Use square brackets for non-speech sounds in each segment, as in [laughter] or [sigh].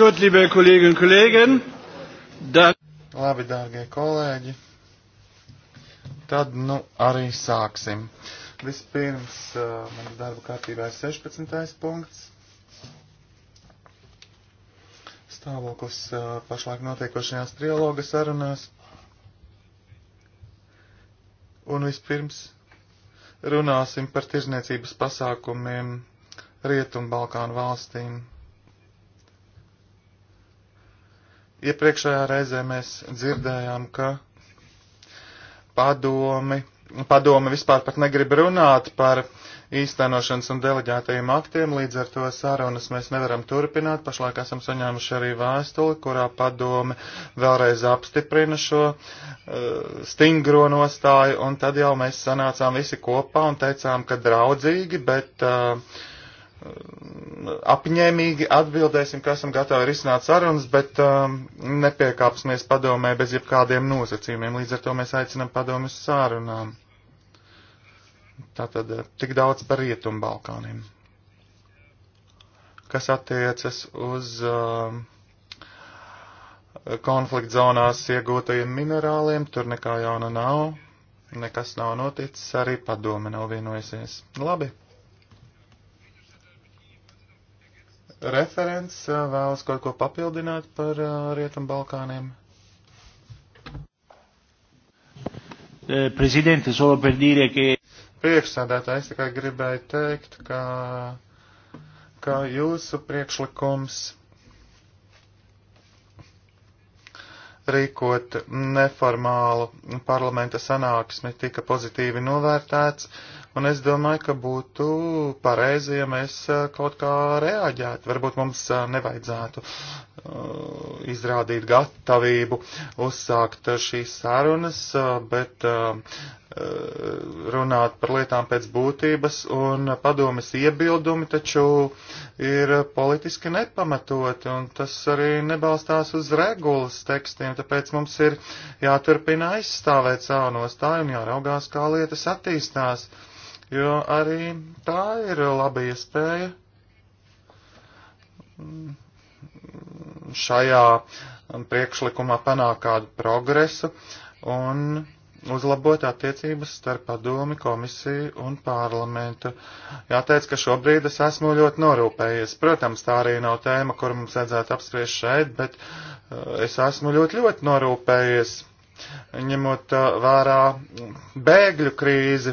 Gut, liebe Kolleginnen und Kollegen, dann. Labi, dārgie kolēģi, tad nu arī sāksim. Vispirms uh, man darba kārtībā ir 16. punkts. Stāvoklis uh, pašlaik notiekošajās trialoga sarunās. Un vispirms runāsim par tirzniecības pasākumiem Rietumbalkānu valstīm. Iepriekšējā reizē mēs dzirdējām, ka padomi, padome vispār pat negrib runāt par īstenošanas un deleģētajiem aktiem, līdz ar to sarunas mēs nevaram turpināt. Pašlaik esam saņēmuši arī vēstuli, kurā padome vēlreiz apstiprina šo uh, stingro nostāju, un tad jau mēs sanācām visi kopā un teicām, ka draudzīgi, bet uh, apņēmīgi atbildēsim, ka esam gatavi risināt sarunas, bet um, nepiekāpsimies padomē bez jebkādiem nosacījumiem. Līdz ar to mēs aicinam padomus sārunām. Tātad eh, tik daudz par Rietumu Balkāniem. Kas attiecas uz um, konflikt zonās iegūtajiem minerāliem, tur nekā jauna nav, nekas nav noticis, arī padome nav vienojusies. Labi. Referents vēlas kaut ko papildināt par Rietumbalkāniem. Eh, Prezidente, solo per dire che. Priekšsēdētājs tikai gribēju teikt, ka, ka jūsu priekšlikums rīkot neformālu parlamenta sanāksmi tika pozitīvi novērtēts. Uh, Un es domāju, ka būtu pareizi, ja mēs kaut kā reaģētu. Varbūt mums nevajadzētu izrādīt gatavību uzsākt šīs sarunas, bet runāt par lietām pēc būtības, un padomis iebildumi taču ir politiski nepamatoti, un tas arī nebalstās uz regulas tekstiem, tāpēc mums ir jāturpina aizstāvēt savu nostāju un jāraugās, kā lietas attīstās. Uh, jo arī tā ir laba iespēja šajā priekšlikumā panākt kādu progresu un uzlabot attiecības starp padomi, komisiju un parlamentu. Jāteic, ka šobrīd es esmu ļoti norūpējies. Protams, tā arī nav tēma, kur mums vajadzētu apspriest šeit, bet uh, es esmu ļoti, ļoti norūpējies, ņemot uh, vērā bēgļu krīzi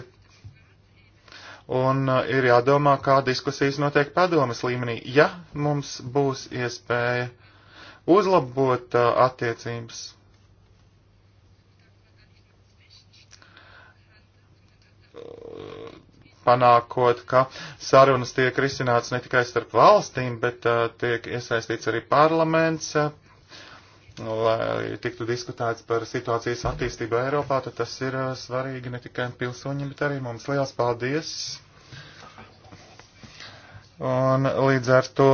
un uh, ir jādomā, kā diskusijas notiek padomas līmenī. Ja mums būs iespēja uzlabot uh, attiecības, panākot, ka sarunas tiek risināts ne tikai starp valstīm, bet uh, tiek iesaistīts arī parlaments, Nu, lai tiktu diskutēts par situācijas attīstību Eiropā, tad tas ir svarīgi ne tikai pilsoņiem, bet arī mums. Liels paldies! Un līdz ar to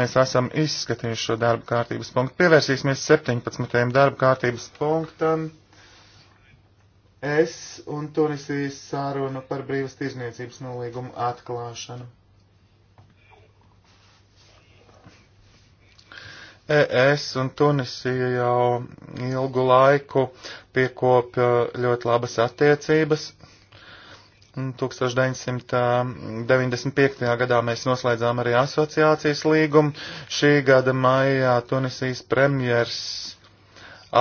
mēs esam izskatījuši šo darba kārtības punktu. Pievērsīsimies 17. darba kārtības punktam. Es un Tunisijas sārunu par brīvas tirzniecības nolīgumu atklāšanu. ES un Tunisija jau ilgu laiku piekopja ļoti labas attiecības. 1995. gadā mēs noslēdzām arī asociācijas līgumu. Šī gada maijā Tunisijas premjers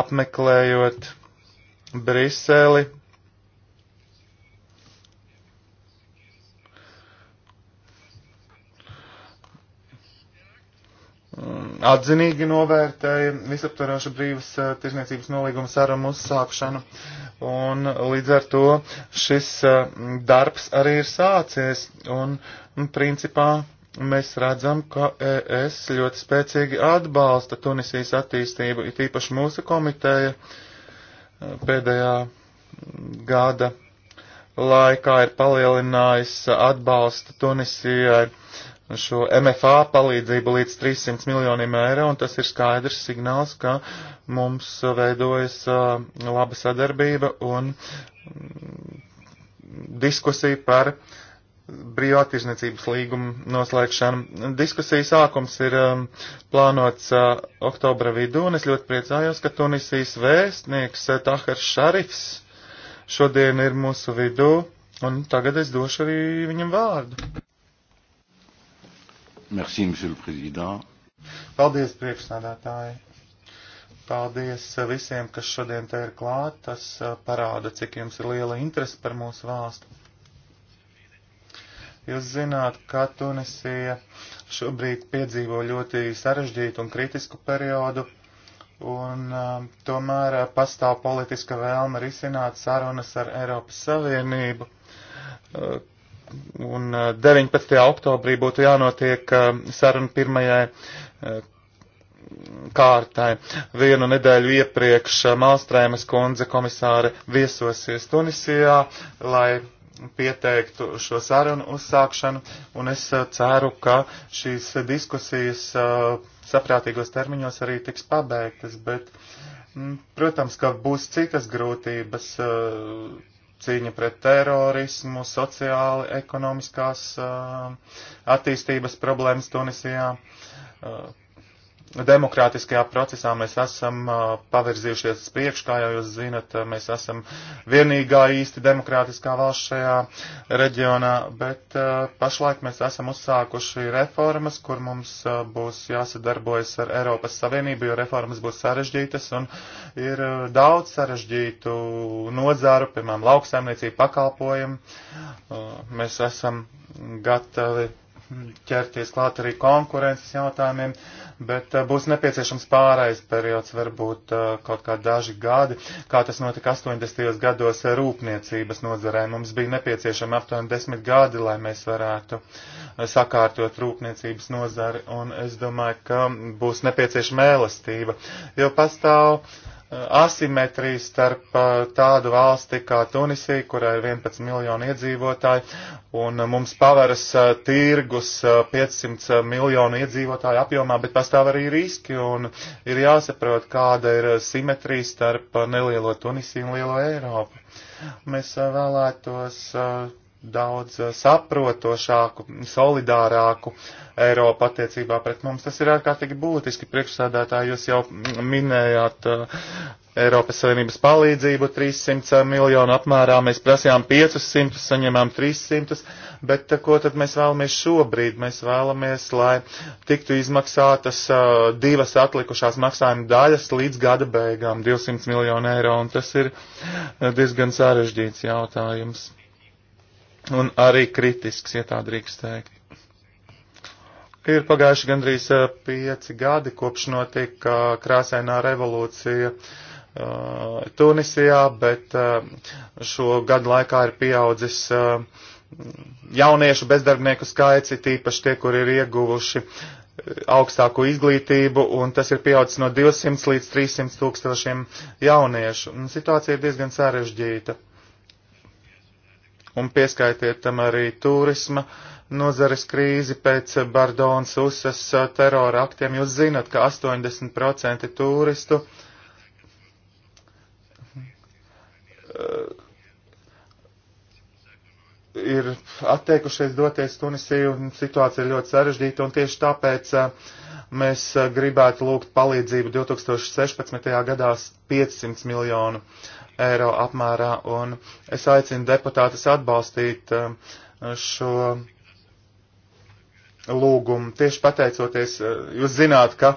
apmeklējot Briseli Mm, atzinīgi novērtēja visaptvarošu brīvas eh, tirzniecības nolīguma sarunu uzsākšanu, un līdz ar to šis eh, darbs arī ir sācies, un mm, principā mēs redzam, ka ES ļoti spēcīgi atbalsta Tunisijas attīstību, it īpaši mūsu komiteja eh, pēdējā mm, gada laikā ir palielinājis atbalsta Tunisijai šo MFA palīdzību līdz 300 miljoniem eiro, un tas ir skaidrs signāls, ka mums veidojas laba sadarbība un mm, diskusija par brīvā tirzniecības līguma noslēgšanu. Diskusija sākums ir um, plānots uh, oktobra vidū, un es ļoti priecājos, ka Tunisijas vēstnieks uh, Tahars Šarifs šodien ir mūsu vidū, un tagad es došu arī viņam vārdu. Merci, monsieur le président. Paldies, priekšsādātāji. Paldies visiem, kas šodien te ir klāt. Tas uh, parāda, cik jums ir liela interese par mūsu valstu. Jūs zināt, ka Tunisija šobrīd piedzīvo ļoti sarežģītu un kritisku periodu, un um, tomēr uh, pastāv politiska vēlme risināt sarunas ar Eiropas Savienību, uh, Un 19. Eh, oktobrī būtu jānotiek eh, saruna pirmajai eh, kārtai. Vienu nedēļu iepriekš Mālstrēmas kundze komisāre viesosies Tunisijā, lai pieteiktu šo sarunu uzsākšanu, un es ceru, ka šīs diskusijas saprātīgos termiņos arī tiks pabeigtas, bet, mm, protams, ka būs citas grūtības cīņa pret terorismu, sociāli ekonomiskās uh, attīstības problēmas Tunisijā, uh, demokrātiskajā procesā mēs esam pavirzījušies uz priekšu, kā jau jūs zinat, mēs esam vienīgā īsti demokrātiskā valsts šajā reģionā, bet pašlaik mēs esam uzsākuši reformas, kur mums būs jāsadarbojas ar Eiropas Savienību, jo reformas būs sarežģītas un ir daudz sarežģītu nodzaru, piemēram, lauksaimniecību pakalpojumu. Mēs esam gatavi ķerties klāt arī konkurences jautājumiem, bet eh, būs nepieciešams pārējais periods, varbūt eh, kaut kā daži gadi, kā tas notika 80. gados eh, rūpniecības nozarē. Mums bija nepieciešami aptuveni desmit gadi, lai mēs varētu sakārtot rūpniecības nozari, un es domāju, ka būs nepieciešama elastība, jo pastāv uh, asimetrija starp tādu valsti kā Tunisija, kurā ir 11 miljoni iedzīvotāji, un mums paveras tirgus 500 miljonu iedzīvotāju apjomā, bet pastāv arī riski, un ir jāsaprot, kāda ir simetrija starp nelielo Tunisiju un lielo Eiropu. Mēs vēlētos daudz eh, saprotošāku, solidārāku Eiropu attiecībā pret mums. Tas ir ārkārtīgi būtiski. Priekšsādātāji, jūs jau minējāt eh, Eiropas Savienības palīdzību 300 miljonu apmērā. Mēs prasījām 500, saņemām 300, bet eh, ko tad mēs vēlamies šobrīd? Mēs vēlamies, lai tiktu izmaksātas divas atlikušās maksājuma daļas līdz gada beigām - 200 miljonu eiro, un tas ir diezgan sarežģīts jautājums un arī kritisks, ja tā drīkst teikt. Ir pagājuši gandrīz eh, pieci gadi, kopš notika eh, krāsainā revolūcija uh, Tunisijā, bet uh, šo gadu laikā ir pieaudzis uh, jauniešu bezdarbnieku skaits, tīpaši tie, kur ir ieguvuši augstāko izglītību, un tas ir pieaudzis no 200 līdz 300 tūkstošiem jauniešu. Un situācija ir diezgan sarežģīta un pieskaitiet tam arī turisma nozares krīzi pēc Bardonas uzsas terora aktiem. Jūs zinat, ka 80% turistu eh, ir atteikušies doties Tunisiju, un situācija ir ļoti sarežģīta, un tieši tāpēc uh, Mēs eh, gribētu lūgt palīdzību 2016. gadā 500 miljonu eiro apmērā, un es aicinu deputātus atbalstīt eh, šo lūgumu. Tieši pateicoties, eh, jūs zināt, ka,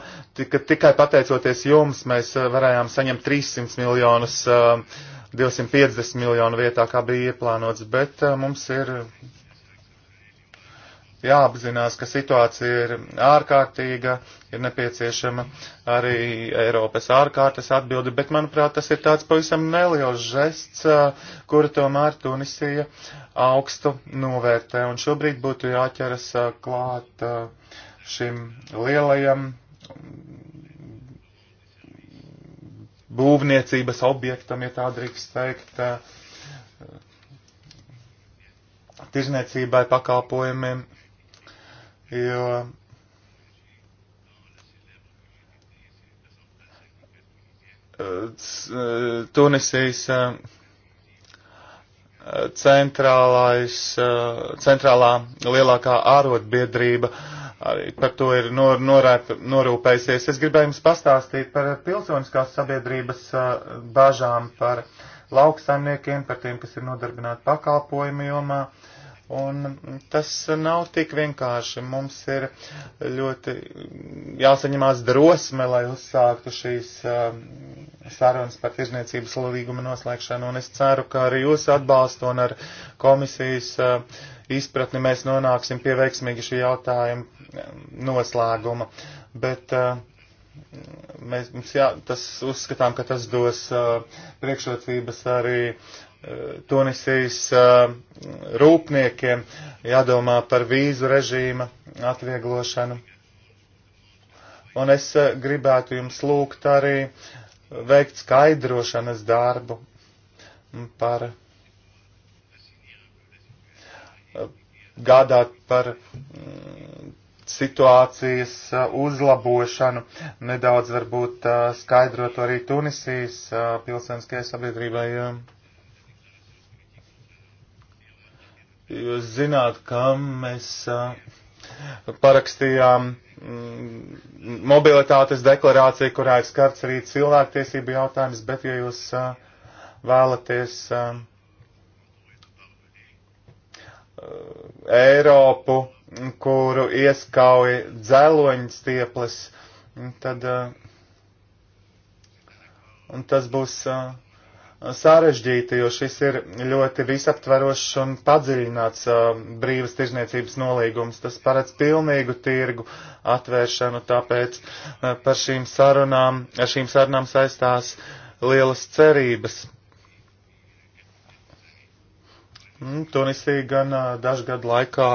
ka tikai pateicoties jums mēs varējām saņemt 300 miljonus, 250 miljonu vietā, kā bija ieplānots, bet mums ir jāapzinās, ka situācija ir ārkārtīga, ir nepieciešama arī Eiropas ārkārtas atbildi, bet, manuprāt, tas ir tāds pavisam neliels žests, kuru tomēr Tunisija augstu novērtē. Un šobrīd būtu jāķeras klāt šim lielajam būvniecības objektam, ja tā drīkst teikt, tirzniecībai, pakalpojumiem jo Tunisijas centrālais, centrālā lielākā ārotbiedrība arī par to ir nor, norēp, norūpējusies. Es gribēju jums pastāstīt par pilsoniskās sabiedrības bāžām, par lauksaimniekiem, par tiem, kas ir nodarbināti pakalpojumu jomā. Uh, Un tas nav tik vienkārši. Mums ir ļoti jāsaņemās drosme, lai uzsāktu šīs uh, sarunas par tirzniecības līguma noslēgšanu. Un es ceru, ka ar jūsu atbalstu un ar komisijas uh, izpratni mēs nonāksim pie veiksmīga šī jautājuma um, noslēguma. Bet uh, mēs, mums jā, tas uzskatām, ka tas dos uh, priekšrocības arī Tunisijas eh, rūpniekiem jādomā par vīzu režīma atvieglošanu. Un es eh, gribētu jums lūgt arī veikt skaidrošanas darbu par eh, gādāt par mm, situācijas uzlabošanu, nedaudz varbūt skaidrot arī Tunisijas pilsoniskajai sabiedrībai. Ja Jūs zināt, ka mēs parakstījām mm, mobilitātes deklarāciju, kurā ir skarts arī cilvēktiesību jautājums, bet ja jūs vēlaties Eiropu, kuru ieskauj dzeloņstieples, tad un tas būs uh, sarežģīti, jo šis ir ļoti visaptverošs un padziļināts uh, brīvas tirzniecības nolīgums. Tas paredz pilnīgu tirgu atvēršanu, tāpēc uh, par šīm sarunām, ar šīm sarunām saistās lielas cerības. Mm, Tunisija gan uh, dažu gadu laikā,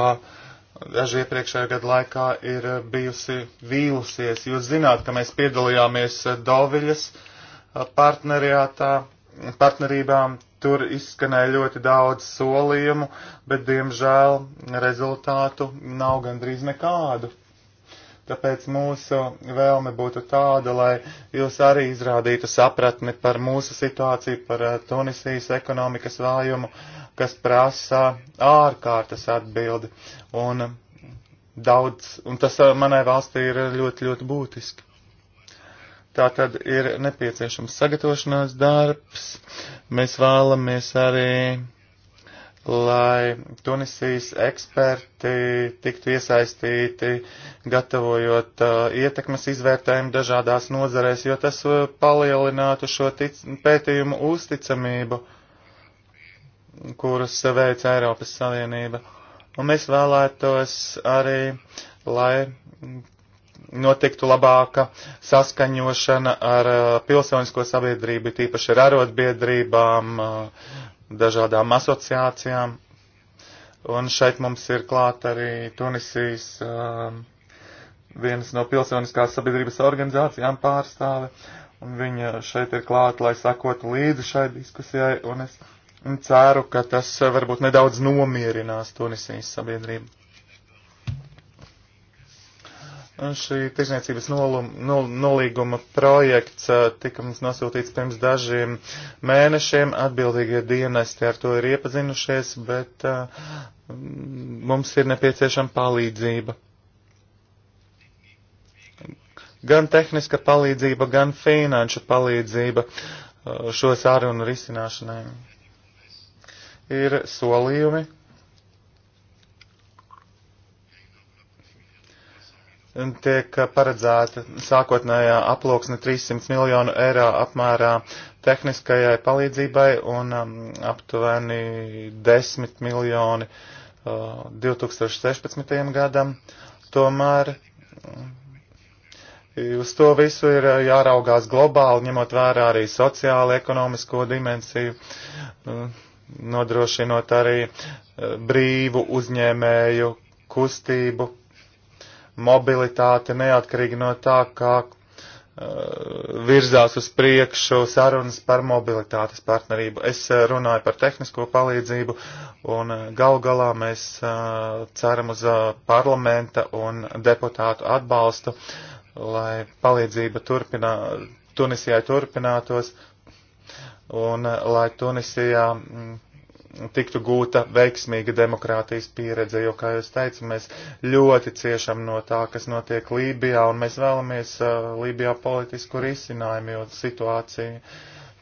dažu iepriekšēju gadu laikā ir bijusi vīlusies. Jūs zināt, ka mēs piedalījāmies Doviļas partneriātā partnerībām. Tur izskanēja ļoti daudz solījumu, bet, diemžēl, rezultātu nav gandrīz nekādu. Tāpēc mūsu vēlme būtu tāda, lai jūs arī izrādītu sapratni par mūsu situāciju, par eh, Tunisijas ekonomikas vājumu, kas prasa ārkārtas atbildi. Un, daudz, un tas eh, manai valstī ir ļoti, ļoti būtiski. Tā tad ir nepieciešams sagatavošanās darbs. Mēs vēlamies arī, lai Tunisijas eksperti tiktu iesaistīti, gatavojot uh, ietekmes izvērtējumu dažādās nozarēs, jo tas uh, palielinātu šo tic, pētījumu uzticamību, kuras veic Eiropas Savienība. Un mēs vēlētos arī, lai notiktu labāka saskaņošana ar uh, pilsonisko sabiedrību, tīpaši ar arotbiedrībām, uh, dažādām asociācijām. Un šeit mums ir klāt arī Tunisijas uh, vienas no pilsoniskās sabiedrības organizācijām pārstāve. Un viņa šeit ir klāt, lai sakotu līdzi šai diskusijai. Un es ceru, ka tas varbūt nedaudz nomierinās Tunisijas sabiedrību. Šī tirzniecības nolīguma projekts tika mums nosūtīts pirms dažiem mēnešiem. Atbildīgie dienesti ar to ir iepazinušies, bet uh, mums ir nepieciešama palīdzība. Gan tehniska palīdzība, gan finanšu palīdzība šo sārunu risināšanai. Ir solījumi, tiek paredzēta sākotnējā aploksne 300 miljonu eiro apmērā tehniskajai palīdzībai un um, aptuveni 10 miljoni uh, 2016. gadam. Tomēr mm, uz to visu ir uh, jāraugās globāli, ņemot vērā arī sociālo, ekonomisko dimensiju, mm, nodrošinot arī uh, brīvu uzņēmēju kustību mobilitāte neatkarīgi no tā, kā uh, virzās uz priekšu sarunas par mobilitātes partnerību. Es uh, runāju par tehnisko palīdzību un uh, gal galā mēs ceram uz parlamenta un deputātu atbalstu, lai palīdzība turpinā, Tunisijai turpinātos un lai Tunisijā mm, tiktu gūta veiksmīga demokrātijas pieredze, jo, kā jūs teicu, mēs ļoti ciešam no tā, kas notiek Lībijā, un mēs vēlamies uh, Lībijā politisku risinājumu, jo situācija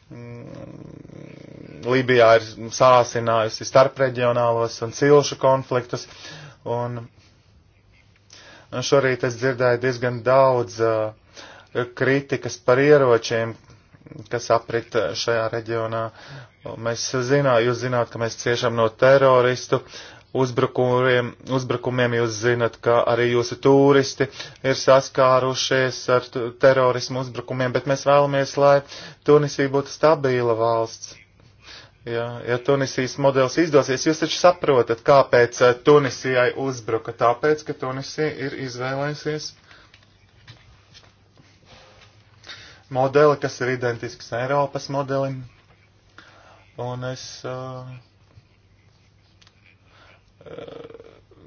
mm, Lībijā ir sāsinājusi starpreģionālos un cilšu konfliktus, un šorīt es dzirdēju diezgan daudz uh, kritikas par ieročiem, kas aprit uh, šajā reģionā, Mēs zinām, jūs zināt, ka mēs ciešam no teroristu uzbrukumiem, uzbrukumiem. Jūs zināt, ka arī jūsu turisti ir saskārušies ar terorismu uzbrukumiem, bet mēs vēlamies, lai Tunisija būtu stabila valsts. Ja, ja Tunisijas modelis izdosies, jūs taču saprotat, kāpēc eh, Tunisijai uzbruka. Tāpēc, ka Tunisija ir izvēlējusies modeli, kas ir identisks Eiropas modelim. Un es uh,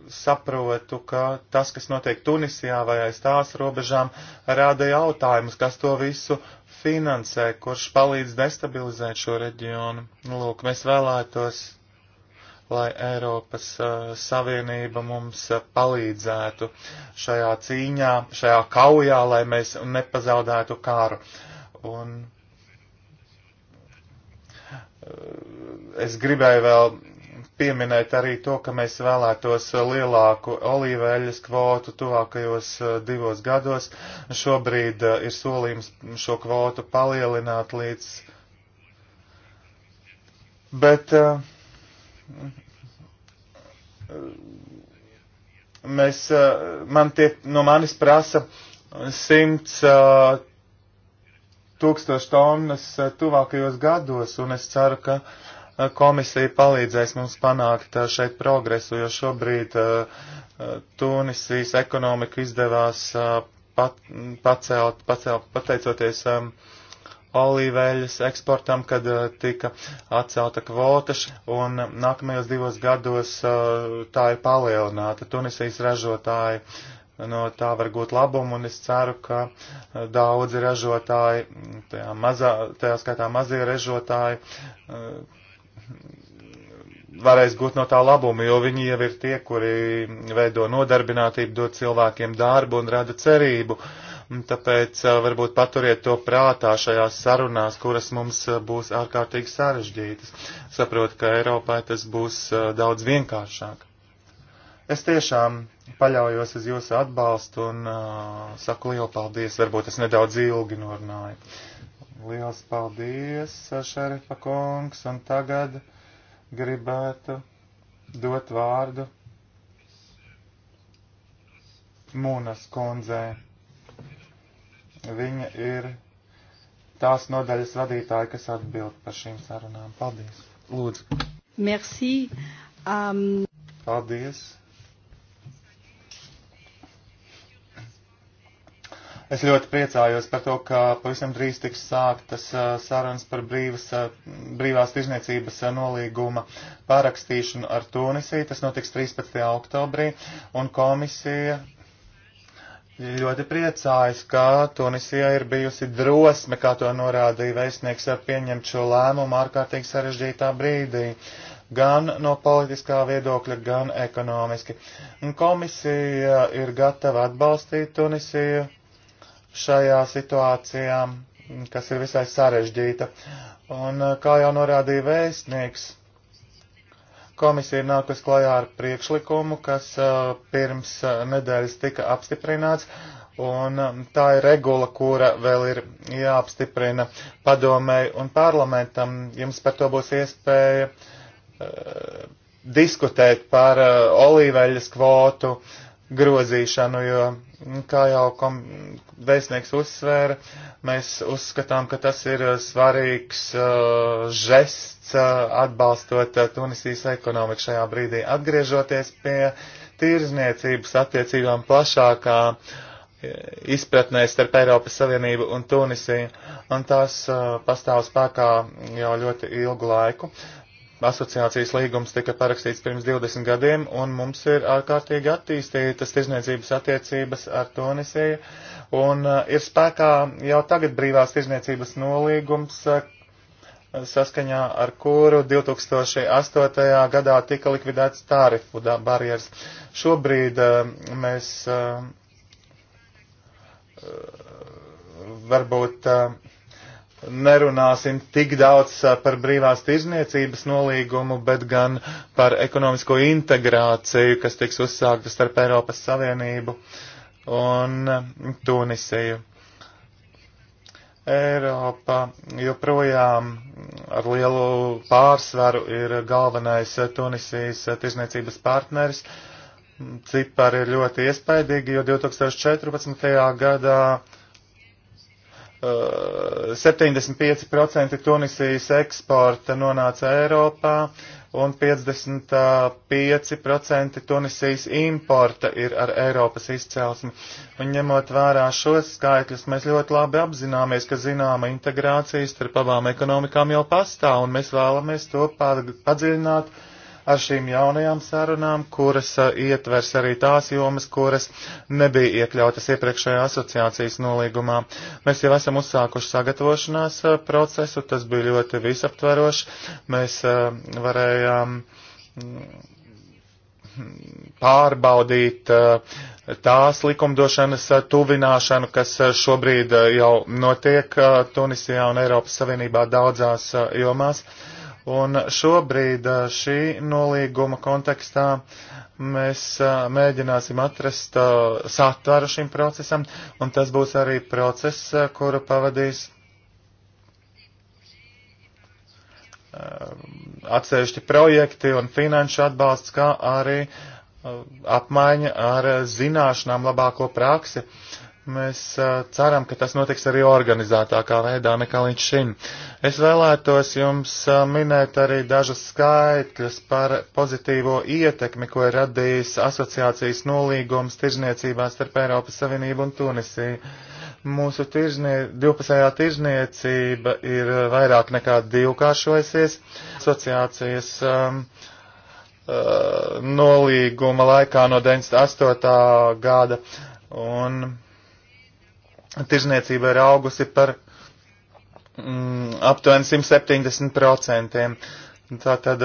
saprotu, ka tas, kas notiek Tunisijā vai aiz tās robežām, rada jautājumus, kas to visu finansē, kurš palīdz destabilizēt šo reģionu. Lūk, mēs vēlētos, lai Eiropas uh, Savienība mums uh, palīdzētu šajā cīņā, šajā kaujā, lai mēs nepazaudētu kāru. Un es gribēju vēl pieminēt arī to, ka mēs vēlētos lielāku olīveļas kvotu tuvākajos eh, divos gados. Šobrīd eh, ir solījums šo kvotu palielināt līdz. Bet eh, mēs, man tiek, no manis prasa simts tūkstoši tonnas eh, tuvākajos gados, un es ceru, ka eh, komisija palīdzēs mums panākt eh, šeit progresu, jo šobrīd Tunisijas ekonomika izdevās pat, pacelt, pacelt, pateicoties um, olīveļas eksportam, kad uh, tika atcelta kvota, un nākamajos divos gados uh, tā ir palielināta. Tunisijas ražotāji no tā var gūt labumu, un es ceru, ka eh, daudzi ražotāji, mm, tajā, mazā, tajā skaitā mazie ražotāji, eh, varēs gūt no tā labumu, jo viņi jau ir tie, kuri veido nodarbinātību, dod cilvēkiem darbu un rada cerību. Un tāpēc eh, varbūt paturiet to prātā šajās sarunās, kuras mums būs ārkārtīgi sarežģītas. Saprotu, ka Eiropai tas būs daudz vienkāršāk. Es tiešām paļaujos uz jūsu atbalstu un uh, saku lielu paldies. Varbūt es nedaudz ilgi norunāju. Liels paldies, uh, Šerifa kungs, un tagad gribētu dot vārdu Mūnas kundzē. Viņa ir tās nodaļas vadītāja, kas atbild par šīm sarunām. Paldies. Lūdzu. Merci. Um... Paldies. Es ļoti priecājos par to, ka pavisam drīz tiks sāktas sarunas par brīvas, brīvās tirzniecības nolīguma pārakstīšanu ar Tunisiju. Tas notiks 13. oktobrī, un komisija ļoti priecājas, ka Tunisijā ir bijusi drosme, kā to norādīja vēstnieks, pieņemt šo lēmumu ārkārtīgi sarežģītā brīdī gan no politiskā viedokļa, gan ekonomiski. Un komisija ir gatava atbalstīt Tunisiju šajā situācijā, kas ir visai sarežģīta. Un eh, kā jau norādīja vēstnieks, komisija ir nākus klajā ar priekšlikumu, kas eh, pirms eh, nedēļas tika apstiprināts, un tā ir regula, kura vēl ir jāapstiprina padomēji un parlamentam. Jums par to būs iespēja uh, diskutēt par uh, olīveļas kvotu uh, grozīšanu, jo, kā jau kom, vēstnieks uzsvēra, mēs uzskatām, ka tas ir uh, svarīgs uh, žests uh, atbalstot uh, Tunisijas ekonomiku šajā brīdī. Atgriežoties pie tirzniecības attiecībām plašākā uh, izpratnē starp Eiropas Savienību un Tunisiju, un tās uh, pastāv spēkā jau ļoti ilgu laiku asociācijas līgums tika parakstīts pirms 20 gadiem, un mums ir ārkārtīgi attīstītas tirzniecības attiecības ar Tunisiju, un uh, ir spēkā jau tagad brīvās tirzniecības nolīgums, uh, saskaņā ar kuru 2008. gadā tika likvidēts tārifu barjeras. Šobrīd uh, mēs uh, uh varbūt. Uh, nerunāsim tik daudz uh, par brīvās tirzniecības nolīgumu, bet gan par ekonomisko integrāciju, kas tiks uzsākta starp Eiropas Savienību un Tunisiju. Eiropa joprojām ar lielu pārsvaru ir galvenais Tunisijas tirzniecības partneris. Cipari ir ļoti iespaidīgi, jo 2014. gadā 75% eh, Tunisijas eksporta nonāca Eiropā un 55% Tunisijas importa ir ar Eiropas izcelsmi. Un ņemot vērā šos skaitļus, mēs ļoti labi apzināmies, ka zināma integrācija starp abām ekonomikām jau pastāv, un mēs vēlamies to padziļināt ar šīm jaunajām sarunām, kuras uh, ietvers arī tās jomas, kuras nebija iekļautas iepriekšējā asociācijas nolīgumā. Mēs jau esam uzsākuši sagatavošanās uh, procesu, tas bija ļoti visaptveroši. Mēs uh, varējām mm, pārbaudīt tās likumdošanas tuvināšanu, kas šobrīd jau notiek Tunisijā un Eiropas Savienībā daudzās jomās. Uh, Un šobrīd šī nolīguma kontekstā mēs mēģināsim atrast satvaru šim procesam, un tas būs arī process, kuru pavadīs atsevišķi projekti un finanšu atbalsts, kā arī apmaiņa ar zināšanām labāko praksi. Uh, Mēs uh, ceram, ka tas notiks arī organizētākā veidā nekā līdz šim. Es vēlētos jums uh, minēt arī dažas skaitļas par pozitīvo ietekmi, ko ir radījis asociācijas nolīgums tirzniecībā starp Eiropas Savienību un Tunisiju. Mūsu tirznie, divpusējā tirzniecība ir vairāk nekā divkāršojusies. Asociācijas um, uh, nolīguma laikā no 98. gada. Un tirzniecība ir augusi par mm, aptuveni 170%. Tātad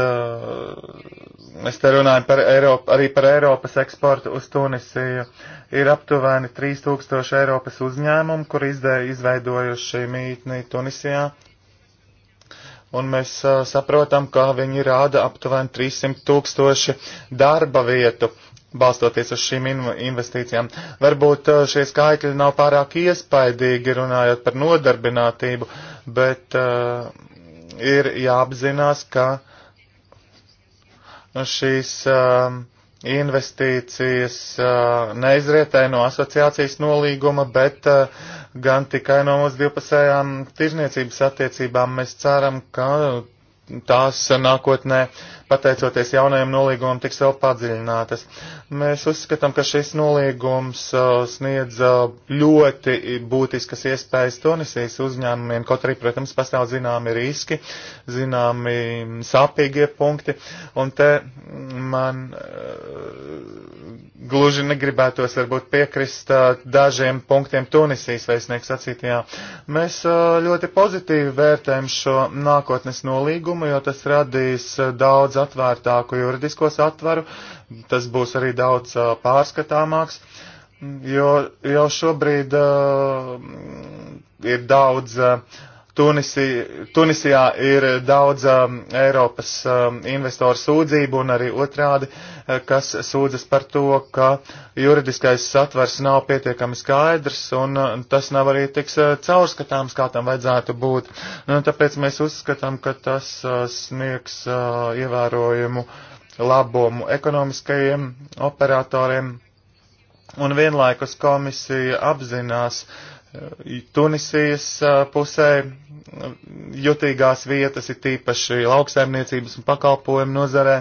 mēs eh, te runājam par Eiropu, arī par Eiropas eksportu uz Tunisiju. Ir aptuveni 3000 Eiropas uzņēmumu, kur izdē, izveidojuši mītni Tunisijā. Un mēs eh, saprotam, ka viņi rāda aptuveni 300 tūkstoši darba vietu balstoties uz šīm investīcijām. Varbūt uh, šie skaitļi nav pārāk iespaidīgi runājot par nodarbinātību, bet uh, ir jāapzinās, ka nu, šīs uh, investīcijas uh, neizrietē no asociācijas nolīguma, bet uh, gan tikai no mūsu divpusējām tirzniecības attiecībām. Mēs ceram, ka tās nākotnē pateicoties jaunajam nolīgumam, tiks vēl padziļinātas. Mēs uzskatām, ka šis nolīgums uh, sniedz uh, ļoti būtiskas iespējas Tunisijas uzņēmumiem, kaut arī, protams, pastāv zināmi riski, zināmi mm, sāpīgie punkti, un te man uh, gluži negribētos varbūt piekrist dažiem punktiem Tunisijas vēstnieks sacītajā. Mēs ļoti pozitīvi vērtējam šo nākotnes nolīgumu, jo tas radīs daudz daudz atvērtāku juridisko satvaru, tas būs arī daudz pārskatāmāks, jo jau šobrīd uh, ir daudz uh, Tunisija, Tunisijā ir daudz um, Eiropas um, investoru sūdzību un arī otrādi, eh, kas sūdzas par to, ka juridiskais satvers nav pietiekami skaidrs un uh, tas nav arī tiks uh, caurskatāms, kā tam vajadzētu būt. Nu, tāpēc mēs uzskatām, ka tas uh, sniegs uh, ievērojumu labumu ekonomiskajiem operatoriem un vienlaikus komisija apzinās uh, Tunisijas uh, pusē jutīgās vietas, ir tīpaši lauksaimniecības un pakalpojumu nozarē,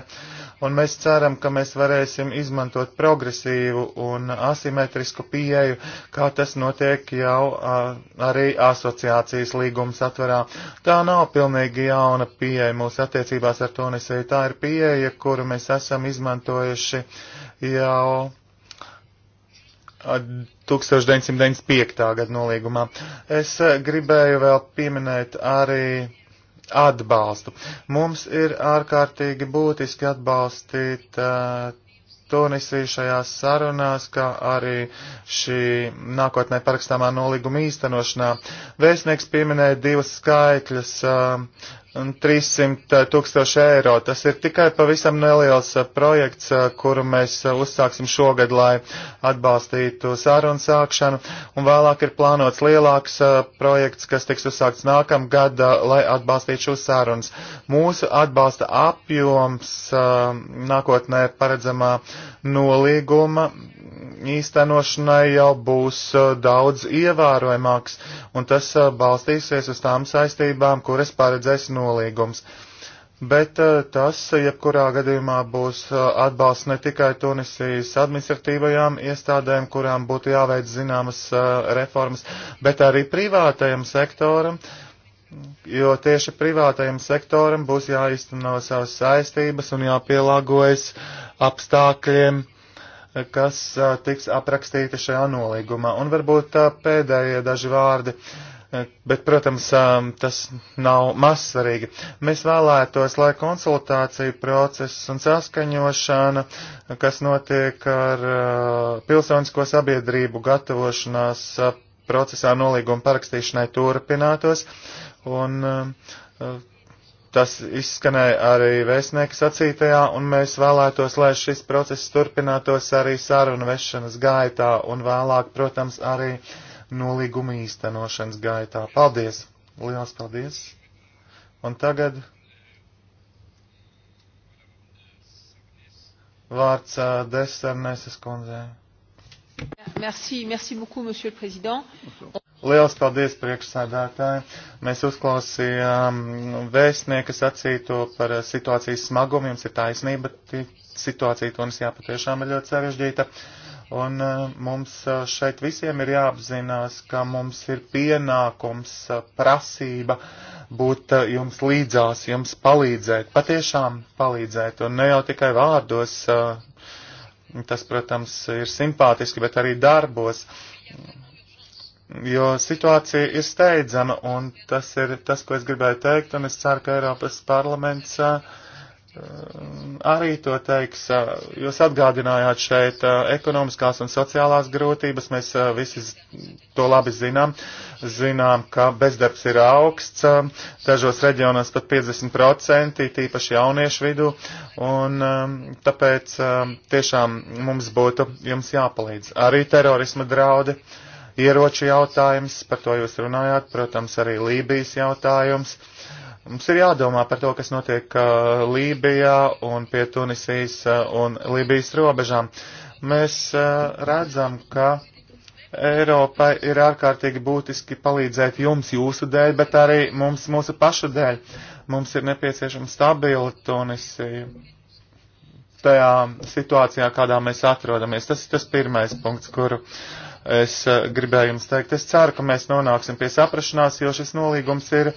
un mēs ceram, ka mēs varēsim izmantot progresīvu un asimetrisku pieeju, kā tas notiek jau a, arī asociācijas līgums atverā. Tā nav pilnīgi jauna pieeja mūsu attiecībās ar Tunisiju, tā ir pieeja, kuru mēs esam izmantojuši jau. A, 1995. gada nolīgumā. Es eh, gribēju vēl pieminēt arī atbalstu. Mums ir ārkārtīgi būtiski atbalstīt uh, Tunisiju šajās sarunās, kā arī šī nākotnē parakstāmā nolīguma īstenošanā. Vēstnieks pieminēja divas skaitļas uh, 300 tūkstoši eiro. Tas ir tikai pavisam neliels eh, projekts, eh, kuru mēs eh, uzsāksim šogad, lai atbalstītu sārunu sākšanu. Un vēlāk ir plānots lielāks projekts, kas tiks uzsākts nākamgad, lai atbalstītu šos sārunas. Mūsu atbalsta apjoms nākotnē paredzamā nolīguma īstenošanai jau būs uh, daudz ievērojamāks, un tas uh, balstīsies uz tām saistībām, kuras paredzēs nolīgums. Bet uh, tas, jebkurā gadījumā, būs atbalsts ne tikai Tunisijas administratīvajām iestādēm, kurām būtu jāveic zināmas reformas, bet arī privātajam sektoram, jo tieši privātajam sektoram būs jāizteno savas saistības un jāpielāgojas apstākļiem kas tiks aprakstīti šajā nolīgumā. Un varbūt pēdējie daži vārdi, bet, protams, tas nav mazsvarīgi. Mēs vēlētos, lai konsultācija process un saskaņošana, kas notiek ar pilsonisko sabiedrību gatavošanās procesā nolīguma parakstīšanai turpinātos. Un, uh, Tas izskanēja arī vēstnieka sacītajā, un mēs vēlētos, lai šis process turpinātos arī sarunu vešanas gaitā un vēlāk, protams, arī nolīguma īstenošanas gaitā. Paldies! Lielas paldies! Un tagad vārds Desernēsas kundzei. Merci, merci beaucoup, monsieur le président. Liels paldies priekšsēdētāji. Mēs uzklausījām vēstnieku sacīto par eh, situācijas smagumu. Jums ir taisnība, situācija Tunisijā patiešām ir ļoti sarežģīta. Un eh, mums eh, šeit visiem ir jāapzinās, ka mums ir pienākums, prasība būt jums līdzās, jums palīdzēt, patiešām palīdzēt, un ne jau tikai vārdos Tas, protams, ir simpātiski, bet arī darbos, jo situācija ir steidzama, un tas ir tas, ko es gribēju teikt, un es ceru, ka Eiropas parlaments uh, arī to teiks. Jūs atgādinājāt šeit ekonomiskās un sociālās grūtības. Mēs visi to labi zinām. Zinām, ka bezdarbs ir augsts, dažos reģionos pat 50%, tīpaši jauniešu vidū. Un tāpēc tiešām mums būtu jums jāpalīdz. Arī terorisma draudi. Ieroču jautājums, par to jūs runājāt, protams, arī Lībijas jautājums. Uh, Mums ir jādomā par to, kas notiek uh, Lībijā un pie Tunisijas uh, un Lībijas robežām. Mēs uh, redzam, ka Eiropai ir ārkārtīgi būtiski palīdzēt jums jūsu dēļ, bet arī mums mūsu pašu dēļ. Mums ir nepieciešama stabila Tunisija tajā situācijā, kādā mēs atrodamies. Tas ir tas pirmais punkts, kuru uh, Es eh, gribēju jums teikt, es ceru, ka mēs nonāksim pie saprašanās, jo šis nolīgums ir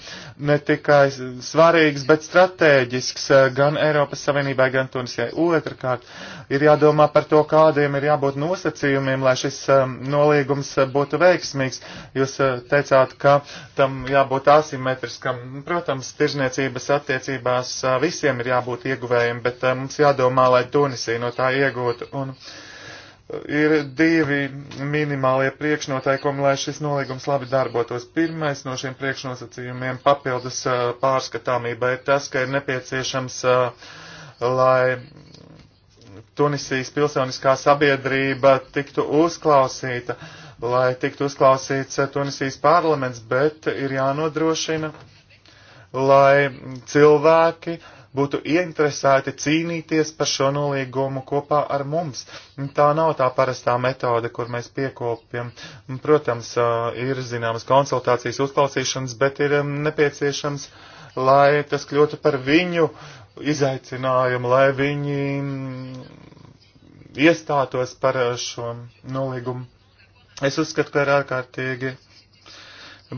ne tikai svarīgs, bet strateģisks eh, gan Eiropas Savienībai, gan Tunisijai. Otrakārt, ir jādomā par to, kādiem ir jābūt nosacījumiem, lai šis eh, nolīgums būtu veiksmīgs. Jūs teicāt, ka tam jābūt asimetriskam. Protams, tirzniecības attiecībās visiem ir jābūt ieguvējiem, bet mums jādomā, lai Tunisija no tā iegūtu. Un, uh, ir divi minimālie priekšnoteikumi, lai šis nolīgums labi darbotos. Pirmais no šiem priekšnosacījumiem papildus pārskatāmībai ir tas, ka ir nepieciešams, lai Tunisijas pilsoniskā sabiedrība tiktu uzklausīta, lai tiktu uzklausīts Tunisijas parlaments, bet ir jānodrošina, lai cilvēki uh, būtu ieinteresēti cīnīties par šo noliegumu kopā ar mums. Tā nav tā parastā metode, kur mēs piekopjam. Protams, ir zināmas konsultācijas uzklausīšanas, bet ir nepieciešams, lai tas kļūtu par viņu izaicinājumu, lai viņi iestātos par šo noliegumu. Es uzskatu, ka ir ārkārtīgi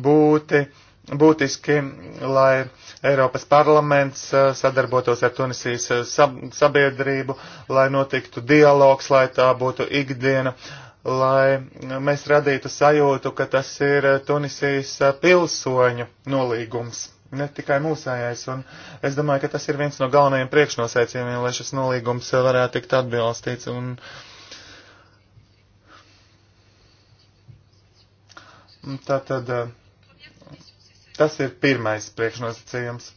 būti, būtiski, lai Eiropas parlaments eh, sadarbotos ar Tunisijas eh, sabiedrību, lai notiktu dialogs, lai tā būtu ikdiena, lai mēs radītu sajūtu, ka tas ir eh, Tunisijas pilsoņu nolīgums. Ne tikai mūsējais, un es domāju, ka tas ir viens no galvenajiem priekšnosacījumiem, lai šis nolīgums varētu tikt atbilstīts. Un, uh, Tātad Tas ir pirmais priekšnosacījums.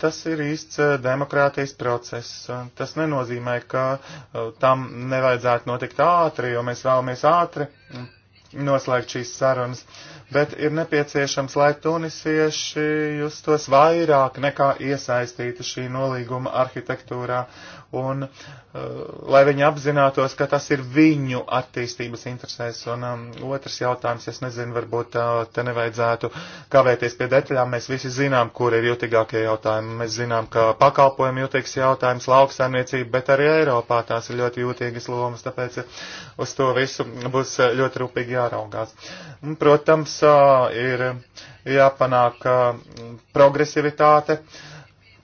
Tas ir īsts eh, demokrātijas process. Tas nenozīmē, ka eh, tam nevajadzētu notikt ātri, jo mēs vēlamies ātri mm, noslēgt šīs sarunas, bet ir nepieciešams, lai tunisieši justos vairāk nekā iesaistīti šī nolīguma arhitektūrā un uh, lai viņi apzinātos, ka tas ir viņu attīstības interesēs. Un um, otrs jautājums, es nezinu, varbūt uh, te nevajadzētu kavēties pie detaļām. Mēs visi zinām, kur ir jutīgākie jautājumi. Mēs zinām, ka pakalpojumi jutīgs jautājums, lauksaimniecība, bet arī Eiropā tās ir ļoti jutīgas lomas, tāpēc uh, uz to visu būs uh, ļoti rūpīgi jāraugās. Un, protams, uh, ir jāpanāk uh, progresivitāte. Uh,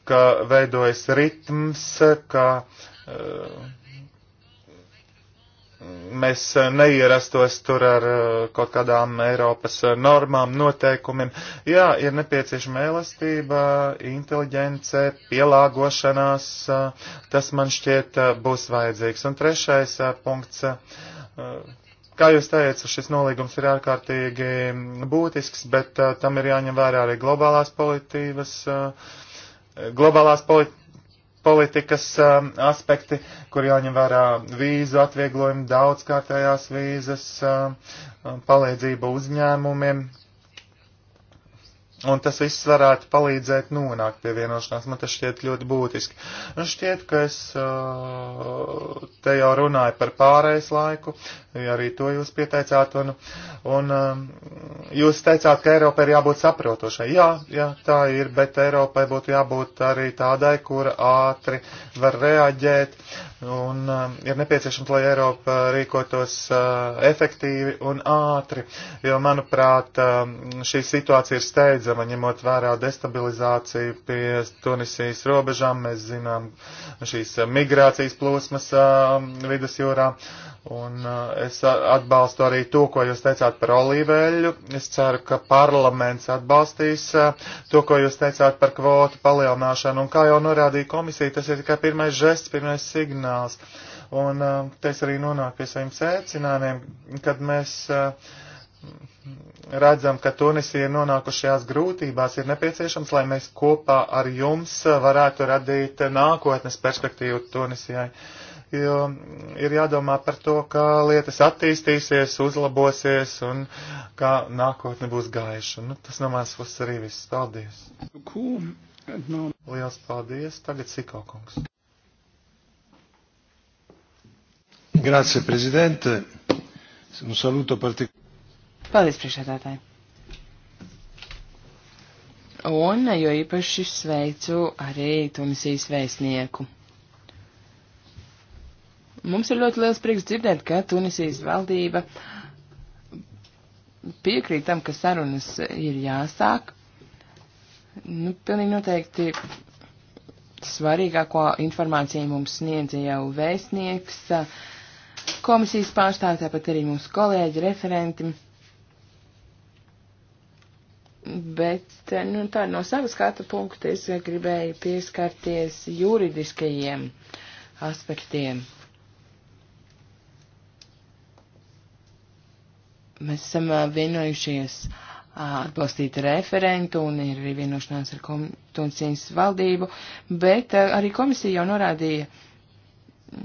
ka veidojas ritms, ka eh, mēs neierastos tur ar eh, kaut kādām Eiropas normām, noteikumiem. Jā, ir nepieciešama elastība, inteliģence, pielāgošanās. Eh, tas man šķiet būs vajadzīgs. Un trešais punkts. Kā jūs teicu, šis nolīgums ir ārkārtīgi būtisks, bet tam ir jāņem vērā arī globālās politikas. Uh, globālās polit politikas um, aspekti, kur jāņem vērā vīzu atvieglojumi, daudzkārtējās vīzas, um, palīdzība uzņēmumiem, Un tas viss varētu palīdzēt nonākt pie vienošanās. Man tas šķiet ļoti būtiski. Un šķiet, ka es te jau runāju par pārējais laiku, ja arī to jūs pieteicāt. Un, un jūs teicāt, ka Eiropai ir jābūt saprotošai. Jā, jā, tā ir, bet Eiropai būtu jābūt arī tādai, kura ātri var reaģēt. Un ir nepieciešams, lai Eiropa rīkotos efektīvi un ātri. Jo, manuprāt, šī situācija ir steidzama paredzama ņemot vērā destabilizāciju pie Tunisijas robežām. Mēs zinām šīs eh, migrācijas plūsmas eh, vidusjūrā. Un eh, es atbalstu arī to, ko jūs teicāt par olīveļu. Es ceru, ka parlaments atbalstīs to, ko jūs teicāt par kvotu palielināšanu. Un kā jau norādīja komisija, tas ir tikai pirmais žests, pirmais signāls. Un te es arī nonāku pie saviem sēcinājumiem, kad mēs uh, redzam, ka Tunisija ir nonākušajās grūtībās, ir nepieciešams, lai mēs kopā ar jums varētu radīt nākotnes perspektīvu Tunisijai. Jo ir jādomā par to, kā lietas attīstīsies, uzlabosies un kā nākotne būs gaiša. Nu, tas no mans puses arī viss. Paldies! Liels paldies! Tagad Siko kungs. Grazie, prezidente! Un saluto particolare. Paldies, priekšsēdētāji! Un, jo īpaši sveicu arī Tunisijas vēstnieku. Mums ir ļoti liels prieks dzirdēt, ka Tunisijas valdība piekrīt tam, ka sarunas ir jāsāk. Nu, pilnīgi noteikti svarīgāko informāciju mums sniedza jau vēstnieks, komisijas pārstāvja, tāpat arī mūsu kolēģi, referenti. Bet eh, nu, tā no savas skatu punkta es gribēju pieskarties juridiskajiem aspektiem. Mēs esam eh, vienojušies eh, atbalstīt referentu un ir arī vienošanās ar Tunisijas valdību, bet arī komisija jau norādīja,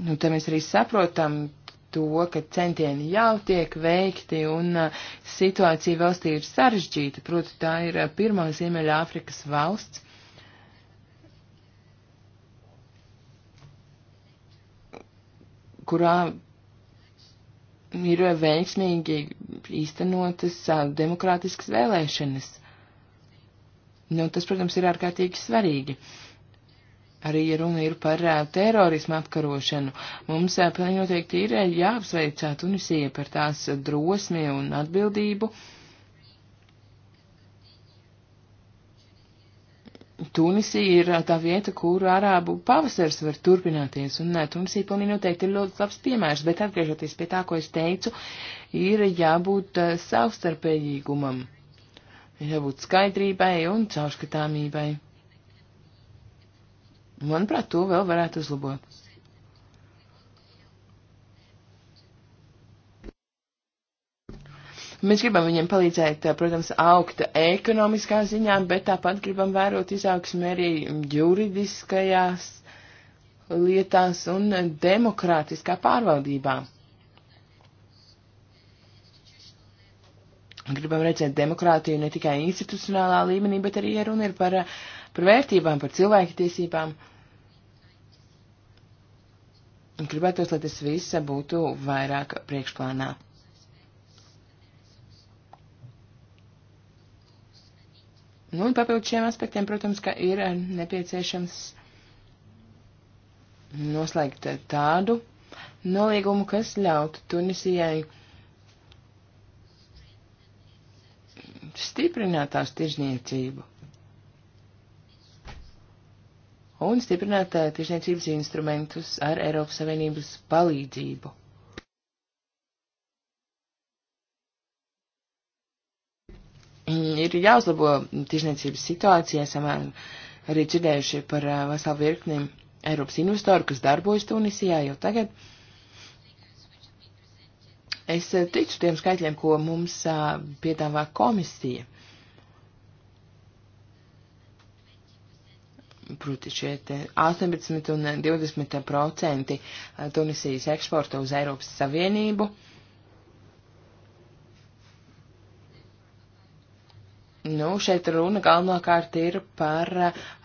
nu, te mēs arī saprotam, to, ka centieni jau tiek veikti un situācija valstī ir sarežģīta, proti tā ir pirmā Ziemeļa Āfrikas valsts. kurā ir veiksmīgi īstenotas demokrātiskas vēlēšanas. Nu, tas, protams, ir ārkārtīgi svarīgi. Uh, arī ja runa ir par uh, terorismu apkarošanu, mums uh, pilnīgi noteikti ir uh, jāapsveicā Tunisija par tās drosmi un atbildību. Tunisija ir tā vieta, kur arābu pavasars var turpināties, un Tunisija pilnīgi noteikti ir ļoti labs piemērs, bet atgriežoties pie tā, ko es teicu, ir jābūt savstarpējīgumam, jābūt skaidrībai un caurskatāmībai. Manuprāt, to vēl varētu uzlabot. Mēs gribam viņiem palīdzēt, eh, protams, augt ekonomiskā ziņā, bet tāpat gribam vērot izaugsmi arī juridiskajās lietās un demokrātiskā pārvaldībā. Gribam redzēt demokrātiju ne tikai institucionālā līmenī, bet arī runa ir par, par vērtībām, par cilvēku tiesībām. Uh, gribētos, lai tas viss būtu vairāk priekšplānā. Nu, un papildus šiem aspektiem, protams, ka ir eh, nepieciešams noslēgt eh, tādu nolīgumu, kas ļautu Tunisijai stiprināt tās tirzniecību un stiprināt tiešniecības instrumentus ar Eiropas Savienības palīdzību. Mm, ir jāuzlabo tiešniecības situācija, esam arī dzirdējuši par veselu virkni Eiropas investoru, kas darbojas Tunisijā jau tagad. Es ticu tiem skaitļiem, ko mums piedāvā komisija. proti šie eh, 18 un 20 eh, eh, procenti Tunisijas eksporta uz Eiropas Savienību. Nu, šeit runa galvenokārt ir par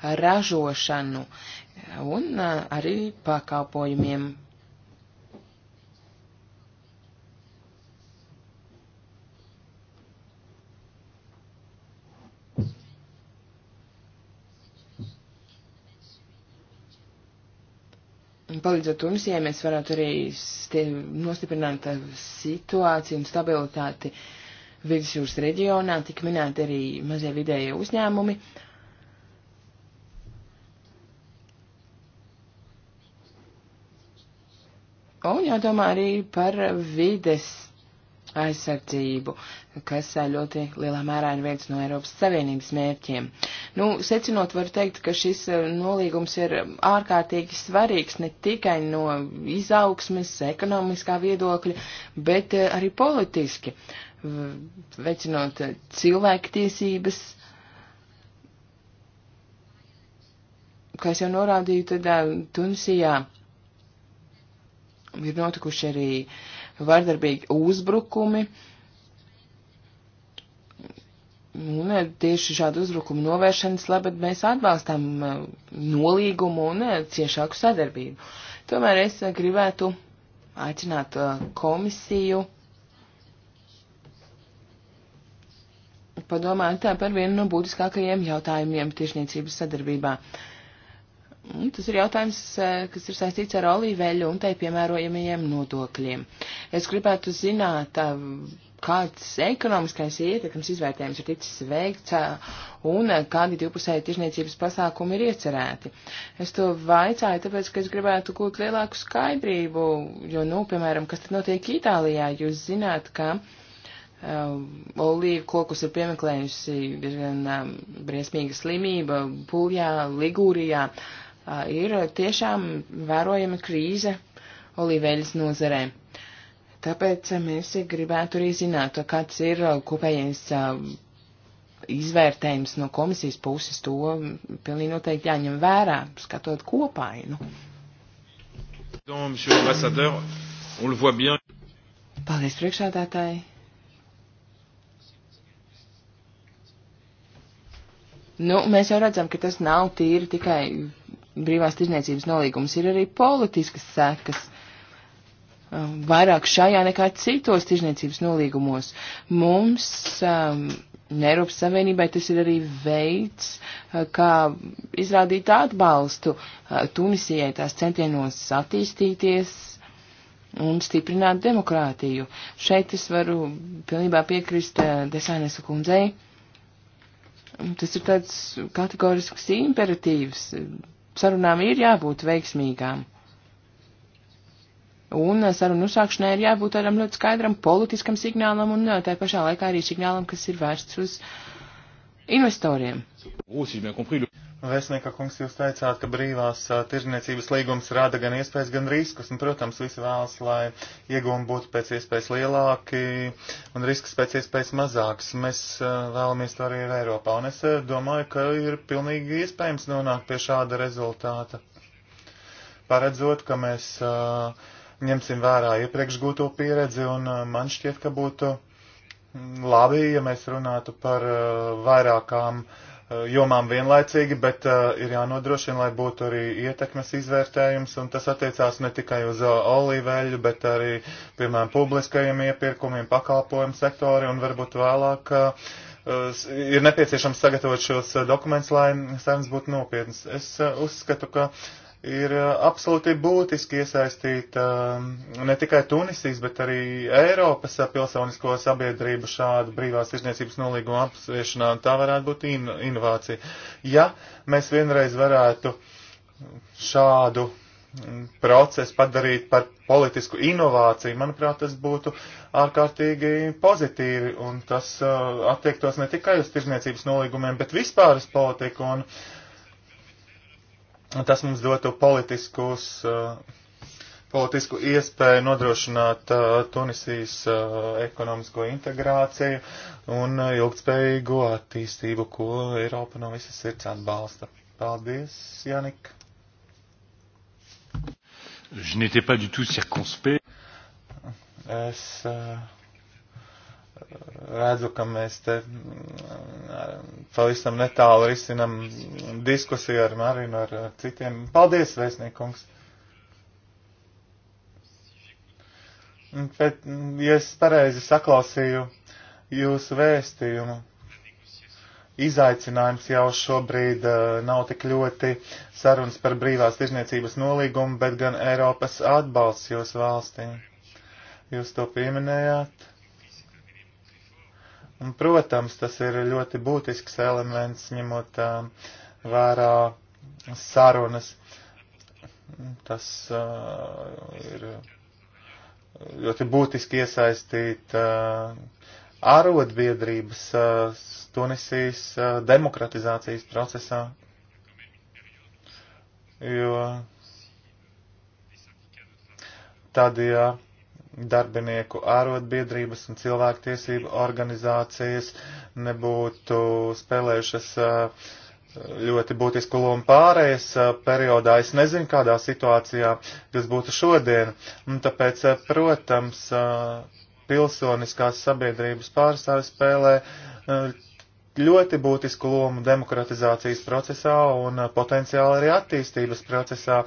ražošanu un arī pakalpojumiem palīdzot Tunisijai, mēs varētu arī nostiprināt situāciju un stabilitāti vidusjūras reģionā, tik minēti arī mazie vidējie uzņēmumi. Un jādomā arī par vides aizsardzību, kas ļoti lielā mērā ir viens no Eiropas Savienības mērķiem. Nu, secinot, varu teikt, ka šis nolīgums ir ārkārtīgi svarīgs ne tikai no izaugsmes, ekonomiskā viedokļa, bet arī politiski, veicinot cilvēktiesības, kā es jau norādīju, tad Tunisijā ir notikuši arī uh, vardarbīgi uzbrukumi. Un tieši šādu uzbrukumu novēršanas labad mēs atbalstām uh, nolīgumu un uh, ciešāku sadarbību. Tomēr es uh, gribētu aicināt komisiju padomāt par vienu no būtiskākajiem jautājumiem tiešniecības sadarbībā. Uh, Tas ir jautājums, eh, kas ir saistīts ar olīveļu un tai piemērojamajiem nodokļiem. Es gribētu zināt, eh, kāds ekonomiskais ietekmes izvērtējums ir ticis veikts eh, un kādi divpusēji tirzniecības pasākumi ir iecerēti. Es to vaicāju, tāpēc, ka es gribētu gūt lielāku skaidrību, jo, nu, piemēram, kas tad notiek Itālijā, jūs zināt, ka olīvu kokus ir piemeklējusi diezgan briesmīga slimība Puljā, Ligūrijā. Uh, ir tiešām vērojama krīze olīveļas nozarē. Tāpēc mēs gribētu arī zināt, kāds ir kopējais izvērtējums no komisijas puses. To pilnīgi noteikti jāņem vērā, skatot kopā. Nu. Paldies, priekšādātāji! Nu, mēs jau redzam, ka tas nav tīri tikai brīvās tirniecības nolīgums, ir arī politiskas sekas. Um, vairāk šajā nekā citos tirzniecības nolīgumos. Mums, um, Eiropas Savienībai, tas ir arī veids, uh, kā izrādīt atbalstu uh, Tunisijai tās centienos attīstīties un stiprināt demokrātiju. Šeit es varu pilnībā piekrist uh, Desainesu kundzei um, tas ir tāds kategorisks imperatīvs sarunām ir jābūt veiksmīgām. Un sarunu uzsākšanai ir jābūt tādam ļoti skaidram politiskam signālam un uh, tā pašā laikā arī signālam, kas ir vērsts uz investoriem. Oh, si Vēstnieka kungs, jūs teicāt, ka brīvās tirzniecības līgums rada gan iespējas, gan riskus, un, protams, visi vēlas, lai iegūmi būtu pēc iespējas lielāki un risks pēc iespējas mazāks. Mēs a, vēlamies to arī ar Eiropā, un es a, domāju, ka ir pilnīgi iespējams nonākt pie šāda rezultāta. Paredzot, ka mēs a, ņemsim vērā iepriekš gūto pieredzi, un man šķiet, ka būtu labi, ja mēs runātu par vairākām uh, Eh, jomām vienlaicīgi, bet uh, ir jānodrošina, lai būtu arī ietekmes izvērtējums, un tas attiecās ne tikai uz uh, olīveļu, bet arī, piemēram, publiskajiem iepirkumiem, pakalpojumu sektori, un varbūt vēlāk uh, ir nepieciešams sagatavot šos dokumentus, lai sarunas būtu nopietnas. Es uzskatu, ka ir eh, absolūti būtiski iesaistīt ehm, ne tikai Tunisijas, bet arī Eiropas eh, pilsonisko sabiedrību šādu brīvās tirzniecības nolīgumu apsviešanā, un tā varētu būt in inovācija. Ja mēs vienreiz varētu šādu mm, procesu padarīt par politisku inovāciju, manuprāt, tas būtu ārkārtīgi pozitīvi, un tas eh, attiektos ne tikai uz tirzniecības nolīgumiem, bet vispār uz politiku. Un, uh, Tas mums dotu politiskus, uh, politisku iespēju nodrošināt uh, Tunisijas uh, ekonomisko integrāciju un ilgtspējīgu attīstību, ko Eiropa no visas sirds atbalsta. Paldies, Janik! Je n'étais pas du tout circonspect. Es, uh, redzu, ka mēs te mm, pavisam netālu risinam diskusiju ar Marinu, ar citiem. Paldies, vēstniekums! Mm, bet, mm, ja es pareizi saklausīju jūsu vēstījumu, izaicinājums jau šobrīd eh, nav tik ļoti sarunas par brīvās tirzniecības nolīgumu, bet gan Eiropas atbalsts jūsu valstīm. Jūs to pieminējāt? Un, protams, tas ir ļoti būtisks elements, ņemot uh, vērā sarunas. Tas uh, ir ļoti būtiski iesaistīt uh, arotbiedrības uh, Tunisijas uh, demokratizācijas procesā, jo tad, ja darbinieku ārotbiedrības un cilvēktiesību organizācijas nebūtu spēlējušas eh, ļoti būtisku lomu pārējais eh, periodā. Es nezinu, kādā situācijā tas būtu šodien. Un tāpēc, eh, protams, pilsoniskās sabiedrības pārstāvis spēlē ļoti būtisku lomu demokratizācijas procesā un potenciāli arī attīstības procesā,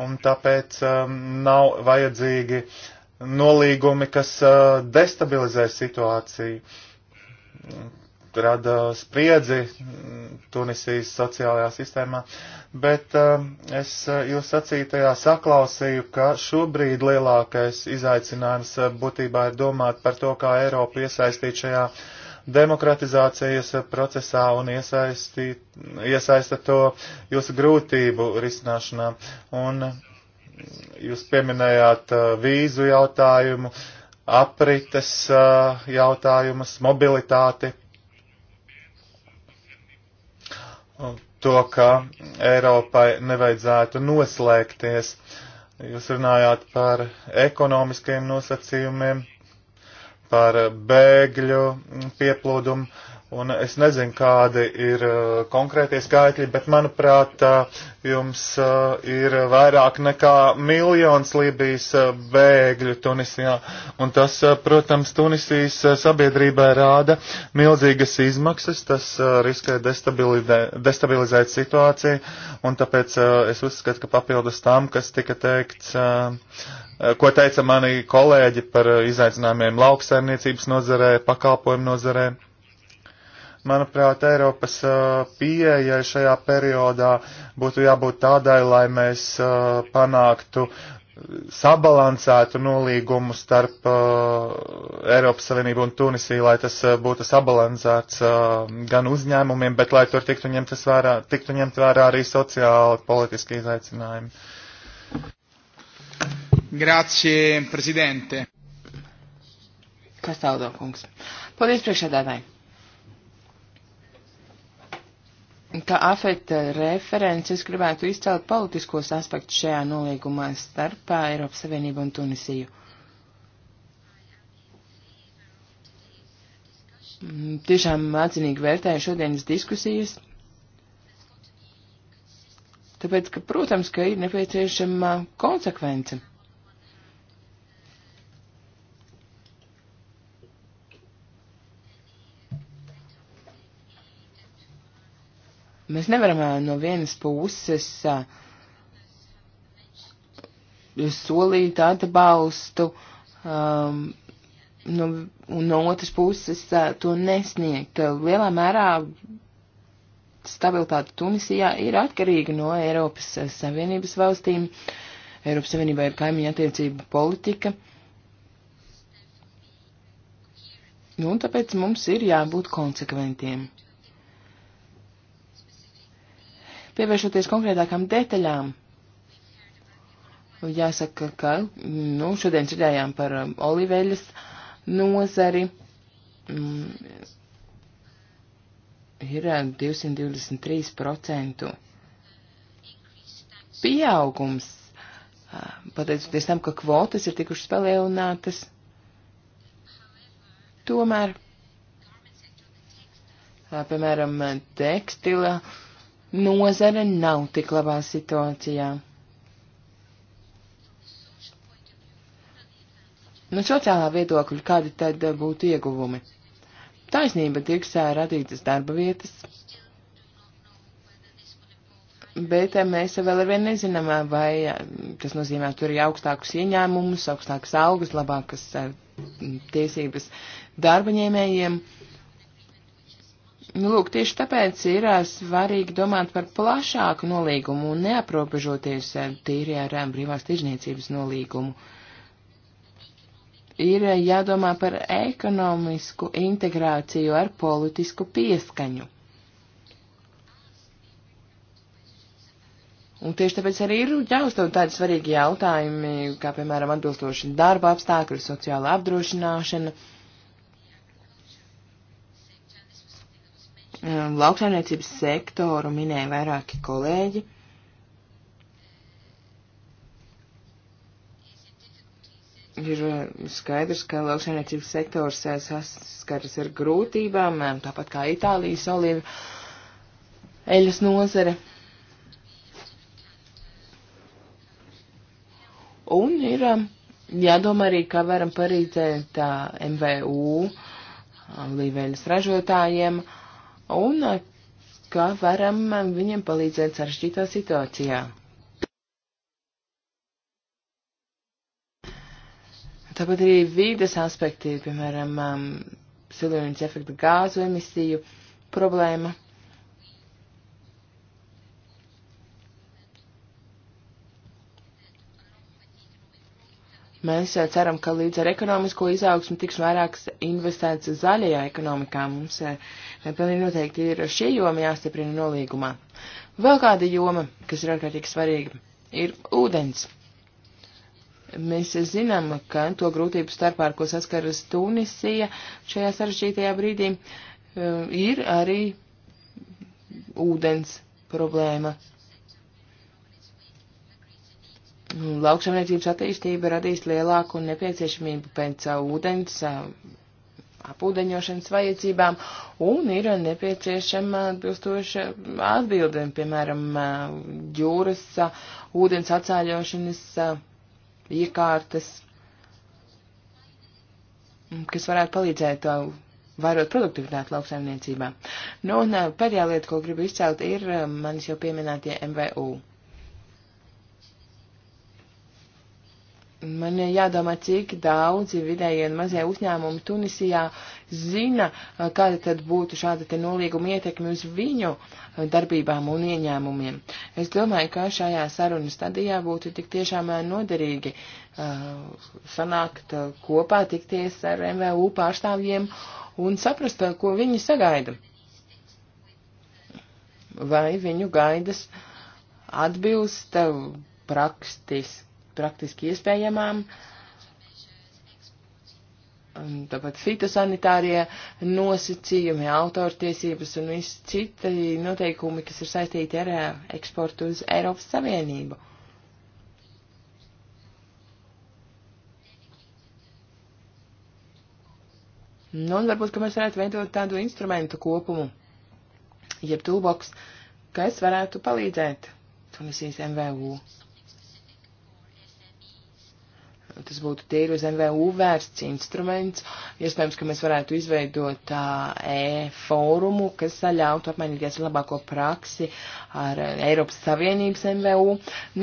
un tāpēc um, nav vajadzīgi uh, nolīgumi, kas uh, destabilizē situāciju, rada spriedzi mm, Tunisijas sociālajā sistēmā, bet um, es uh, jūs sacītajā saklausīju, ka šobrīd lielākais izaicinājums uh, būtībā ir domāt par to, kā Eiropu iesaistīt šajā demokratizācijas procesā un iesaistīt, iesaista to jūsu grūtību risināšanā. Un Jūs pieminējāt uh, vīzu jautājumu, aprites uh, jautājumus, mobilitāti. To, ka Eiropai nevajadzētu noslēgties. Jūs runājāt par ekonomiskajiem nosacījumiem, par bēgļu pieplūdumu Un es nezinu, kādi ir uh, konkrētie skaitļi, bet manuprāt, uh, jums uh, ir vairāk nekā miljons Libijas bēgļu Tunisijā. Un tas, protams, Tunisijas sabiedrībai rāda milzīgas izmaksas, tas riskē destabilizēt situāciju. Un tāpēc es uzskatu, ka papildus tam, kas tika teikts ko teica mani kolēģi par izaicinājumiem lauksaimniecības nozarē, pakalpojumu nozarē. Manuprāt, Eiropas pieejai šajā periodā būtu jābūt tādai, lai mēs panāktu sabalansētu nolīgumu starp uh, Eiropas Savienību un Tunisiju, lai tas uh, būtu sabalansēts uh, gan uzņēmumiem, bet lai tur tiktu ņemt vērā, tiktu ņemt vērā arī sociāli politiski izaicinājumi. Grazie, prezidente. Kas tālāk, kungs? Paldies priekšādātāji. Kā afeta referents, es gribētu izcelt politiskos aspektus šajā nolīgumā starp Eiropas Savienību un Tunisiju. Mm, tiešām atzinīgi vērtēju šodienas diskusijas, tāpēc, ka, protams, ka ir nepieciešama konsekvence. Mēs nevaram no vienas puses solīt atbalstu um, no, un no otras puses to nesniegt. Lielā mērā stabilitāte Tunisijā ir atkarīga no Eiropas Savienības valstīm. Eiropas Savienībā ir kaimiņa attiecība politika. Nu, un tāpēc mums ir jābūt konsekventiem. Pievēršoties konkrētākām detaļām, jāsaka, ka nu, šodien dzirdējām par um, oliveļas nozari. Mm, ir 223% uh, pieaugums, uh, pateicoties tam, ka kvotas ir tikušas palielinātas. Tomēr, uh, piemēram, tekstila nozare nav tik labā situācijā. No nu, sociālā viedokļa kādi tad būtu ieguvumi? Taisnība tiksē radītas darba vietas, bet mēs vēl arvien nezinām, vai tas nozīmē tur ir augstākus ieņēmumus, augstākas algas, labākas tiesības darba ņēmējiem. Uh, Nu, lūk, tieši tāpēc ir svarīgi domāt par plašāku nolīgumu un neaprobežoties tīri ar brīvās tirzniecības nolīgumu. Ir jādomā par ekonomisku integrāciju ar politisku pieskaņu. Un tieši tāpēc arī ir jāuzdod tādi svarīgi jautājumi, kā piemēram atbilstoši darba apstākļi, sociāla apdrošināšana. Uh, Um, lauksaimniecības sektoru minēja vairāki kolēģi. Ir uh, skaidrs, ka lauksaimniecības sektors uh, saskaras ar grūtībām, um, tāpat kā Itālijas olīva eļas nozare. Un ir um, jādomā arī, kā varam parīdzēt uh, MVU līveļas ražotājiem. Uh, un eh, kā varam eh, viņiem palīdzēt sarežģītā situācijā. Tāpat arī vīdes aspekti, piemēram, eh, silūņas efekta gāzu emisiju problēma. Mēs eh, ceram, ka līdz ar ekonomisko izaugsmu tiks vairāk investēts zaļajā ekonomikā. Mums eh, pilnīgi noteikti ir šie jomi jāstiprina nolīgumā. Vēl kāda joma, kas ir ārkārtīgi svarīga, ir ūdens. Mēs eh, zinām, ka to grūtību starpā, ar ko saskaras Tunisija šajā sarežģītajā brīdī, ir arī ūdens problēma Lauksaimniecības attīstība radīs lielāku nepieciešamību pēc uh, ūdens uh, apūdeņošanas vajadzībām un ir nepieciešama atbilstoša atbilde, piemēram, uh, jūras ūdens atsāļošanas iekārtas, mm, kas varētu palīdzēt vairot produktivitāti lauksaimniecībā. Nu, un pēdējā lieta, ko gribu izcelt, ir manis jau pieminētie MVU. Man ir jādomā, cik daudzi vidējie un mazie uzņēmumi Tunisijā zina, kāda tad būtu šāda te nolīguma ietekme uz viņu darbībām un ieņēmumiem. Es domāju, ka šajā sarunu stadijā būtu tik tiešām noderīgi uh, sanākt kopā, tikties ar MVU pārstāvjiem un saprast, ko viņi sagaida. Vai viņu gaidas atbilst praktiski praktiski iespējamām. Un tāpat fitosanitārie nosacījumi, autortiesības un visi citi noteikumi, kas ir saistīti ar eh, eksportu uz Eiropas Savienību. Nu, un varbūt, ka mēs varētu veidot tādu instrumentu kopumu, jeb toolbox, kas varētu palīdzēt komisijas MVU. Tas būtu tīri uz MVU vērsts instruments. Iespējams, ka mēs varētu izveidot e-fórumu, kas ļautu apmainīties labāko praksi ar Eiropas Savienības MVU.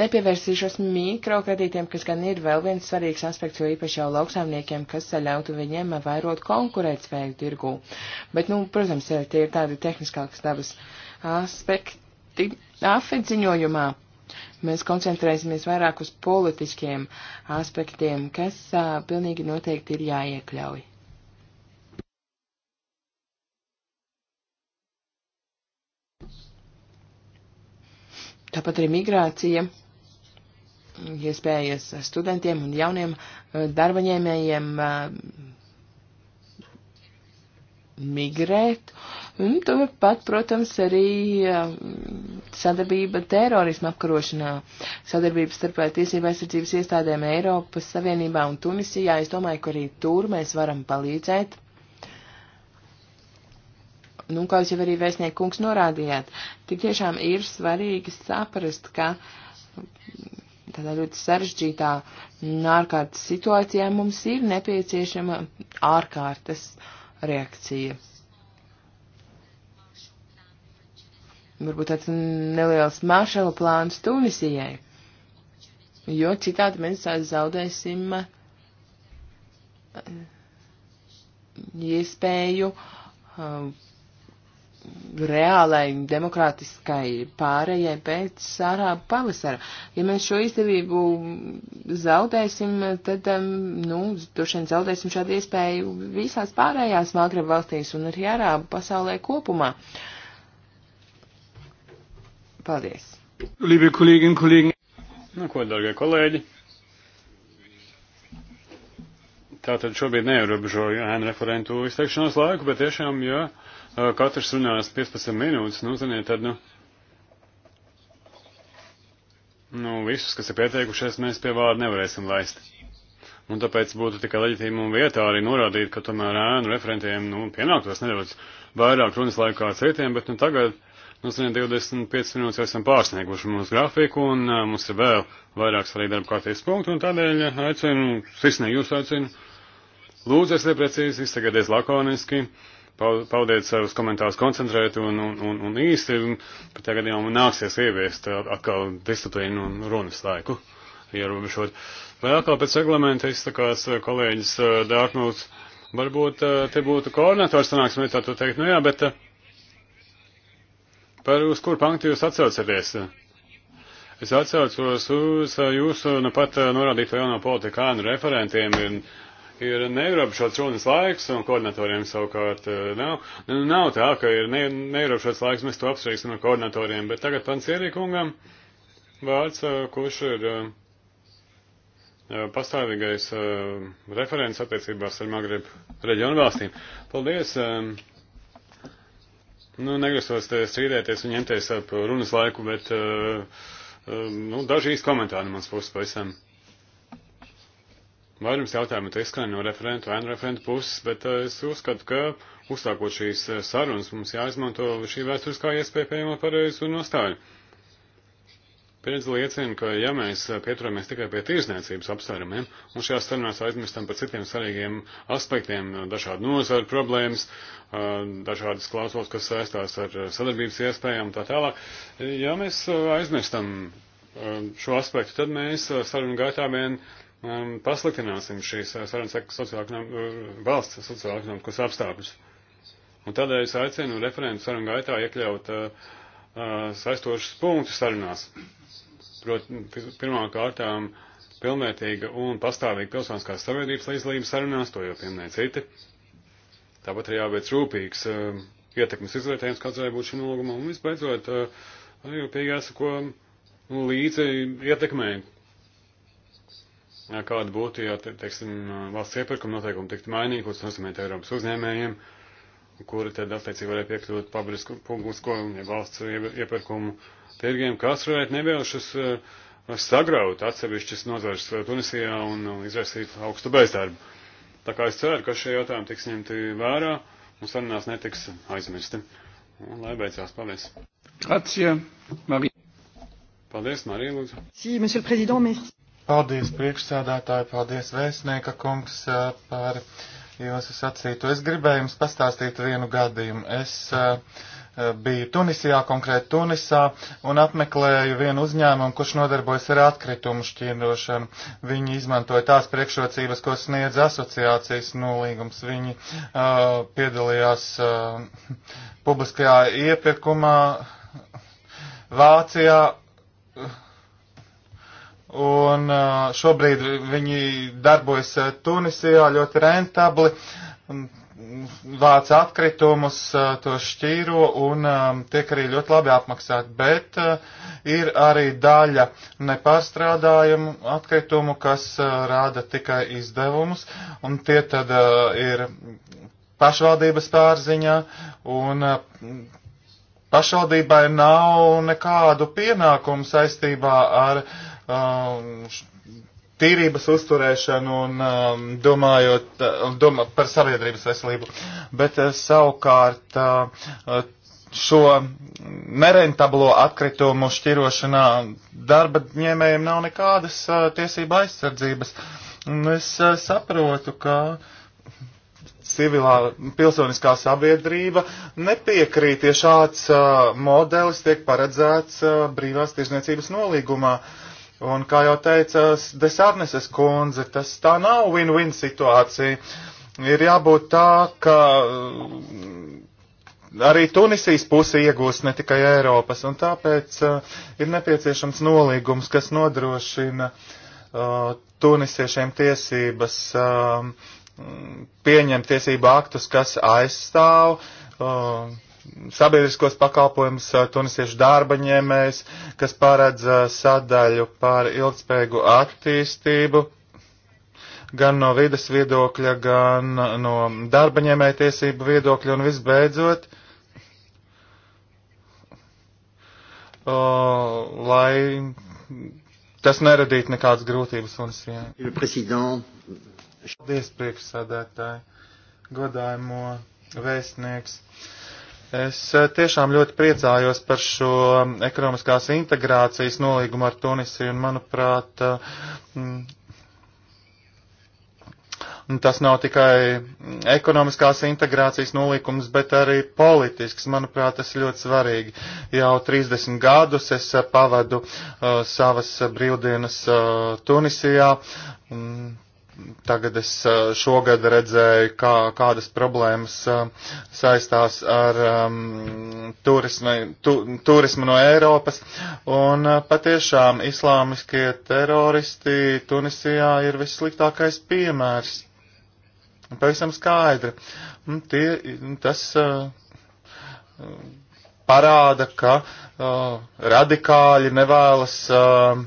Nepievērsīšos mikrokredītiem, kas gan ir vēl viens svarīgs aspekts, jo īpaši jau lauksaimniekiem, kas ļautu viņiem vairot konkurētspēju tirgū. Bet, nu, protams, tie ir tādi tehniskākas dabas aspekti afidziņojumā mēs koncentrēsimies vairāk uz politiskiem aspektiem, kas uh, pilnīgi noteikti ir jāiekļauj. Tāpat arī migrācija, iespējas studentiem un jauniem darbaņēmējiem uh, migrēt. Un tāpat, protams, arī um, sadarbība terorisma apkarošanā, sadarbība starp uh, tiesība aizsardzības iestādēm Eiropas Savienībā un Tunisijā. Es domāju, ka arī tur mēs varam palīdzēt. Nu, kā jūs jau arī vēstnieku kungs norādījāt, tik tiešām ir svarīgi saprast, ka tādā ļoti sarežģītā ārkārtas situācijā mums ir nepieciešama ārkārtas. Uh, reakcija. Varbūt tāds neliels maršala plāns Tunisijai, jo citādi mēs zaudēsim uh, iespēju uh, reālai demokrātiskai pārējai pēc sārābu pavasara. Ja mēs šo izdevību zaudēsim, tad, um, nu, droši vien zaudēsim šādu iespēju visās pārējās Māgreba valstīs un arī arābu pasaulē kopumā. Paldies! Liebe Kolleginnen und Kollegen! Nu, ko, darbie kolēģi! Tātad šobrīd neierobežoju ēnu referentu izteikšanos laiku, bet tiešām, ja. Jā katrs runās 15 minūtes, nu, ziniet, tad, nu, nu, visus, kas ir pieteikušies, mēs pie vārda nevarēsim laist. Un tāpēc būtu tikai leģitīma un vietā arī norādīt, ka tomēr ēnu referentiem, nu, pienāktos nedaudz vairāk runas laikā citiem, bet, nu, tagad, nu, ziniet, 25 minūtes jau esam pārsnieguši mūsu grafiku, un uh, mums ir vēl vairāk svarīgi darba kārtības punktu, un tādēļ aicinu, sisnīgi jūs aicinu, lūdzu, esiet precīzi, izsakieties lakoniski. Uh, paudiet savus komentārus koncentrēt un, un, un, un īsti, bet tagad jau man nāksies ieviest atkal disciplīnu un runas laiku ierobežot. Vai atkal pēc reglamenta izsakās eh, kolēģis eh, Dārknūts, varbūt eh, te būtu koordinators sanāksmē, tā tu teikt, nu jā, bet par uz kur punktu jūs atsaucaties? Es atsaucos uz jūsu, nu pat norādīto jauno politiku, kā nu referentiem ir ir neierobežots runas laiks, un koordinatoriem savukārt eh, nav. Nu, nav tā, ka ir ne, neierobežots laiks, mēs to apsveiksim ar koordinatoriem, bet tagad pants ierīkungam vārds, eh, kurš ir eh, pastāvīgais referents attiecībās ar Magrebu reģionu valstīm. Paldies! Nu, negrasos te strīdēties un ņemties ap runas laiku, bet nu, daži īsti komentāri no mans puses pavisam. Par Vairums jautājumu te skan no referentu, ēnu referentu puses, bet eh, es uzskatu, ka uzsākot šīs eh, sarunas mums jāizmanto šī vēsturiskā iespēja pieņemot pareizu nostāju. Pieredze liecina, ka ja mēs eh, pieturamies tikai pie tirzniecības apsvērumiem un šajās sarunās aizmirstam par citiem svarīgiem aspektiem, dažādu nozaru problēmas, dažādas klausos, kas saistās ar sadarbības iespējām un tā tālāk, ja mēs aizmirstam šo aspektu, tad mēs sarunu gaitā vien um, pasliktināsim šīs uh, sarunas uh, valsts sociālākos apstākļus. Un tādēļ es aicinu referentu sarunu gaitā iekļaut uh, uh saistošus punktus sarunās. Proti, pirmā kārtām pilnvērtīga un pastāvīga pilsoniskās sabiedrības līdzlība sarunās, to jau pieminēja citi. Tāpat arī jāveic rūpīgs uh, ietekmes izvērtējums, kāds varētu būt šim nolūgumam. Un visbeidzot, uh, arī pieejās, ko nu, līdzi ietekmē kāda būtu, ja, te, teiksim, valsts iepirkuma noteikumi tiktu mainīti, ko tas nozīmē Eiropas uzņēmējiem, kuri tad attiecīgi varēja piekļūt publisko, publisko ja valsts iepirkumu tirgiem, kas varētu nebiežus eh, sagraut atsevišķas nozares eh, Tunisijā un eh, izraisīt augstu bezdarbu. Tā kā es ceru, ka šie jautājumi tiks ņemti vērā un sarunās netiks aizmirsti. Un lai beidzās, paldies. Grazie, Marija. Paldies, Marija, lūdzu. Si, Paldies priekšsēdētāji, paldies vēstnieka kungs par jūsu sacītu. Es gribēju jums pastāstīt vienu gadījumu. Es uh, biju Tunisijā, konkrēti Tunisā, un apmeklēju vienu uzņēmumu, kurš nodarbojas ar atkritumu šķīrošanu. Viņi izmantoja tās priekšrocības, ko sniedz asociācijas nolīgums. Viņi uh, piedalījās uh, publiskajā iepirkumā Vācijā. Uh, un šobrīd viņi darbojas Tunisijā ļoti rentabli, vāc atkritumus, to šķīro un tiek arī ļoti labi apmaksāti, bet ir arī daļa nepārstrādājumu atkritumu, kas rāda tikai izdevumus, un tie tad ir pašvaldības pārziņā, un pašvaldībai nav nekādu pienākumu saistībā ar uh, um, tīrības uzturēšanu un um, domājot um, uh, domā par sabiedrības veselību. Bet uh, savukārt uh, šo nerentablo atkritumu šķirošanā darba ņēmējiem nav nekādas uh, tiesība aizsardzības. Un es uh, saprotu, ka civilā pilsoniskā sabiedrība nepiekrīt, ja šāds uh, modelis tiek paredzēts uh, brīvās tirzniecības nolīgumā. Uh, Un, kā jau teica Desarneses kundze, tas tā nav win-win situācija. Ir jābūt tā, ka mm, arī Tunisijas pusi iegūst ne tikai Eiropas, un tāpēc uh, ir nepieciešams nolīgums, kas nodrošina uh, tunisiešiem tiesības uh, mm, pieņemt tiesību aktus, kas aizstāv uh, sabiedriskos pakalpojumus, tunisiešu darba ņēmējs, kas paredz sadaļu par ilgspējīgu attīstību gan no vides viedokļa, gan no darba ņēmēja tiesību viedokļa un visbeidzot, o, lai tas neradītu nekādas grūtības Tunisijai. Paldies, priekšsādātāji, godājumo vēstnieks. Es eh, tiešām ļoti priecājos par šo ekonomiskās integrācijas nolīgumu ar Tunisiju, un manuprāt, eh, mm, tas nav tikai ekonomiskās integrācijas nolīkums, bet arī politisks. Manuprāt, tas ir ļoti svarīgi. Jau 30 gadus es eh, pavadu uh, savas brīvdienas uh, Tunisijā. Un, Tagad es šogad redzēju, kā, kādas problēmas saistās ar um, turismu, tu, turismu no Eiropas, un patiešām islāmiskie teroristi Tunisijā ir vissliktākais piemērs. Pavisam skaidri. Tie, tas uh, parāda, ka uh, radikāļi nevēlas. Uh,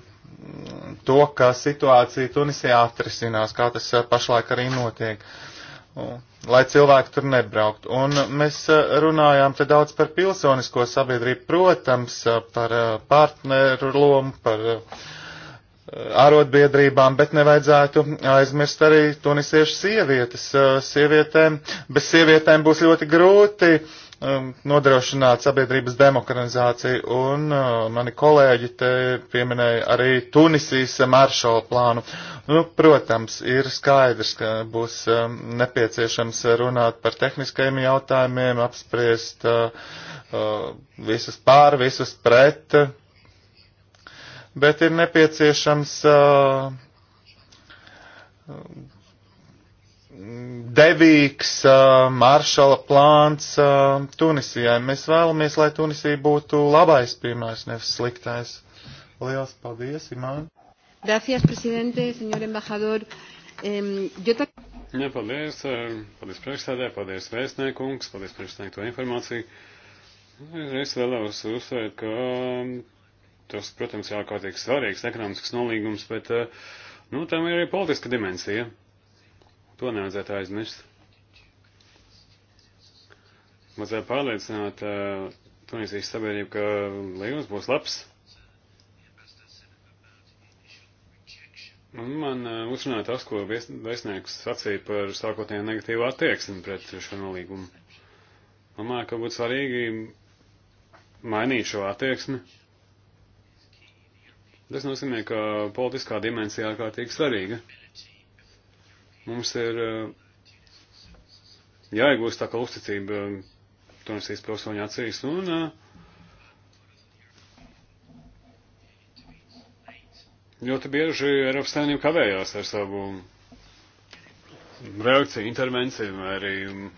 to, ka situācija Tunisijā atrisinās, kā tas eh, pašlaik arī notiek, un, lai cilvēki tur nebraukt. Un mēs eh, runājām te daudz par pilsonisko sabiedrību, protams, eh, par partneru lomu, par arotbiedrībām, bet nevajadzētu aizmirst arī tunisiešu sievietes. Sievietēm, bez sievietēm būs ļoti grūti uh, um, nodrošināt sabiedrības demokratizāciju, un uh, mani kolēģi te pieminēja arī Tunisijas maršala plānu. Nu, protams, ir skaidrs, ka būs um, nepieciešams runāt par tehniskajiem jautājumiem, apspriest uh, uh, visus pār, visus pret, bet ir nepieciešams. Uh, devīgs maršala plāns Tunisijai. Mēs vēlamies, lai Tunisija būtu labais piemērs, nevis sliktais. Lielas paldies, Imāna. Gracias, presidente, señor embajador. Um, yo ta... Jā, paldies. Paldies priekšsēdē, paldies vēstniekungs, paldies priekšsniegto informāciju. Es vēlos uzsvērt, ka tas, protams, ir ārkārtīgi svarīgs ekonomisks nolīgums, bet, nu, tam ir arī politiska dimensija. To nevajadzētu aizmirst. Vajadzētu pārliecināt uh, eh, Tunisijas sabiedrību, ka līgums būs labs. Un man uh, uzrunāja tas, ko vēstnieks sacīja par sākotnējo negatīvu attieksmi pret šo nolīgumu. Domāju, ka būtu svarīgi mainīt šo attieksmi. Tas nozīmē, ka politiskā dimensija ārkārtīgi svarīga. Mums ir eh, jāiegūst tā kā uzticība eh, Tunisijas pilsoņu acīs un eh, ļoti bieži Eiropas saimnība kavējās ar savu reakciju, intervenciju vai arī mm,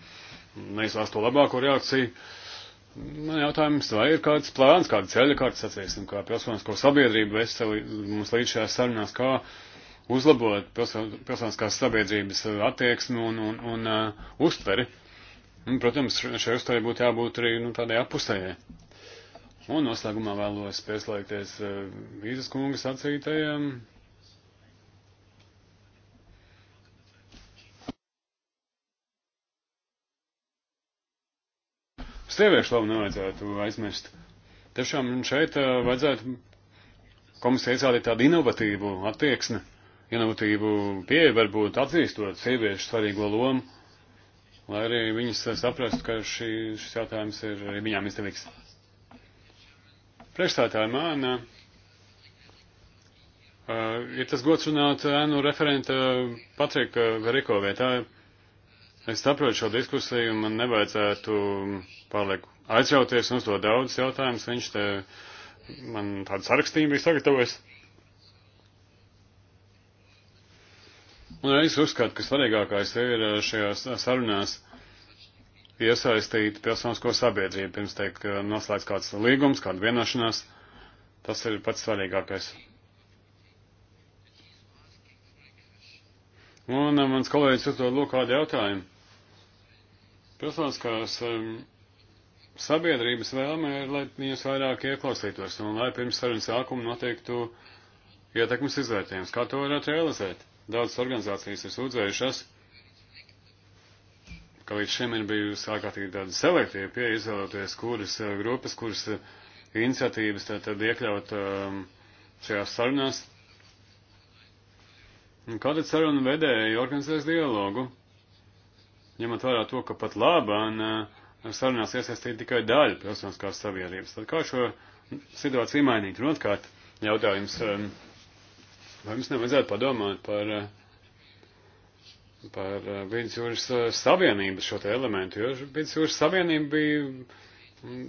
neizlās to labāko reakciju. Man jautājums, vai ir kāds plāns, kāda ceļa kārtas, sacīsim, kā pilsonisko sabiedrību veseli mums līdz šajās sarunās, kā uzlabot pilsoniskās sabiedrības eh, attieksmi un, un, un uh, uztveri. Un, protams, šai uztverei būtu jābūt arī nu, tādai apusējai. Un noslēgumā vēlos pieslēgties uh, Vīzes kungas sacītajam. Sieviešu labu nevajadzētu aizmirst. Tiešām šeit uh, vajadzētu komisija iesādīt tādu inovatīvu attieksmi inovatīvu pieeju, varbūt atzīstot sieviešu svarīgo lomu, lai arī viņas saprastu, ka šī, šis jautājums ir arī viņām izdevīgs. Priekšstātāji man uh, ir tas gods runāt ēnu uh, referenta Patrika Verikovē. Tā es saprotu šo diskusiju un man nevajadzētu pārlieku aizrauties un uzdot daudz jautājumus. Viņš te man tādu sarakstījumu bija sagatavojis. Un nu, es uzskatu, ka svarīgākais ir eh, šajās sarunās iesaistīt pilsonisko sabiedrību, pirms teikt, ka eh, noslēdz kāds līgums, kāda vienošanās. Tas ir pats svarīgākais. Un eh, mans kolēģis uzdod lūk kādu jautājumu. Pilsoniskās um, sabiedrības vēlme ir, lai viņas vairāk ieklausītos un lai pirms sarunas sākuma noteiktu ietekmes izvērtējums, kā to varētu realizēt. Daudzas organizācijas ir sūdzējušas, ka līdz šim ir bijusi ārkārtīgi tāda selektīva pieeja izvēloties, kuras eh, grupas, kuras eh, iniciatīvas tad, tad iekļaut ehm, šajās sarunās. Kāda saruna vedēja organizēs dialogu? Ņemot vērā to, ka pat labāk eh, sarunās iesaistīt tikai daļu pilsoniskās sabiedrības. Tad kā šo situāciju mainīt? Un otrkārt, jautājums, ehm, Vai mums nevajadzētu padomāt par, eh, par eh, Vidus jūras eh, savienības šo te elementu, jo Vidus jūras savienība bija mm,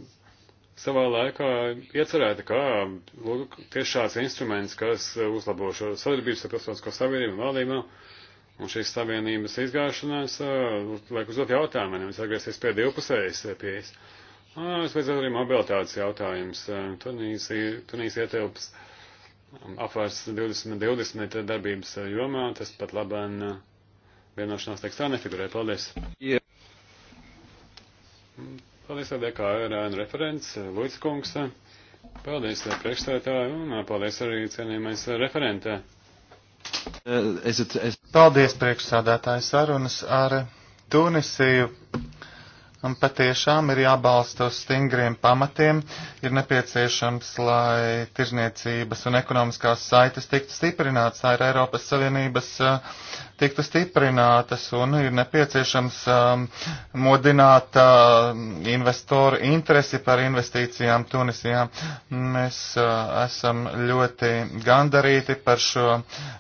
savā laikā iecerēta kā lūk, tieši šāds instruments, kas uzlabo šo sadarbību ar pilsonisko savienību un valdībām. Un šīs savienības izgāšanās liek uzdot jautājumu, nevis atgriezties pie divpusējas pieejas. Ah, es vajadzētu arī mobilitātes jautājums. Tunīs, Tunīs ietilps. Uh, apvērs 2020 darbības jomā, tas pat labāk vienošanās tekstā nefigurē. Paldies! Yeah. Paldies, ADK, RN referents, Lūdzu kungs. Paldies priekšstādātāju un paldies arī cienījamais referentē. Paldies priekšstādātāju sarunas ar Tunisiju un patiešām ir jābalsta uz stingriem pamatiem, ir nepieciešams, lai tirzniecības un ekonomiskās saites tiktu stiprināts. Tā ir Eiropas Savienības eh, tiktu stiprinātas un ir nepieciešams um, modināt uh, investoru interesi par investīcijām Tunisijā. Mēs uh, esam ļoti gandarīti par šo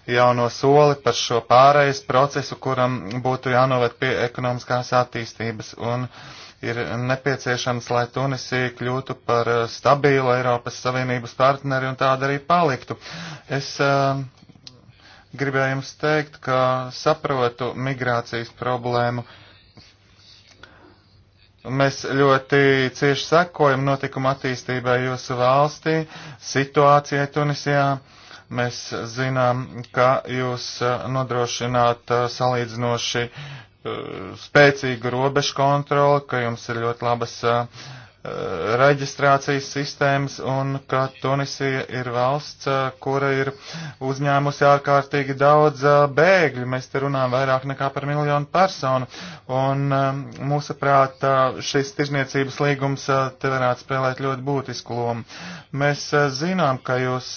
jauno soli, par šo pārējais procesu, kuram būtu jānovērt pie ekonomiskās attīstības. Un, ir nepieciešams, lai Tunisija kļūtu par uh, stabilu Eiropas Savienības partneri un tāda arī paliktu. Es uh, Gribēju jums teikt, ka saprotu migrācijas problēmu. Mēs ļoti cieši sekojam notikuma attīstībai jūsu valstī, situācijai Tunisijā. Mēs zinām, ka jūs uh, nodrošināt uh, salīdzinoši uh, spēcīgu robežu kontroli, ka jums ir ļoti labas uh, reģistrācijas sistēmas un ka Tunisija ir valsts, eh, kura ir uzņēmusi ārkārtīgi daudz eh, bēgļu. Mēs te runājam vairāk nekā par miljonu personu. Un eh, mūsuprāt, šis tirzniecības līgums te varētu spēlēt ļoti būtisku lomu. Mēs zinām, ka jūs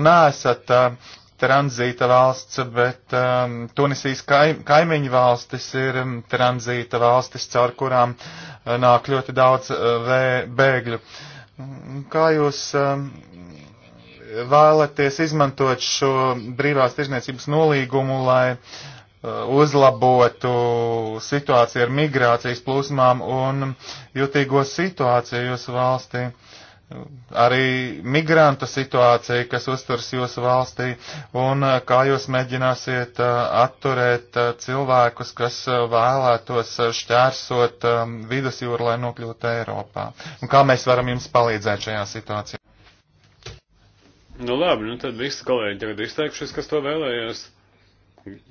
nesat tranzīta valsts, bet um, Tunisijas kaim, kaimiņu valstis ir um, tranzīta valstis, caur kurām uh, nāk ļoti daudz uh, vē, bēgļu. Mm, kā jūs um, vēlaties izmantot šo brīvās tirzniecības nolīgumu, lai uh, uzlabotu situāciju ar migrācijas plūsmām un jutīgo situāciju jūsu valstī? Uh, arī migranta situācija, kas uzturs jūsu valstī, un eh, kā jūs mēģināsiet eh, atturēt eh, cilvēkus, kas vēlētos šķērsot vidusjūru, lai nokļūtu Eiropā. Un kā mēs varam jums palīdzēt šajā situācijā? Nu labi, nu tad visi kolēģi tagad izteikušies, kas to vēlējās.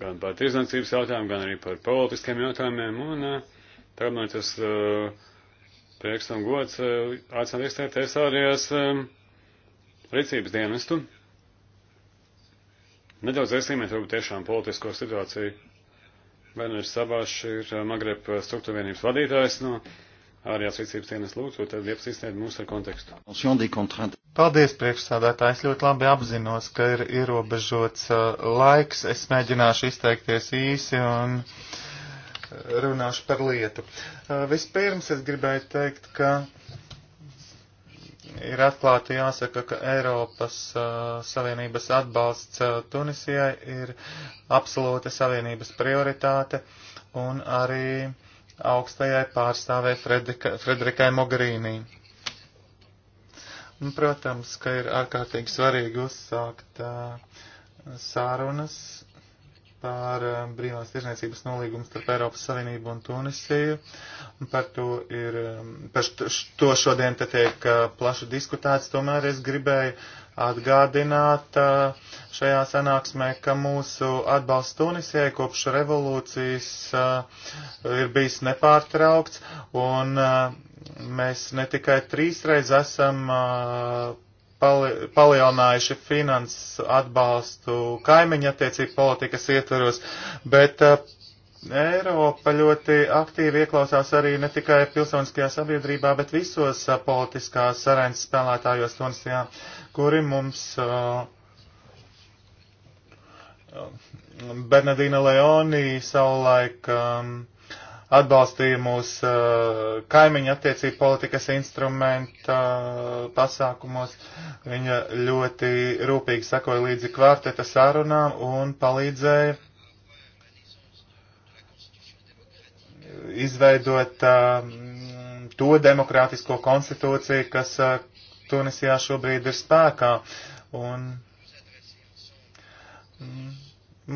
Gan par tirdzniecības jautājumu, gan arī par politiskiem jautājumiem. Un, uh, tagad man tas uh, prieks un gods e, aicināt iestāties ārējās e, rīcības dienestu. Nedaudz iezīmēt varbūt tiešām politisko situāciju. Berners Sabāšs ir e, Magreb struktūrvienības vadītājs no ārējās rīcības dienas lūdzu, tad iepazīstiniet mūs ar kontekstu. Paldies, priekšsādātāji. Es ļoti labi apzinos, ka ir ierobežots laiks. Es mēģināšu izteikties īsi un. Uh, runāšu par lietu. Vispirms es gribēju teikt, ka ir atklāti jāsaka, ka Eiropas uh, Savienības atbalsts uh, Tunisijai ir absolūta Savienības prioritāte un arī augstajai pārstāvē Fredrika, Fredrikai Mogarīnī. Un, protams, ka ir ārkārtīgi svarīgi uzsākt uh, sārunas par eh, brīvās tirzniecības nolīgumu starp Eiropas Savienību un Tunisiju. Par to, ir, eh, par to šodien te tiek eh, plaši diskutēts, tomēr es gribēju atgādināt šajā sanāksmē, ka mūsu atbalsts Tunisijai kopš revolūcijas ir bijis nepārtraukts, un mēs ne tikai trīsreiz esam pali, palielinājuši finans atbalstu kaimiņa attiecību politikas ietvaros, bet uh, Eiropa ļoti aktīvi ieklausās arī ne tikai pilsoniskajā sabiedrībā, bet visos uh, politiskās sareņas spēlētājos Tunisijā, kuri mums uh, eh, Bernardina Leoni savulaik um, atbalstīja mūs eh, kaimiņa attiecību politikas instrumenta eh, pasākumos. Viņa ļoti rūpīgi sakoja līdzi kvarteta sarunām un palīdzēja izveidot eh, to demokrātisko konstitūciju, kas Tunisijā šobrīd ir spēkā. Un, mm,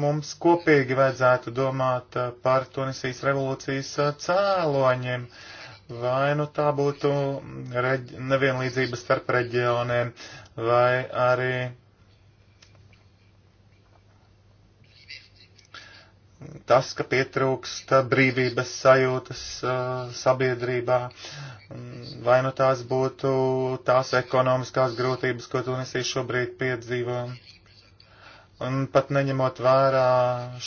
Mums kopīgi vajadzētu domāt eh, par Tunisijas revolūcijas eh, cēloņiem, vai nu tā būtu reģ... nevienlīdzība starp reģioniem, vai arī tas, ka pietrūkst brīvības sajūtas uh, sabiedrībā, vai nu tās būtu tās ekonomiskās grūtības, ko Tunisija šobrīd piedzīvo, un pat neņemot vērā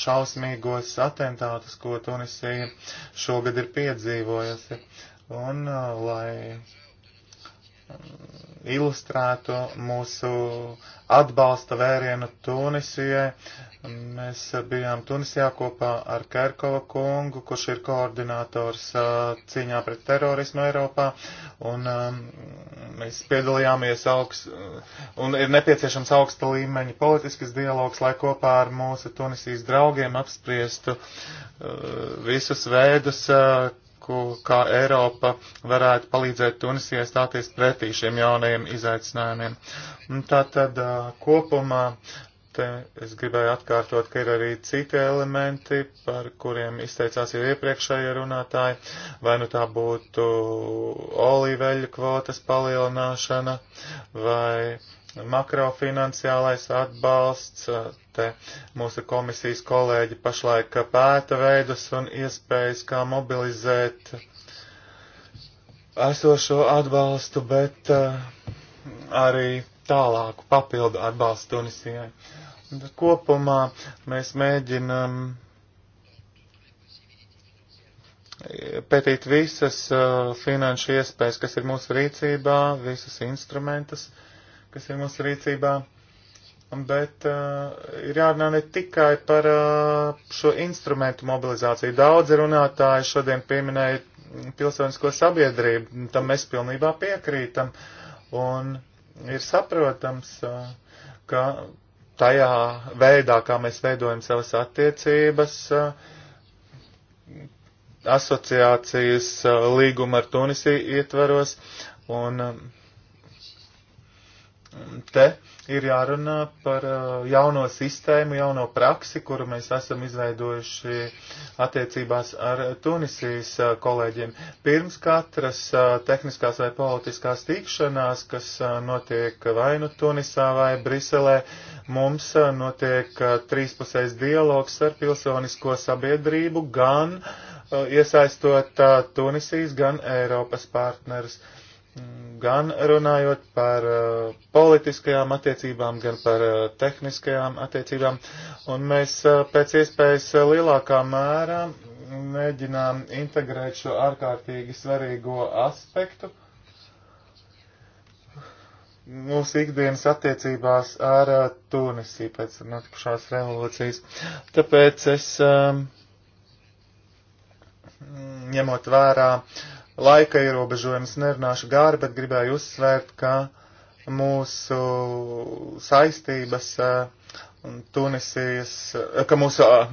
šausmīgos atentātus, ko Tunisija šogad ir piedzīvojusi. Un, uh, lai um, ilustrētu mūsu atbalsta vērienu Tunisijai, Mēs eh, bijām Tunisijā kopā ar Kerkova kungu, kurš ir koordinators eh, cīņā pret terorismu Eiropā, un ehm, mēs piedalījāmies augst, eh, un ir nepieciešams augsta līmeņa politiskas dialogs, lai kopā ar mūsu Tunisijas draugiem apspriestu visus veidus, kā Eiropa varētu palīdzēt Tunisijai stāties pretī šiem jaunajiem izaicinājumiem. Tātad kopumā Te es gribēju atkārtot, ka ir arī citi elementi, par kuriem izteicās jau iepriekšējie runātāji, vai nu tā būtu olīveļu kvotas palielināšana vai makrofinanciālais atbalsts. Te mūsu komisijas kolēģi pašlaik pēta veidus un iespējas, kā mobilizēt esošo atbalstu, bet eh, arī tālāku papildu atbalstu Tunisijai. Uh, Bet kopumā mēs mēģinam pētīt visas uh, finanšu iespējas, kas ir mūsu rīcībā, visas instrumentus, kas ir mūsu rīcībā. Bet uh, ir jārunā ne tikai par uh, šo instrumentu mobilizāciju. Daudzi runātāji šodien pieminēja pilsonisko sabiedrību, tam mēs pilnībā piekrītam. Un ir saprotams, uh, ka tajā veidā, kā mēs veidojam savas attiecības, asociācijas līguma ar Tunisiju ietvaros, un Te ir jārunā par uh, jauno sistēmu, jauno praksi, kuru mēs esam izveidojuši attiecībās ar Tunisijas uh, kolēģiem. Pirms katras uh, tehniskās vai politiskās tikšanās, kas notiek vai nu Tunisā vai Briselē, mums notiek trīspusējs dialogs ar pilsonisko sabiedrību, gan iesaistot Tunisijas, gan Eiropas partnerus mm, gan runājot par uh, politiskajām attiecībām, gan par uh, tehniskajām attiecībām, un mēs uh, pēc iespējas uh, lielākā mērā mēģinām integrēt šo ārkārtīgi svarīgo aspektu mūsu ikdienas attiecībās ar uh, Tunisiju pēc notikušās revolūcijas. Tāpēc es, um, ņemot vērā uh, laika ierobežojums, nerunāšu gāri, bet gribēju uzsvērt, ka mūsu saistības eh, Tunisijas, eh, ka mūsu eh,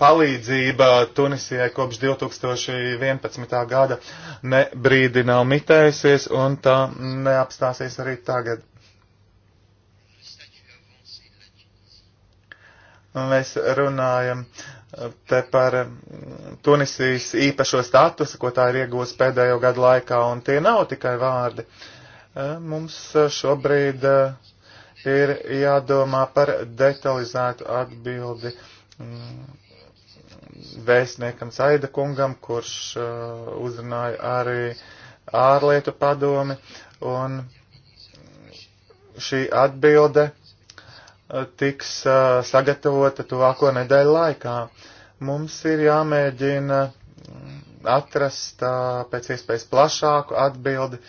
palīdzība Tunisijai kopš 2011. gada ne brīdi nav mitējusies un tā neapstāsies arī tagad. Mēs runājam uh, te par mm, Tunisijas īpašo statusu, ko tā ir iegūst pēdējo gadu laikā, un tie nav tikai vārdi. Eh, mums eh, šobrīd eh, ir jādomā par detalizētu atbildi mm, vēstniekam Saida kungam, kurš uzrunāja arī ārlietu padomi, un šī atbilde tiks sagatavota tuvāko nedēļu laikā. Mums ir jāmēģina mm, atrast pēc iespējas plašāku atbildi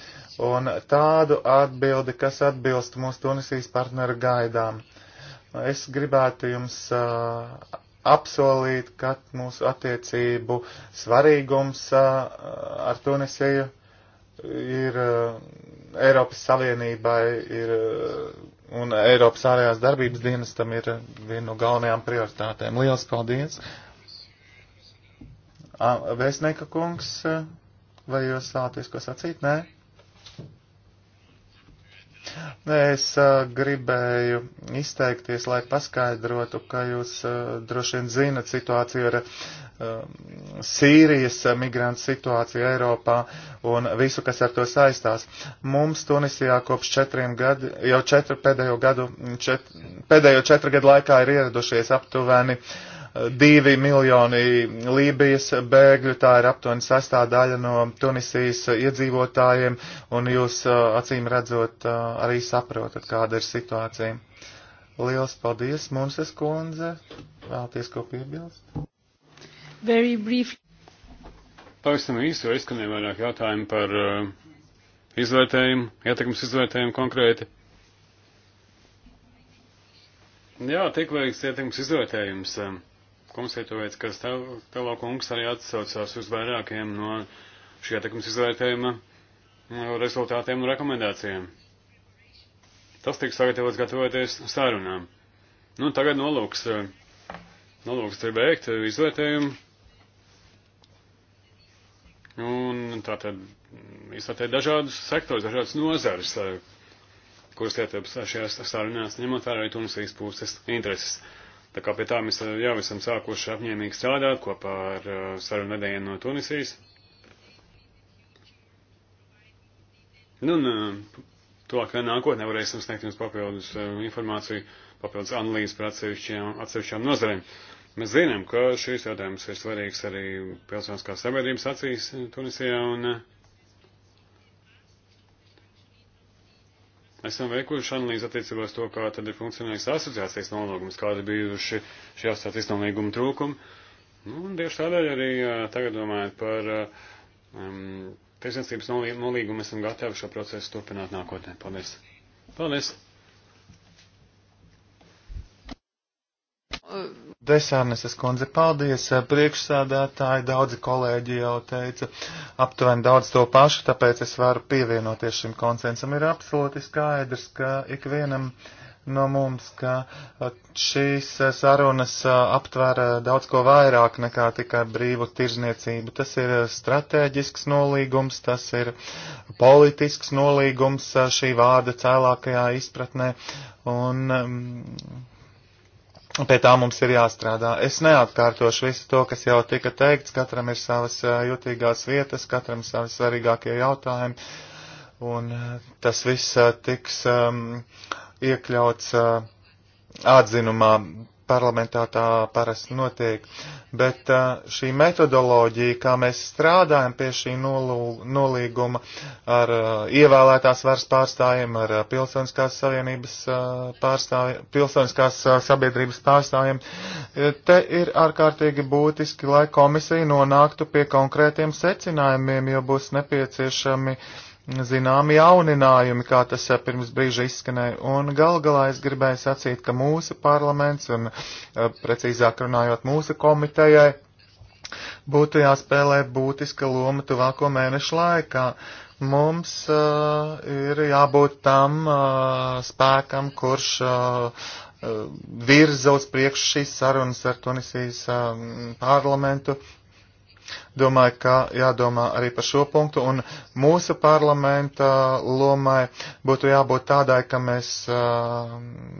un tādu atbildi, kas atbilst mūsu Tunisijas partneru gaidām. Es gribētu jums apsolīt, ka mūsu attiecību svarīgums ar Tunisiju ir Eiropas Savienībai ir un Eiropas ārējās darbības dienas tam ir viena no galvenajām prioritātēm. Lielas paldies! Vēstnieka kungs, vai jūs vēlaties ko sacīt? Nē? Es uh, gribēju izteikties, lai paskaidrotu, ka jūs uh, droši vien zinat situāciju ar um, Sīrijas migrantu situāciju Eiropā un visu, kas ar to saistās. Mums Tunisijā kopš četriem gadu, jau četru pēdējo gadu, čet, pēdējo četru gadu laikā ir ieradušies aptuveni uh, divi miljoni Lībijas bēgļu, tā ir aptuveni sestā daļa no Tunisijas iedzīvotājiem, un jūs uh, acīm redzot uh, arī saprotat, kāda ir situācija. Liels paldies, Munses kundze. Vēlties ko piebilst? Very brief. Pavisam īsi, jo izskanēja vairāk jautājumu par uh, izvērtējumu, ietekmes izvērtējumu konkrēti. Jā, tik veiks ietekmes izvērtējums. Uh, kungs ir tāpēc, ka Stelo kungs arī atsaucās uz vairākiem no šī ietekmes izvērtējuma rezultātiem un rekomendācijām. Tas tiks sagatavots gatavoties sarunām. Nu, tagad nolūks, nolūks ir beigt izvērtējumu. Un tātad izvērtēt dažādus sektors, dažādas nozares, kuras ietilpst šajās sarunās, ņemot vērā arī Tunisijas puses intereses. Tā kā pie tā mēs jau esam sākuši apņēmīgi strādāt kopā ar uh, sarunu vedējiem no Tunisijas. Nu, un uh, tuvākajā nākotnē varēsim sniegt jums papildus uh, informāciju, papildus analīzes par atsevišķām, atsevišķām nozarēm. Mēs zinām, ka šīs jautājums ir svarīgs arī pilsoniskās sabiedrības acīs Tunisijā, un esam veikuši analīzi attiecībā uz to, kā tad ir funkcionējis asociācijas nolīgums, kādi bijuši šī asociācijas nolīguma trūkumi. Nu, un tieši tādēļ arī tagad domājot par um, tiesniecības nolīgumu, esam gatavi šo procesu turpināt nākotnē. Paldies! Paldies! Desārneses kundze, paldies, priekšsādātāji, daudzi kolēģi jau teica aptuveni daudz to pašu, tāpēc es varu pievienoties šim konsensam. Ir absolūti skaidrs, ka ikvienam no mums, ka šīs sarunas aptver daudz ko vairāk nekā tikai brīvu tirzniecību. Tas ir strateģisks nolīgums, tas ir politisks nolīgums šī vārda cēlākajā izpratnē. Un, um, Pie tā mums ir jāstrādā. Es neatkārtošu visu to, kas jau tika teikts. Katram ir savas jutīgās vietas, katram savi svarīgākie jautājumi. Un tas viss tiks um, iekļauts uh, atzinumā parlamentā tā parasti notiek, bet uh, šī metodoloģija, kā mēs strādājam pie šī nolū, nolīguma ar uh, ievēlētās varas pārstāvjiem, ar uh, pilsoniskās savienības pārstāvjiem, pilsoniskās sabiedrības pārstāvjiem, e, te ir ārkārtīgi būtiski, lai komisija nonāktu pie konkrētiem secinājumiem, jo būs nepieciešami uh, zināmi jauninājumi, kā tas eh, pirms brīža izskanēja. Un gal galā es gribēju sacīt, ka mūsu parlaments un eh, precīzāk runājot mūsu komitejai būtu jāspēlē būtiska loma tuvāko mēnešu laikā. Mums uh, ir jābūt tam uh, spēkam, kurš uh, virza uz priekšu šīs sarunas ar Tunisijas um, parlamentu Domāju, ka jādomā arī par šo punktu, un mūsu parlamenta lomai būtu jābūt tādai, ka mēs uh,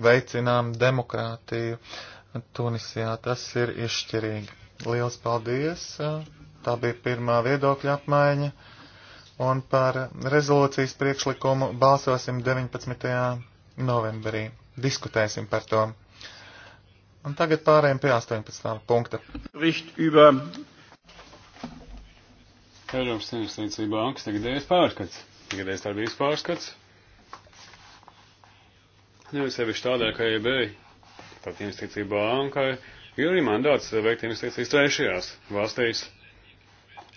veicinām demokrātiju Tunisijā. Tas ir izšķirīgi. Liels paldies! Tā bija pirmā viedokļa apmaiņa, un par rezolūcijas priekšlikumu balsosim 19. novembrī. Diskutēsim par to. Un tagad pārējiem pie 18. punkta. Richt über Eiropas investīcija bankas tagadējais pārskats. Tagadējais darbības pārskats. Nevis nu, sevišķi tādēļ, ka EIB, tātad investīcija bankai, ir arī mandāts veikt investīcijas trešajās valstīs.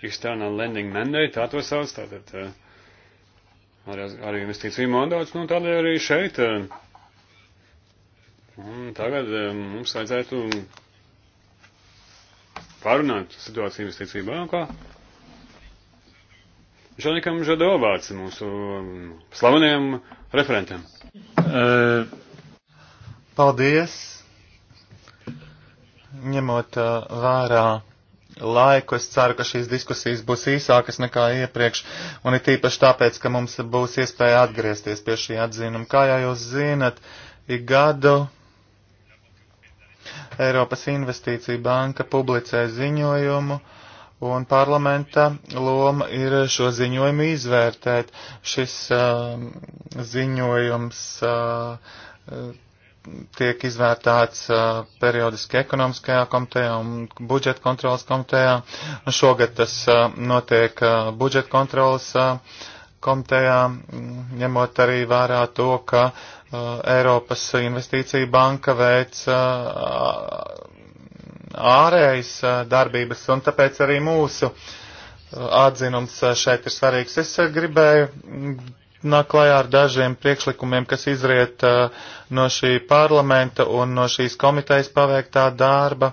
External lending mandate, tā to sauc, tātad eh, arī, arī investīcija mandāts, nu tādēļ arī šeit. Eh, un tagad eh, mums vajadzētu pārunāt situāciju investīciju bankā. Žanikam Žado vārds mūsu um, slavenajam referentam. Eh, paldies! Ņemot eh, vērā laiku, es ceru, ka šīs diskusijas būs īsākas nekā iepriekš, un it īpaši tāpēc, ka mums būs iespēja atgriezties pie šī atzinuma. Kā jau jūs zinat, ik gadu Eiropas Investīcija banka publicē ziņojumu, uh, un parlamenta loma ir šo ziņojumu izvērtēt. Šis uh, ziņojums uh, tiek izvērtāts uh, periodiski ekonomiskajā komitejā un budžeta kontrolas komitejā. Šogad tas uh, notiek uh, budžeta kontrolas uh, komitejā, mm, ņemot arī vērā to, ka uh, Eiropas investīcija banka veic uh, ārējas darbības, un tāpēc arī mūsu atzinums šeit ir svarīgs. Es gribēju nāk klajā ar dažiem priekšlikumiem, kas izriet no šī parlamenta un no šīs komitejas paveiktā darba,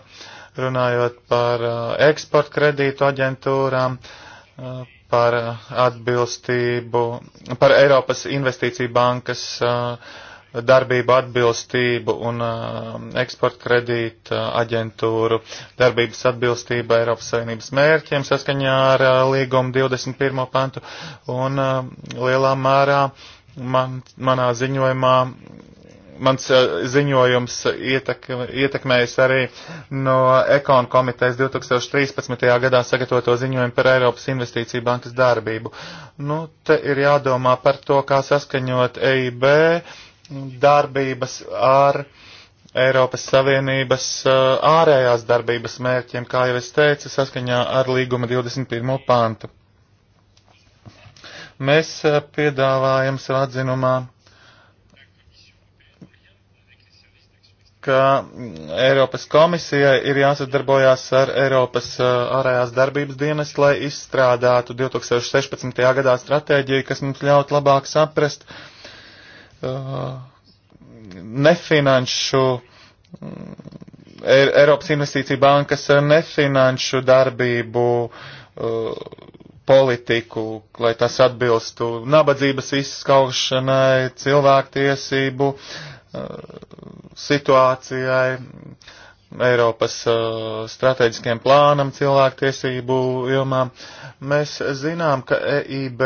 runājot par eksporta kredītu aģentūrām, par atbilstību, par Eiropas investīciju bankas uh, darbību atbilstību un uh, eksporta kredīta aģentūru darbības atbilstību Eiropas Savienības mērķiem saskaņā ar uh, līgumu 21. pantu un uh, lielā mērā man, manā ziņojumā mans ziņojums ietek, ietekmējis arī no Ekonu komitejas 2013. gadā sagatavoto ziņojumu par Eiropas investīciju bankas darbību. Nu, te ir jādomā par to, kā saskaņot EIB darbības ar Eiropas Savienības uh, ārējās darbības mērķiem, kā jau es teicu, saskaņā ar līguma 21. pantu. Mēs uh, piedāvājam savā atzinumā, ka mm, Eiropas komisijai ir jāsadarbojās ar Eiropas uh, ārējās darbības dienas, lai izstrādātu 2016. gadā stratēģiju, kas mums ļaut labāk saprast, uh, Uh, nefinanšu, mm, e- Eiropas investīcija bankas nefinanšu darbību uh, politiku, lai tas atbilstu nabadzības izskaušanai, cilvēktiesību uh, situācijai Eiropas uh, strateģiskiem plānam cilvēktiesību jomā. Mēs zinām, ka EIB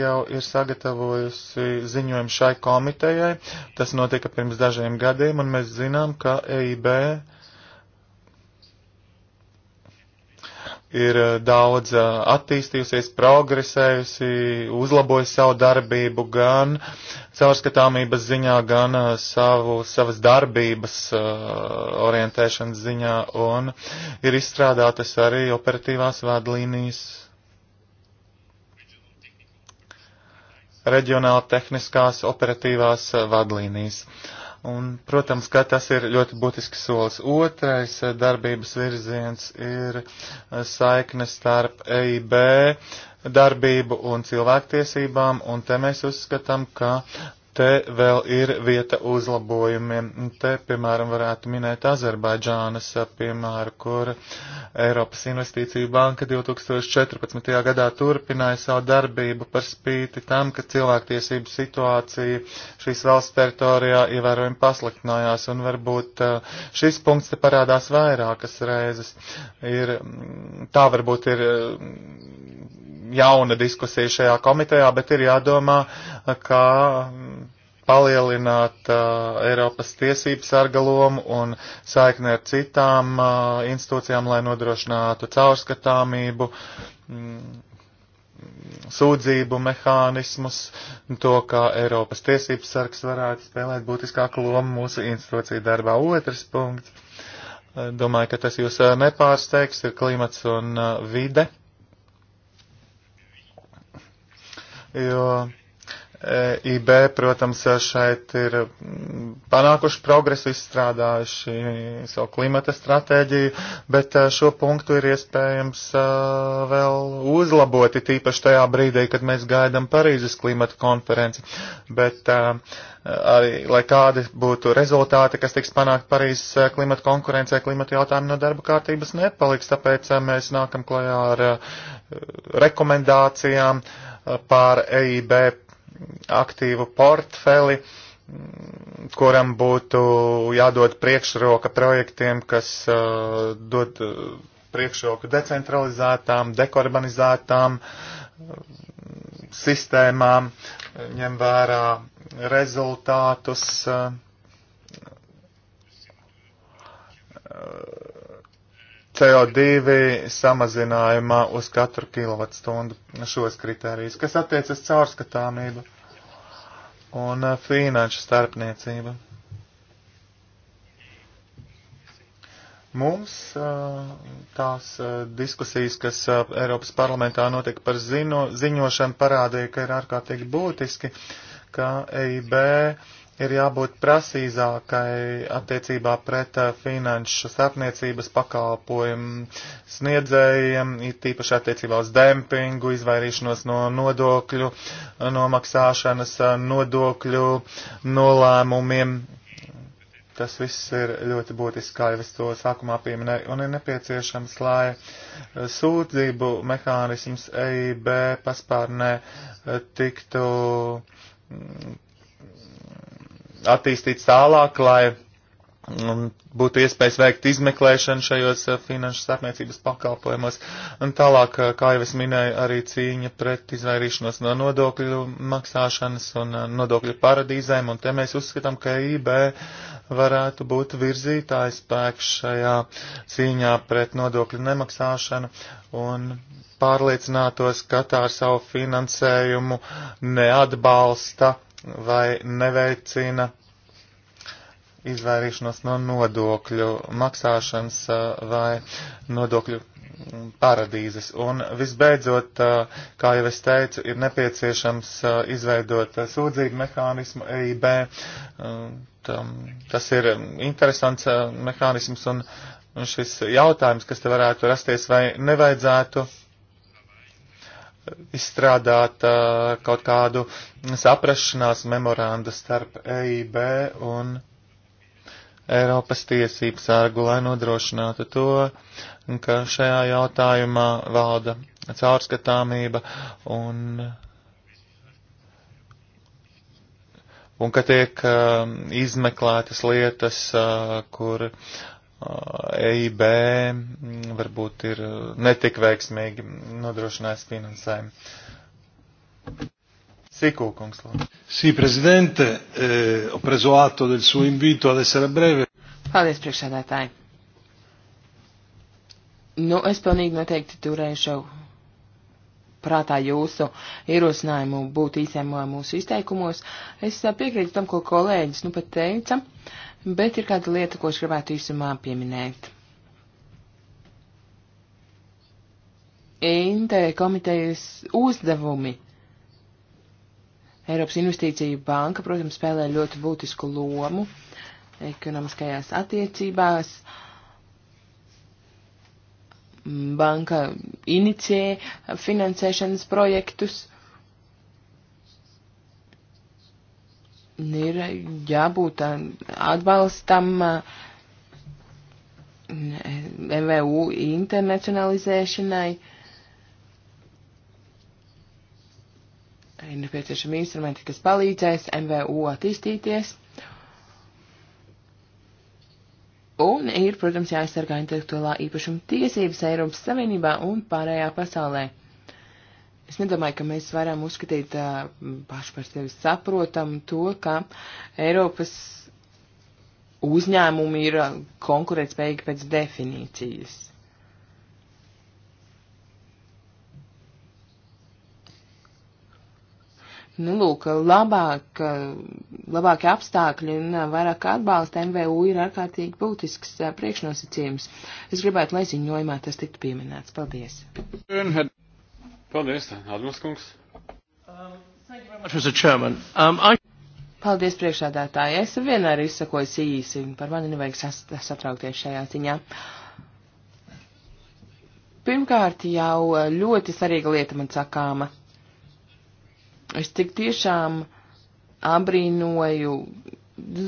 jau ir sagatavojusi ziņojumu šai komitejai. Tas notika pirms dažiem gadiem, un mēs zinām, ka EIB uh, ir eh, daudz eh, attīstījusies, progresējusi, uzlabojusi savu darbību gan caurskatāmības ziņā, gan eh, savu, savas darbības orientēšanas ziņā, un ir izstrādātas arī operatīvās vadlīnijas. Reģionāla tehniskās operatīvās vadlīnijas. Uh, Un, protams, ka tas ir ļoti būtisks solis. Otrais eh, darbības virziens ir eh, saikne starp EIB darbību un cilvēktiesībām, un te mēs uzskatām, ka Te vēl ir vieta uzlabojumiem. Te, piemēram, varētu minēt Azerbaidžānas, piemēram, kur Eiropas Investīciju banka 2014. gadā turpināja savu darbību par spīti tam, ka cilvēktiesību situācija šīs valsts teritorijā ievērojami pasliktinājās. Un varbūt eh, šis punkts te parādās vairākas reizes. Ir, mm, tā varbūt ir mm, jauna diskusija šajā komitejā, bet ir jādomā, kā palielināt uh, Eiropas tiesības sargalomu un saikni ar citām uh, institūcijām, lai nodrošinātu caurskatāmību, mm, sūdzību mehānismus, to, kā Eiropas tiesības sargs varētu spēlēt būtiskāku lomu mūsu institūciju darbā. Otrs punkts, domāju, ka tas jūs uh, nepārsteigs, ir klimats un uh, vide. Uh, jo E IB, protams, šeit ir panākuši progresu, izstrādājuši savu klimata stratēģiju, bet e, šo punktu ir iespējams e, vēl uzlaboti, tīpaši tajā brīdī, kad mēs gaidām Parīzes klimata konferenci. Bet arī, lai kādi būtu rezultāti, kas tiks panākt Parīzes klimata konkurencē, klimata jautājumi no darba kārtības nepaliks, tāpēc mēs nākam klajā ar rekomendācijām pār EIB aktīvu portfeli, kuram būtu jādod priekšroka projektiem, kas uh, dod uh, priekšroku decentralizētām, dekarbonizētām uh, sistēmām, ņem vērā rezultātus. Uh, CO2 samazinājumā uz katru kilovatstundu šos kriterijus, kas attiecas caurskatāmību un eh, finanšu starpniecību. Mums eh, tās eh, diskusijas, kas Eiropas parlamentā notika par zino, ziņošanu, parādīja, ka ir ārkārtīgi būtiski, ka EIB ir jābūt prasīzākai attiecībā pret eh, finanšu starpniecības pakalpojumu sniedzējiem, it tīpaši attiecībā uz dempingu, izvairīšanos no nodokļu eh, nomaksāšanas, eh, nodokļu nolēmumiem. Tas viss ir ļoti būtiski, kā jau es to sākumā pieminēju, un ir nepieciešams, lai sūdzību mehānisms EIB paspārnē tiktu attīstīts tālāk, lai mm, būtu iespējas veikt izmeklēšanu šajos eh, finanšu starpniecības pakalpojumos. Un tālāk, eh, kā jau es minēju, arī cīņa pret izvairīšanos no nodokļu maksāšanas un eh, nodokļu paradīzēm, un te mēs uzskatām, ka IB varētu būt virzītājs spēks šajā cīņā pret nodokļu nemaksāšanu un pārliecinātos, ka tā ar savu finansējumu neatbalsta vai neveicina izvairīšanos no nodokļu maksāšanas uh, vai nodokļu paradīzes. Un visbeidzot, uh, kā jau es teicu, ir nepieciešams uh, izveidot sūdzību mehānismu EIB. Tas ir um, interesants mehānisms un šis jautājums, kas te varētu rasties, vai nevajadzētu izstrādāt uh, kaut kādu saprašanās memorandu starp EIB un Eiropas tiesību sārgu, lai nodrošinātu to, ka šajā jautājumā valda caurskatāmība un, un ka tiek uh, izmeklētas lietas, uh, kur uh, Uh, EIB mm, varbūt ir uh, netik veiksmīgi nodrošinājis finansējumu. Sīko, kungs, lūdzu. Sī, prezidente, eh, ho preso atto del suo invito ad essere breve. Paldies, priekšsēdētāji. Nu, es pilnīgi noteikti turēšu prātā jūsu ierosinājumu būt īsiem mūsu izteikumos. Es eh, piekrītu tam, ko kolēģis nu pat teica. Uh, bet ir kāda lieta, ko es gribētu īsumā pieminēt. Inte komitejas uzdevumi. Eiropas investīciju banka, protams, spēlē ļoti būtisku lomu ekonomiskajās attiecībās. Banka inicē finansēšanas projektus. ir jābūt atbalstam MVU internacionalizēšanai. Ir nepieciešami instrumenti, kas palīdzēs MVU attīstīties. Un ir, protams, jāaizsargā intelektuālā īpašuma tiesības Eiropas Savienībā un pārējā pasaulē. Es nedomāju, ka mēs varam uzskatīt uh, paši par sevi saprotam to, ka Eiropas uzņēmumi ir konkurētspējīgi pēc definīcijas. Nu, lūk, labāk, labāki apstākļi un vairāk atbalsta MVU ir ārkārtīgi būtisks priekšnosacījums. Es gribētu, lai ziņojumā tas tiktu pieminēts. Paldies! Paldies, Adams kungs. Um, Paldies, priekšādātāji. Es vienmēr izsakojos īsi. Par mani nevajag satraukties šajā ziņā. Pirmkārt, jau ļoti svarīga lieta man sakāma. Es tik tiešām abrīnoju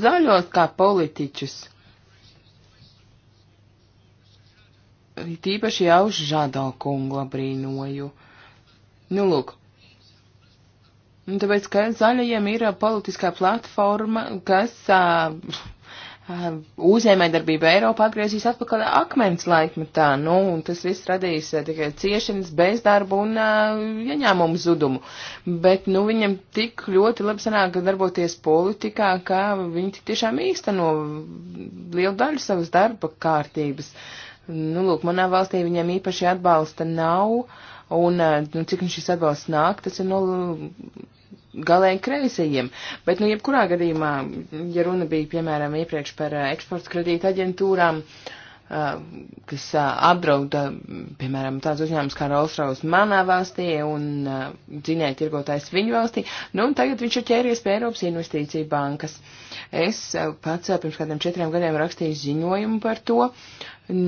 zaļos kā politiķus. Tīpaši jau Žado kungu abrīnoju. Uh, Nu, lūk. Un nu, tāpēc, ka zaļajiem ir politiskā platforma, kas uh, uh, uzņēmējdarbība Eiropā atgriezīs atpakaļ akmens laikmetā. Nu, un tas viss radīs uh, tikai ciešanas, bezdarbu un uh, ieņēmumu zudumu. Bet, nu, viņam tik ļoti labi sanāk darboties politikā, ka viņi tik tiešām īsteno lielu daļu savas darba kārtības. Nu, lūk, manā valstī viņam īpaši atbalsta nav. Uh, un eh, nu, cik nu šis atbalsts nāk, tas ir no nu, galēji kreisajiem. Bet, nu, jebkurā gadījumā, ja runa bija, piemēram, iepriekš par eh, eksporta kredīta aģentūrām, uh, Uh, kas uh, apdrauda, uh, piemēram, tāds uzņēmums kā Rolls-Royce manā valstī un dzinēja tirgotājs viņu valstī, nu un tagad viņš ir ķēries pie Eiropas investīcija bankas. Es pats pirms kādiem četriem gadiem rakstīju ziņojumu par to,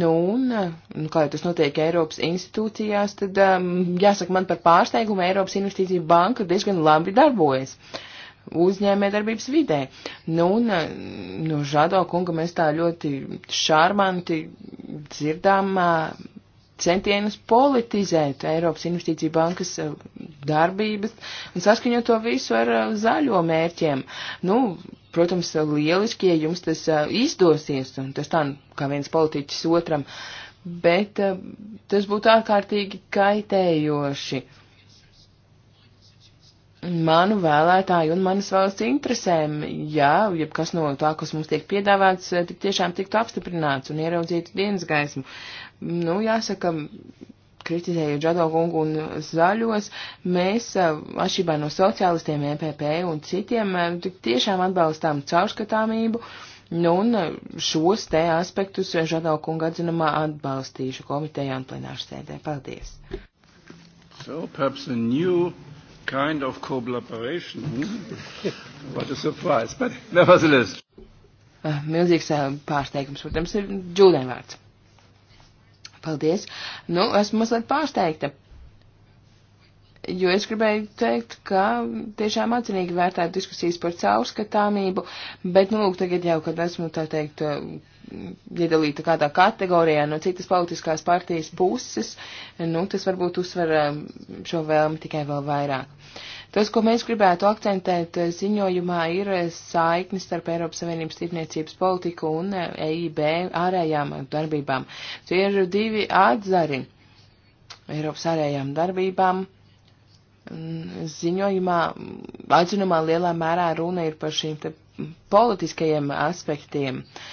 nu un, nu, kā jau tas notiek Eiropas institūcijās, tad um, jāsaka man par pārsteigumu Eiropas investīcija banka diezgan labi darbojas. Uh, uzņēmējdarbības vidē. Nu, un eh, no Žado kunga mēs tā ļoti šarmanti dzirdām eh, centienus politizēt Eiropas Investīcija bankas eh, darbības un saskaņot to visu ar zaļo mērķiem. Nu, protams, lieliski, ja jums tas izdosies, un tas tā kā viens politiķis otram, bet tas būtu ārkārtīgi kaitējoši. Uh, manu vēlētāju un manas valsts interesēm, ja jebkas no tā, kas mums tiek piedāvāts, eh, tik tiešām tiktu apstiprināts un ieraudzītu dienas gaismu. Nu, jāsaka, kritizējot Džado kungu un zaļos, mēs, eh, atšķirībā no sociālistiem, EPP un citiem, eh, tik tiešām atbalstām caurskatāmību. Nu, un šos te aspektus Žado kunga atzinumā atbalstīšu komitejā un plenāšu sēdē. Paldies! So, perhaps a new kind of collaboration, [laughs] but a surprise, but [laughs] nevertheless. Uh, milzīgs uh, pārsteigums, protams, ir Džūlēn vārds. Paldies. Nu, esmu mazliet pārsteigta. Jo es gribēju teikt, ka tiešām atzinīgi vērtētu diskusijas par caurskatāmību, bet, nu, lūk, tagad jau, kad esmu, tā teikt, iedalīta kādā kategorijā no citas politiskās partijas puses, nu, tas varbūt uzsver um, šo vēlmi tikai vēl vairāk. Tas, ko mēs gribētu akcentēt uh, ziņojumā, ir uh, saiknis starp Eiropas Savienības tirniecības politiku un uh, EIB ārējām darbībām. Tie ir divi atzari Eiropas ārējām darbībām. Ziņojumā, atzinumā lielā mērā runa ir par šīm te politiskajiem aspektiem. Uh,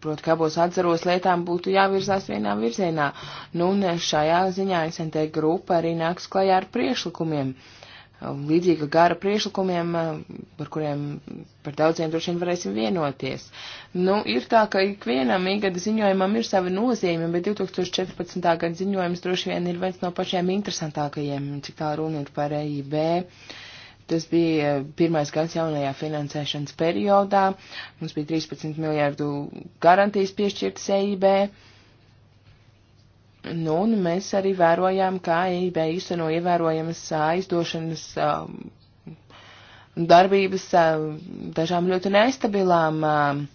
Proti, ka abos atzaros lietām būtu jāvirzās vienā virzienā. Nu, un šajā ziņā SNT grupa arī nāks klajā ar priešlikumiem. Līdzīga gara priešlikumiem, par kuriem par daudziem droši vien varēsim vienoties. Nu, ir tā, ka ikvienam ikgada ziņojumam ir sava nozīme, bet 2014. gada ziņojums droši vien ir viens no pašiem interesantākajiem, cik tā runa ir par EIB. Uh, Tas bija pirmais gads jaunajā finansēšanas periodā. Mums bija 13 miljārdu garantijas piešķirtas EIB. Nu, un mēs arī vērojām, kā EIB īsteno ievērojamas aizdošanas um, darbības um, dažām ļoti nestabilām, um,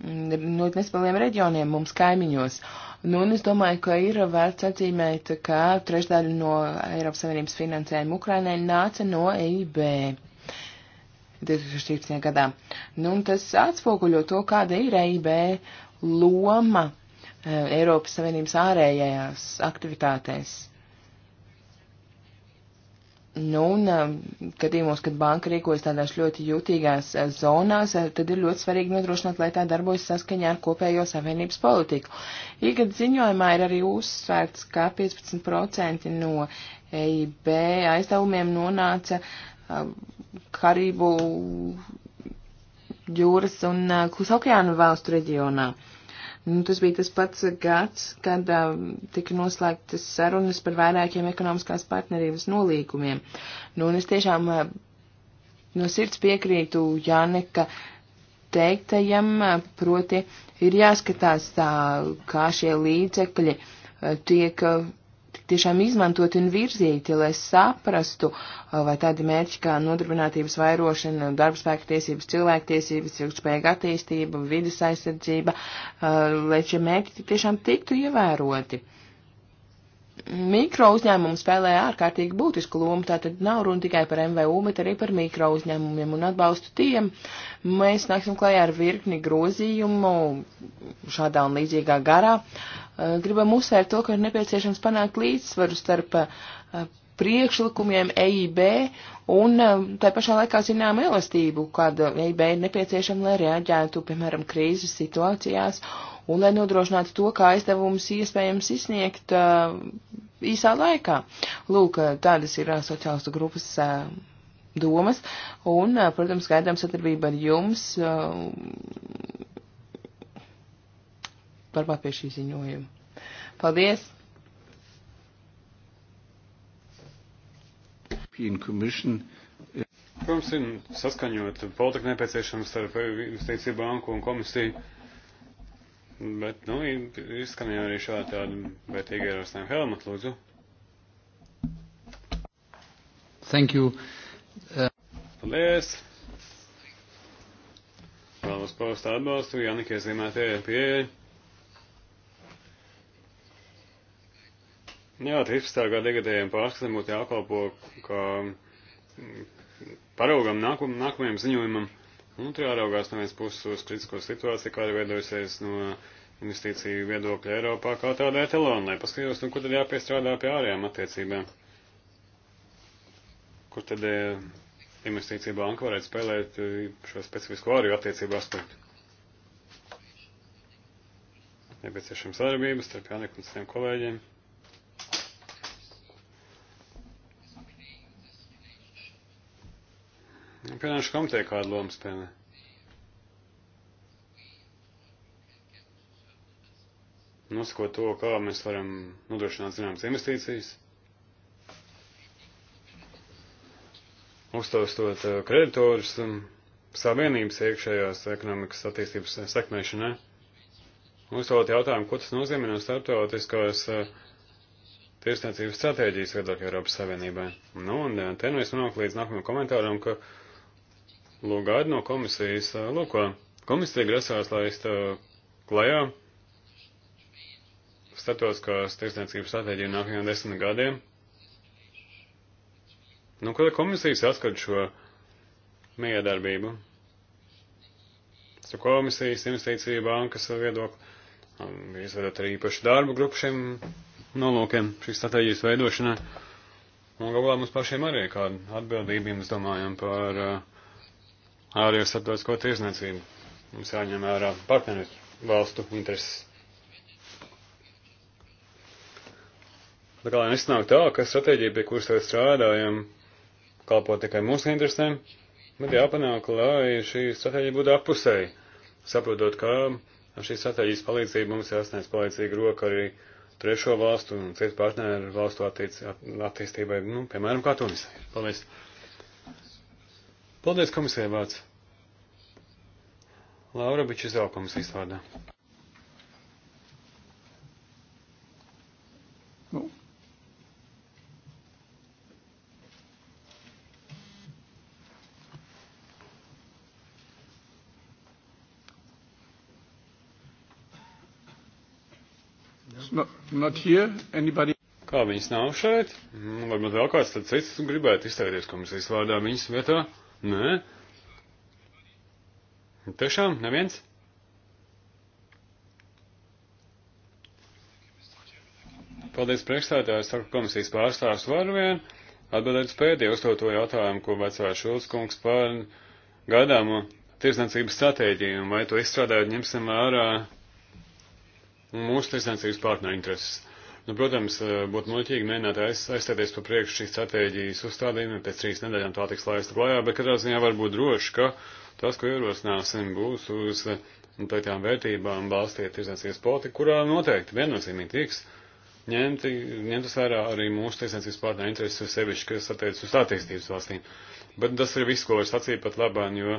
ļoti nestabiliem reģioniem mums kaimiņos. Uh, Nu, un es domāju, ka ir vērts atzīmēt, ka trešdaļa no Eiropas Savienības finansējuma Ukrainai nāca no EIB 2014. gadā. Nu, un tas atspoguļo to, kāda ir EIB loma eh, Eiropas Savienības ārējās aktivitātēs. Nu, un um, gadījumos, kad banka rīkojas tādās ļoti jūtīgās uh, zonās, uh, tad ir ļoti svarīgi nodrošināt, lai tā darbojas saskaņā ar kopējo savienības politiku. Ikad ziņojumā ir arī uzsvērts, ka 15% no EIB aizdevumiem nonāca um, Karību jūras un uh, Klusa okeāna valstu reģionā. Uh, Nu, tas bija tas pats gads, kad uh, tika noslēgtas sarunas par vairākiem ekonomiskās partnerības nolīgumiem. Nu, un es tiešām uh, no sirds piekrītu Jāneka teiktajam, uh, proti ir jāskatās tā, kā šie līdzekļi uh, tiek. Uh, tiešām izmantot un virzīti, lai saprastu, uh, vai tādi mērķi kā nodarbinātības vairošana, darbspēka tiesības, cilvēktiesības, ilgspējīga attīstība, vidas aizsardzība, uh, lai šie mērķi tiešām tiktu ievēroti. Mikro uzņēmumi spēlē ārkārtīgi būtisku lomu, tātad nav runa tikai par MVU, bet arī par mikro uzņēmumiem un atbalstu tiem. Mēs nāksim klajā ar virkni grozījumu šādā un līdzīgā garā. Gribam uzsvērt to, ka ir nepieciešams panākt līdzsvaru starp priekšlikumiem EIB un tā pašā laikā zinām elastību, kāda EIB ir nepieciešama, lai reaģētu, piemēram, krīzes situācijās un lai nodrošinātu to, kā aizdevumus iespējams izsniegt uh, īsā laikā. Lūk, uh, tādas ir uh, sociālistu grupas uh, domas, un, uh, protams, gaidām sadarbību ar jums uh, darbā pie šī ziņojuma. Paldies! Protams, uh, ir saskaņot politika nepieciešams starp Investīciju banku un komisiju Bet, nu, izskanēja arī šādi tādi vērtīgi ierosinājumi. Helmut, lūdzu. Thank you. Uh... Paldies. Vēlos paust atbalstu Janikai zīmētajai pieejai. Jā, 13. gada gadējiem pārskatiem būtu jākalpo kā mm, paraugam nākam, nākamajam ziņojumam. Un nu, tur jāraugās no vienas puses uz kritisko situāciju, kāda veidojusies no investīciju viedokļa Eiropā, kā tādā etalona, lai paskatījos, nu, kur tad jāpiestrādā pie ārējām attiecībām. Kur tad e, investīcija banka varētu spēlēt eh, šo specifisko ārēju attiecību aspektu. Nepieciešams sadarbības starp Janiku un saviem kolēģiem. Finanšu komiteja kādu lomu spēlē? Nosakot to, kā mēs varam nodrošināt zināmas investīcijas, uztaustot eh, kreditorus um, savienības iekšējās ekonomikas attīstības eh, sekmēšanai, uzdot jautājumu, ko tas nozīmē no starptautiskās eh, tirsniecības stratēģijas viedokļa Eiropas Savienībai. Nu, un te nu es nonāku līdz nākamajam komentāram, ka lūk gaidu no komisijas. Lūk, ko komisija grasās laist klajā starptautiskās tirsniecības stratēģiju nākamajiem desmit gadiem. Nu, kad komisija saskat šo miedarbību? Su komisijas investīcija bankas viedokli. Jūs um, vedat arī īpašu darbu grupu šiem nolūkiem, šīs stratēģijas veidošanai. Un galvā mums pašiem arī kāda atbildība, mēs domājam par uh, arī ar starptautisko tirzniecību. Mums jāņem vērā partneru valstu intereses. Tā kā lai nesanāk tā, ka stratēģija, pie kuras mēs strādājam, kalpo tikai mūsu interesēm, bet jāpanāk, lai šī stratēģija būtu apusēji, saprotot, ka ar šīs stratēģijas palīdzību mums jāsniedz palīdzīga roka arī trešo valstu un citu partneru valstu attīst, attīstībai, nu, piemēram, kā Tunisai. Paldies! Paldies komisijai vārds. Laura Bičizau komisijas vārdā. Nu. No, not here, anybody. Kā viņas nav šeit? Nu, varbūt vēl kāds tad cits gribētu izteikties komisijas vārdā viņas vietā. Nē. Tiešām neviens? Paldies priekšstādājai, saka komisijas pārstāvs varu vien atbildēt uz pēdējo uzdoto jautājumu, ko vecāja Šulc kungs par gaidāmo tirsniecības stratēģiju, un vai to izstrādājot ņemsim vērā mūsu tirsniecības partneru intereses. Nu, protams, eh, būtu muļķīgi mēģināt aiz, aizstāties pa priekšu šīs stratēģijas uzstādījumiem, pēc trīs nedēļām tā tiks laista klājā, bet katrā ziņā var būt droši, ka tas, ko ierosināsim, būs uz nu, tādām vērtībām balstiet tirsniecības politiku, kurā noteikti viennozīmīgi tiks ņemti, ņemtas vērā arī mūsu tirsniecības partneru intereses, sevišķi, kas attiecas uz attīstības valstīm. Bet tas ir viss, ko var sacīt pat labāk, jo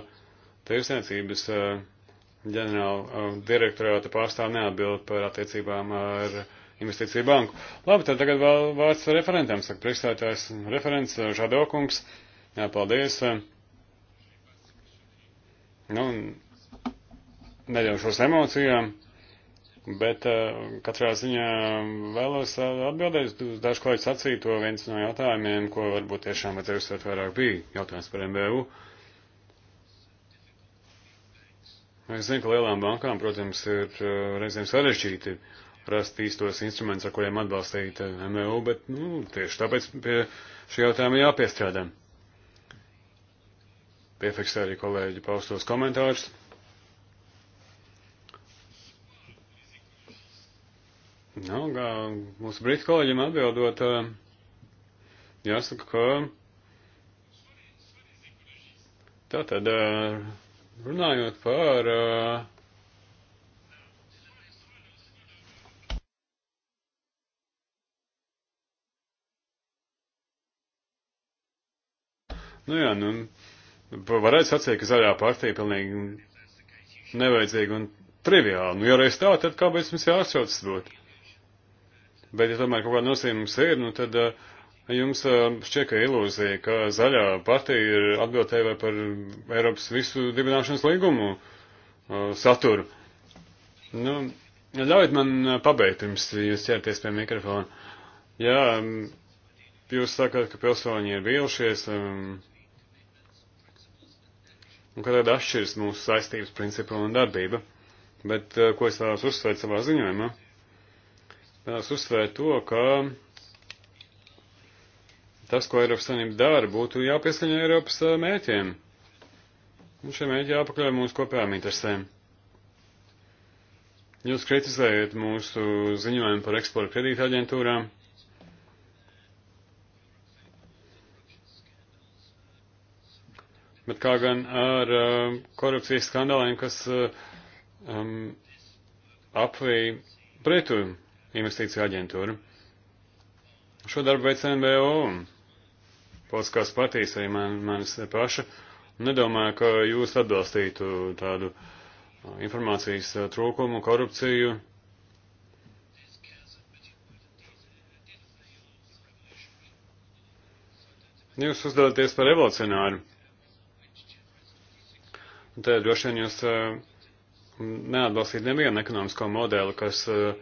tirsniecības eh, ģenerāla eh, direktorāta pārstāv neatbild par attiecībām ar investīciju banku. Labi, tad tagad vēl vārds referentam, saka priekšstādātājs referents eh, Žadokungs. Jā, paldies. Eh, nu, neļaušos emocijām, bet eh, katrā ziņā vēlos atbildēt uz dažu kolēģu sacīto viens no jautājumiem, ko varbūt tiešām vajadzēja uzsvērt vairāk bija jautājums par MBU. Es zinu, ka lielām bankām, protams, ir reizēm sarežģīti uh, rast īstos instrumentus, ar kuriem atbalstīt eh, MVU, bet nu, tieši tāpēc pie šī jautājuma jāpiestrādā. Piefiksē arī kolēģi paustos komentārus. Nu, kā mūsu brīt kolēģiem atbildot, eh, jāsaka, ka tātad eh, runājot par uh, Nu jā, nu, varētu sacīt, ka zaļā partija pilnīgi nevajadzīga un triviāla. Nu, ja reiz tā, tad kāpēc mums jāatsaucas dot? Bet, ja tomēr kaut kāda nozīme mums ir, nu, tad uh, jums uh, šķiet, ka ilūzija, ka zaļā partija ir atbildēja vai par Eiropas visu dibināšanas līgumu uh, saturu. Nu, ļaujiet man pabeigt, pirms jūs ķerties pie mikrofona. Jā, mm, jūs sakāt, ka pilsoņi ir vīlušies. Um, un ka tad atšķiras mūsu saistības principi un darbība. Bet, eh, ko es vēlos uzsvērt savā ziņojumā, vēlos uzsvērt to, ka tas, ko Eiropas Savienība dara, būtu jāpieskaņo Eiropas eh, mēķiem. Un šie mēķi jāpakļauj mūsu kopējām interesēm. Jūs kritizējat mūsu ziņojumu par eksporta kredīta aģentūrām. bet kā gan ar uh, korupcijas skandāliem, kas uh, um, apvīja pretu investīciju aģentūru. Šo darbu veic NBO, politiskās partijas arī man, manis paša. Nedomāju, ka jūs atbalstītu tādu uh, informācijas uh, trūkumu, korupciju. Jūs uzdodaties par evolucionāru. Un tad droši vien jūs eh, neatbalstīt nevienu ekonomisko modeli, kas, eh,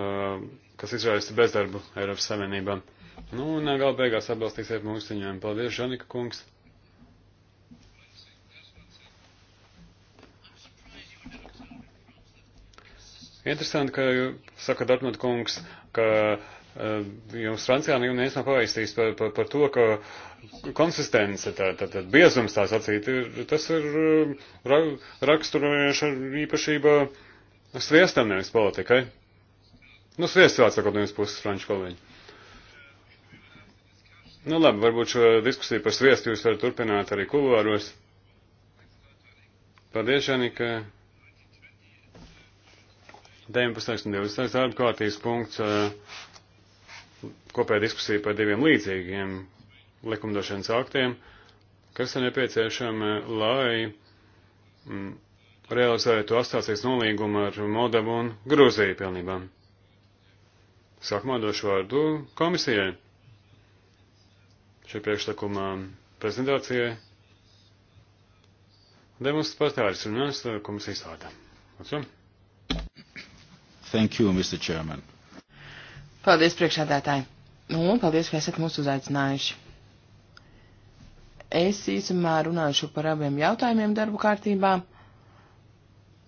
eh, kas izraisa bezdarbu Eiropas Savienībā. Nu, un gala beigās atbalstīsiet mūsu ziņojumu. Paldies, Žanika kungs! Interesanti, ka saka Dartmut kungs, ka Ehm, jums Francijā nu neviens nav pavēstījis par, par, par to, ka konsistence, tā, tā, tā biezums tā sacīt, ir, tas ir ehm, ra, raksturojoša īpašība sviestam, nevis politikai. Nu, sviests vārds, sakot, no jums puses, franču kolēģi. Nu, labi, varbūt šo diskusiju par sviestu jūs varat turpināt arī kuluāros. Paldies, Anika. 19. un 20. darba kārtības punkts. Uh, kopēja diskusija par diviem līdzīgiem likumdošanas aktiem, kas ir nepieciešami, lai mm, realizētu astācijas nolīgumu ar Moldavu un Grūziju pilnībā. Sākumā došu vārdu komisijai. Šie priekšlikumā prezentācijai demonstras pārstāvis runās komisijas vārdā. Lūdzu. Thank you, Mr. Chairman. Paldies, priekšādātāji. Nu, un paldies, ka esat mūs uzaicinājuši. Es īsumā runāšu par abiem jautājumiem darbu kārtībā.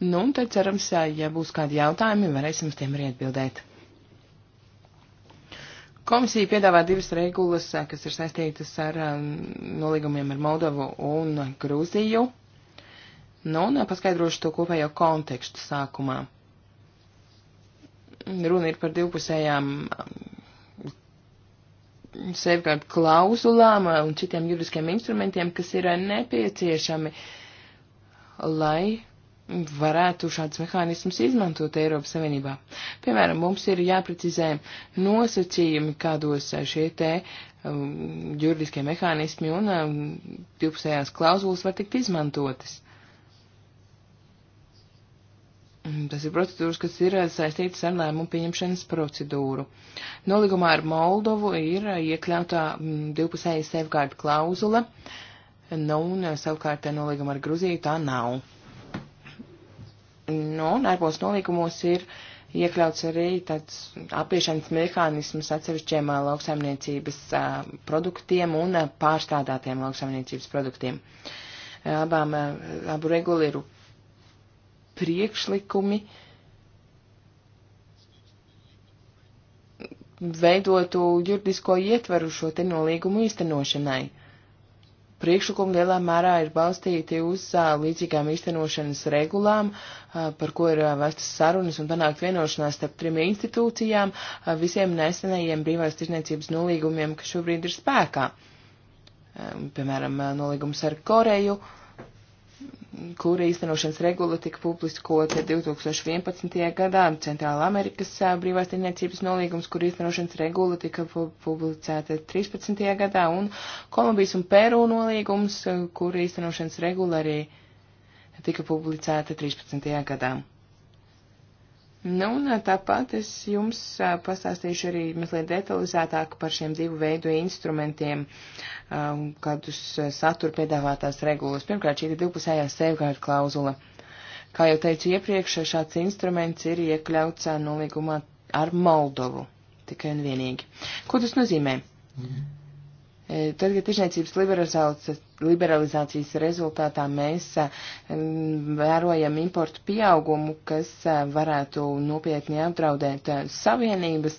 Nu, un tad cerams, ja būs kādi jautājumi, varēsim uz tiem arī atbildēt. Komisija piedāvā divas regulas, eh, kas ir saistītas ar um, nolīgumiem ar Moldovu un Grūziju. Nu, un eh, paskaidrošu to kopējo kontekstu sākumā. Runa ir par divpusējām um, sevkārt klauzulām uh, un citiem juridiskiem instrumentiem, kas ir uh, nepieciešami, lai varētu šāds mehānisms izmantot Eiropas Savienībā. Piemēram, mums ir jāprecizē nosacījumi, kādos uh, šie te um, juridiskie mehānismi un um, divpusējās klauzulas var tikt izmantotas. Mm, tas ir procedūras, kas ir eh, saistītas ar lēmumu pieņemšanas procedūru. Nolīgumā ar Moldovu ir eh, iekļautā mm, divpusēja sevkārt klauzula, nu, un eh, savukārt nolīguma ar Gruziju tā nav. Nu, un ārpus nolīgumos ir iekļauts arī tāds apiešanas mehānisms atsevišķiem lauksaimniecības produktiem un pārstrādātiem lauksaimniecības produktiem. Abām, abu regulu ir priekšlikumi veidotu juridisko ietvaru šo te nolīgumu īstenošanai. Priekšlikumi lielā mērā ir balstīti uz uh, līdzīgām īstenošanas regulām, uh, par ko ir uh, vestas sarunas un panākt vienošanās starp trim institūcijām, uh, visiem nesenajiem brīvās tirzniecības nolīgumiem, kas šobrīd ir spēkā. Um, piemēram, uh, nolīgums ar Koreju, uh, kura īstenošanas regula tika publiskota 2011. gadā, Centrāla Amerikas brīvās tirniecības nolīgums, kur īstenošanas regula tika publicēta 13. gadā, un Kolumbijas un Peru nolīgums, kur īstenošanas regula arī tika publicēta 13. gadā. Nu, un eh, tāpat es jums eh, pastāstīšu arī mazliet detalizētāk par šiem divu veidu instrumentiem, um, kādus eh, satura piedāvātās regulas. Pirmkārt, šī ir divpusējā sevkārt klauzula. Kā jau teicu iepriekš, šāds instruments ir iekļauts nolīgumā ar Moldovu. Tikai un vienīgi. Ko tas nozīmē? Mm. E, tad, kad tiešniecības liberalizācijas rezultātā mēs e, vērojam importu pieaugumu, kas e, varētu nopietni apdraudēt savienības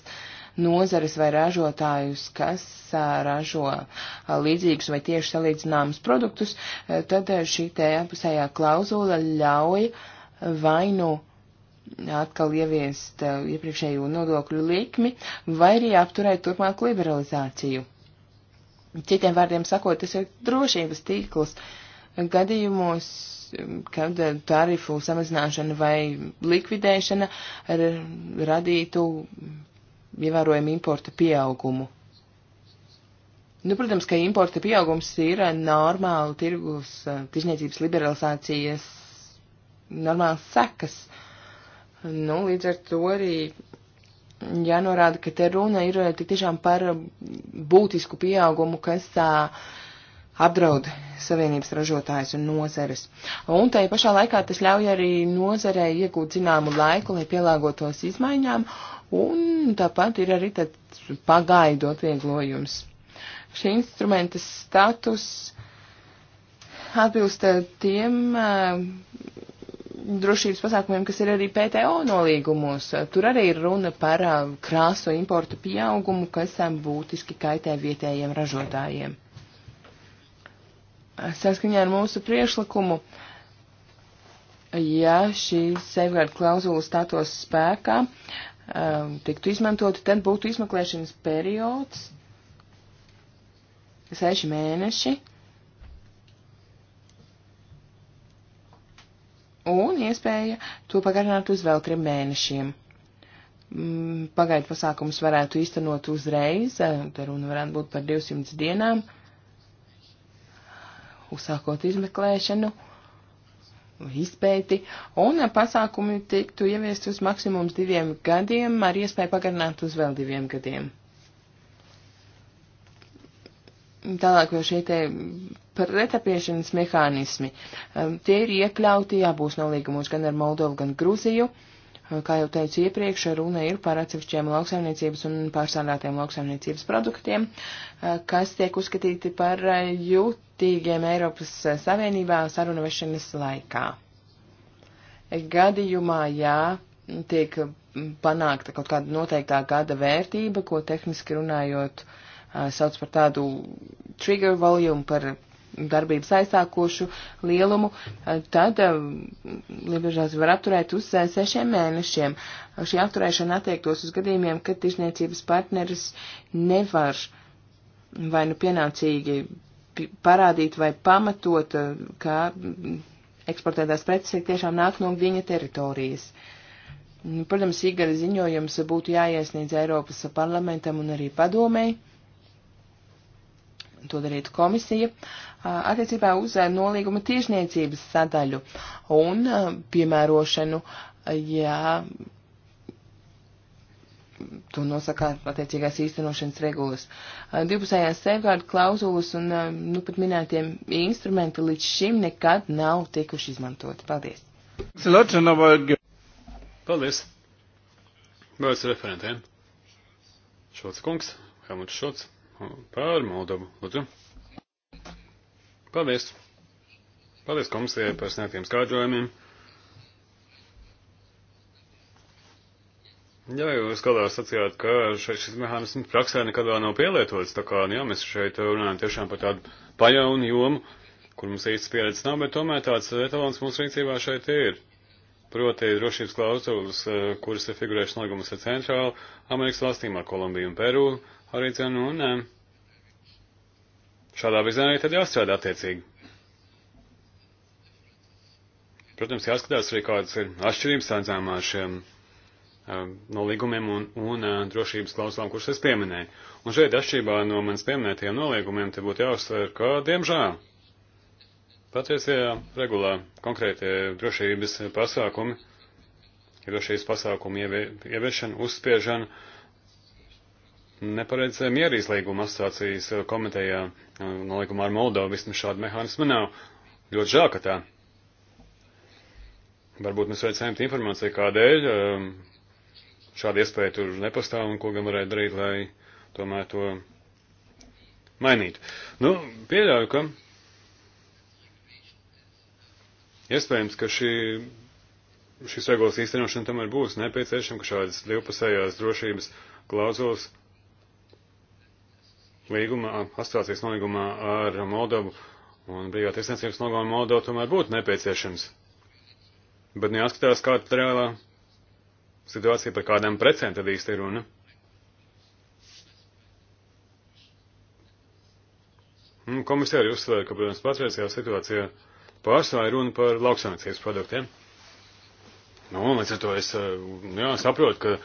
nozares vai ražotājus, kas ražo līdzīgus vai tieši salīdzināmus produktus, tad šī te apusējā klauzula ļauj vainu atkal ieviest iepriekšējo nodokļu likmi vai arī apturēt turpmāku liberalizāciju. Citiem vārdiem sakot, tas ir drošības tīkls. Gadījumos, kad tarifu samazināšana vai likvidēšana radītu ievērojumu importa pieaugumu. Nu, protams, ka importa pieaugums ir normāla tirgus, tirzniecības liberalizācijas normāls sekas. Nu, līdz ar to arī jānorāda, ka te runa ir eh, tik tiešām par eh, būtisku pieaugumu, kas tā, apdraud savienības ražotājs un nozeres. Un tai pašā laikā tas ļauj arī nozerei iegūt zināmu laiku, lai pielāgotos izmaiņām, un tāpat ir arī tāds pagaidu atvieglojums. Šī instrumenta status atbilst tiem drošības pasākumiem, kas ir arī PTO nolīgumos. Tur arī ir runa par krāsu importu pieaugumu, kas būtiski kaitē vietējiem ražotājiem. Saskaņā ar mūsu priešlikumu, ja šī safeguard klauzula status spēkā tiktu izmantota, tad būtu izmeklēšanas periods seši mēneši un iespēja to pagarināt uz vēl trim mēnešiem. Mm, pagaidu pasākumus varētu īstenot uzreiz, eh, te runa varētu būt par 200 dienām, uzsākot izmeklēšanu, izpēti, un pasākumi tiktu ieviest uz maksimums diviem gadiem, ar iespēju pagarināt uz vēl diviem gadiem. Tālāk jau šie te pretapiešanas mehānismi. Um, tie ir iekļauti abūs nolīgumos gan ar Moldovu, gan Gruziju. Uh, kā jau teicu iepriekš, runa ir par atsevišķiem lauksaimniecības un pārsādātiem lauksaimniecības produktiem, uh, kas tiek uzskatīti par uh, jūtīgiem Eiropas Savienībā sarunu vešanas laikā. Gadījumā, jā, tiek panākta kaut kāda noteiktā gada vērtība, ko tehniski runājot sauc par tādu trigger volume, par darbības aizsākošu lielumu, eh, tad eh, lielbiežās var apturēt uz eh, sešiem mēnešiem. Šī apturēšana attiektos uz gadījumiem, kad tirzniecības partneris nevar vai nu pienācīgi parādīt vai pamatot, ka eksportētās preces tiešām nāk no viņa teritorijas. Nu, protams, īgara ziņojums būtu jāiesniedz Eiropas parlamentam un arī padomēji to darītu komisija, attiecībā uz nolīguma tiešniecības sadaļu un piemērošanu, ja to nosaka attiecīgās īstenošanas regulas. Divpusējās safeguard klauzulas un, nu, pat minētiem instrumenti līdz šim nekad nav tikuši izmantoti. Paldies! Paldies! Vērts referentiem. Šots kungs, Helmuts Šots par Moldovu. Lūdzu. Paldies. Paldies komisijai par sniegtiem skaidrojumiem. Jā, jūs kādā sacījāt, ka šeit šis mehānisms praksē nekad vēl nav pielietots, tā kā, nu jā, mēs šeit runājam tiešām par tādu pajaunu jomu, kur mums īsti pieredzes nav, bet tomēr tāds etalons mūsu rīcībā šeit ir. Proti drošības klauzulas, eh, kuras ir figurējušas nolīgumus ar Centrālu Amerikas valstīm, ar Kolumbiju un Peru, horizonu un eh, šādā virzienā arī tad jāstrādā attiecīgi. Protams, jāskatās arī kādas ir atšķirības sādzāmā ar šiem eh, no līgumiem un, un eh, drošības klausulām, kuras es pieminēju. Un šeit atšķirībā no manas pieminētajiem noliegumiem te būtu jāuzsver, ka, diemžēl, patiesajā regulā konkrētie drošības pasākumi, drošības pasākumu ieviešana, uzspiežana, uh, neparedz mierīs līguma asociācijas komitejā um, nolīgumā ar Moldovu. Vismaz šāda mehānisma nav. Ļoti žēl, ka tā. Varbūt mēs varētu saņemt informāciju, kādēļ um, šāda iespēja tur nepastāv un ko gan varētu darīt, lai tomēr to mainītu. Nu, pieļauju, ka iespējams, ka šī šīs regulas īstenošana tomēr būs nepieciešama, ka šādas divpusējās drošības klauzulas līgumā, asociācijas nolīgumā ar Moldovu un brīvā tiesniecības nolīgumā ar Moldovu tomēr būtu nepieciešams. Bet jāskatās, kāda ir reālā situācija, par kādām precēm tad īsti ir runa. Nu, Komisija arī uzsver, ka, protams, patreizajā situācijā pārstāja runa par lauksaimniecības produktiem. Nu, līdz ar to es jā, saprotu, ka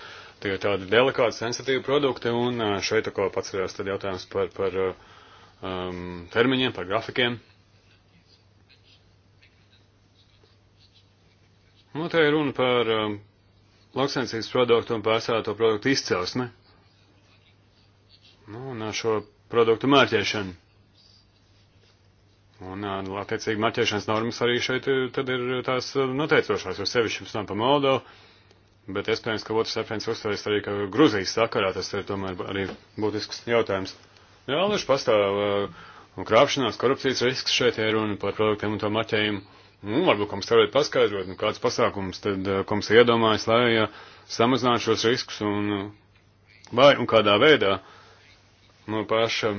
Tie ir tādi delikāti, sensitīvi produkti, un šeit ko pats arī tad jautājums par, par um, termiņiem, par grafikiem. Nu, te ir runa par um, lauksainicības produktu un pārstāvēto produktu izcelsmi. Nu, un šo produktu mārķēšanu. Un, nu, attiecīgi, mārķēšanas normas arī šeit tad ir tās noteicošās, jo sevišķi mums nav pa Moldovu Bet iespējams, ka otrs referents uzstājas arī, ka Gruzijas sakarā tas ir tomēr arī būtisks jautājums. Jā, lūdzu, pastāv uh, krāpšanās, korupcijas risks šeit, ja runa par produktiem un to maķējumu. Nu, varbūt komisija varētu paskaidrot, nu, kāds pasākums tad uh, komisija iedomājas, lai uh, samazinātu šos riskus un uh, vai un kādā veidā no paša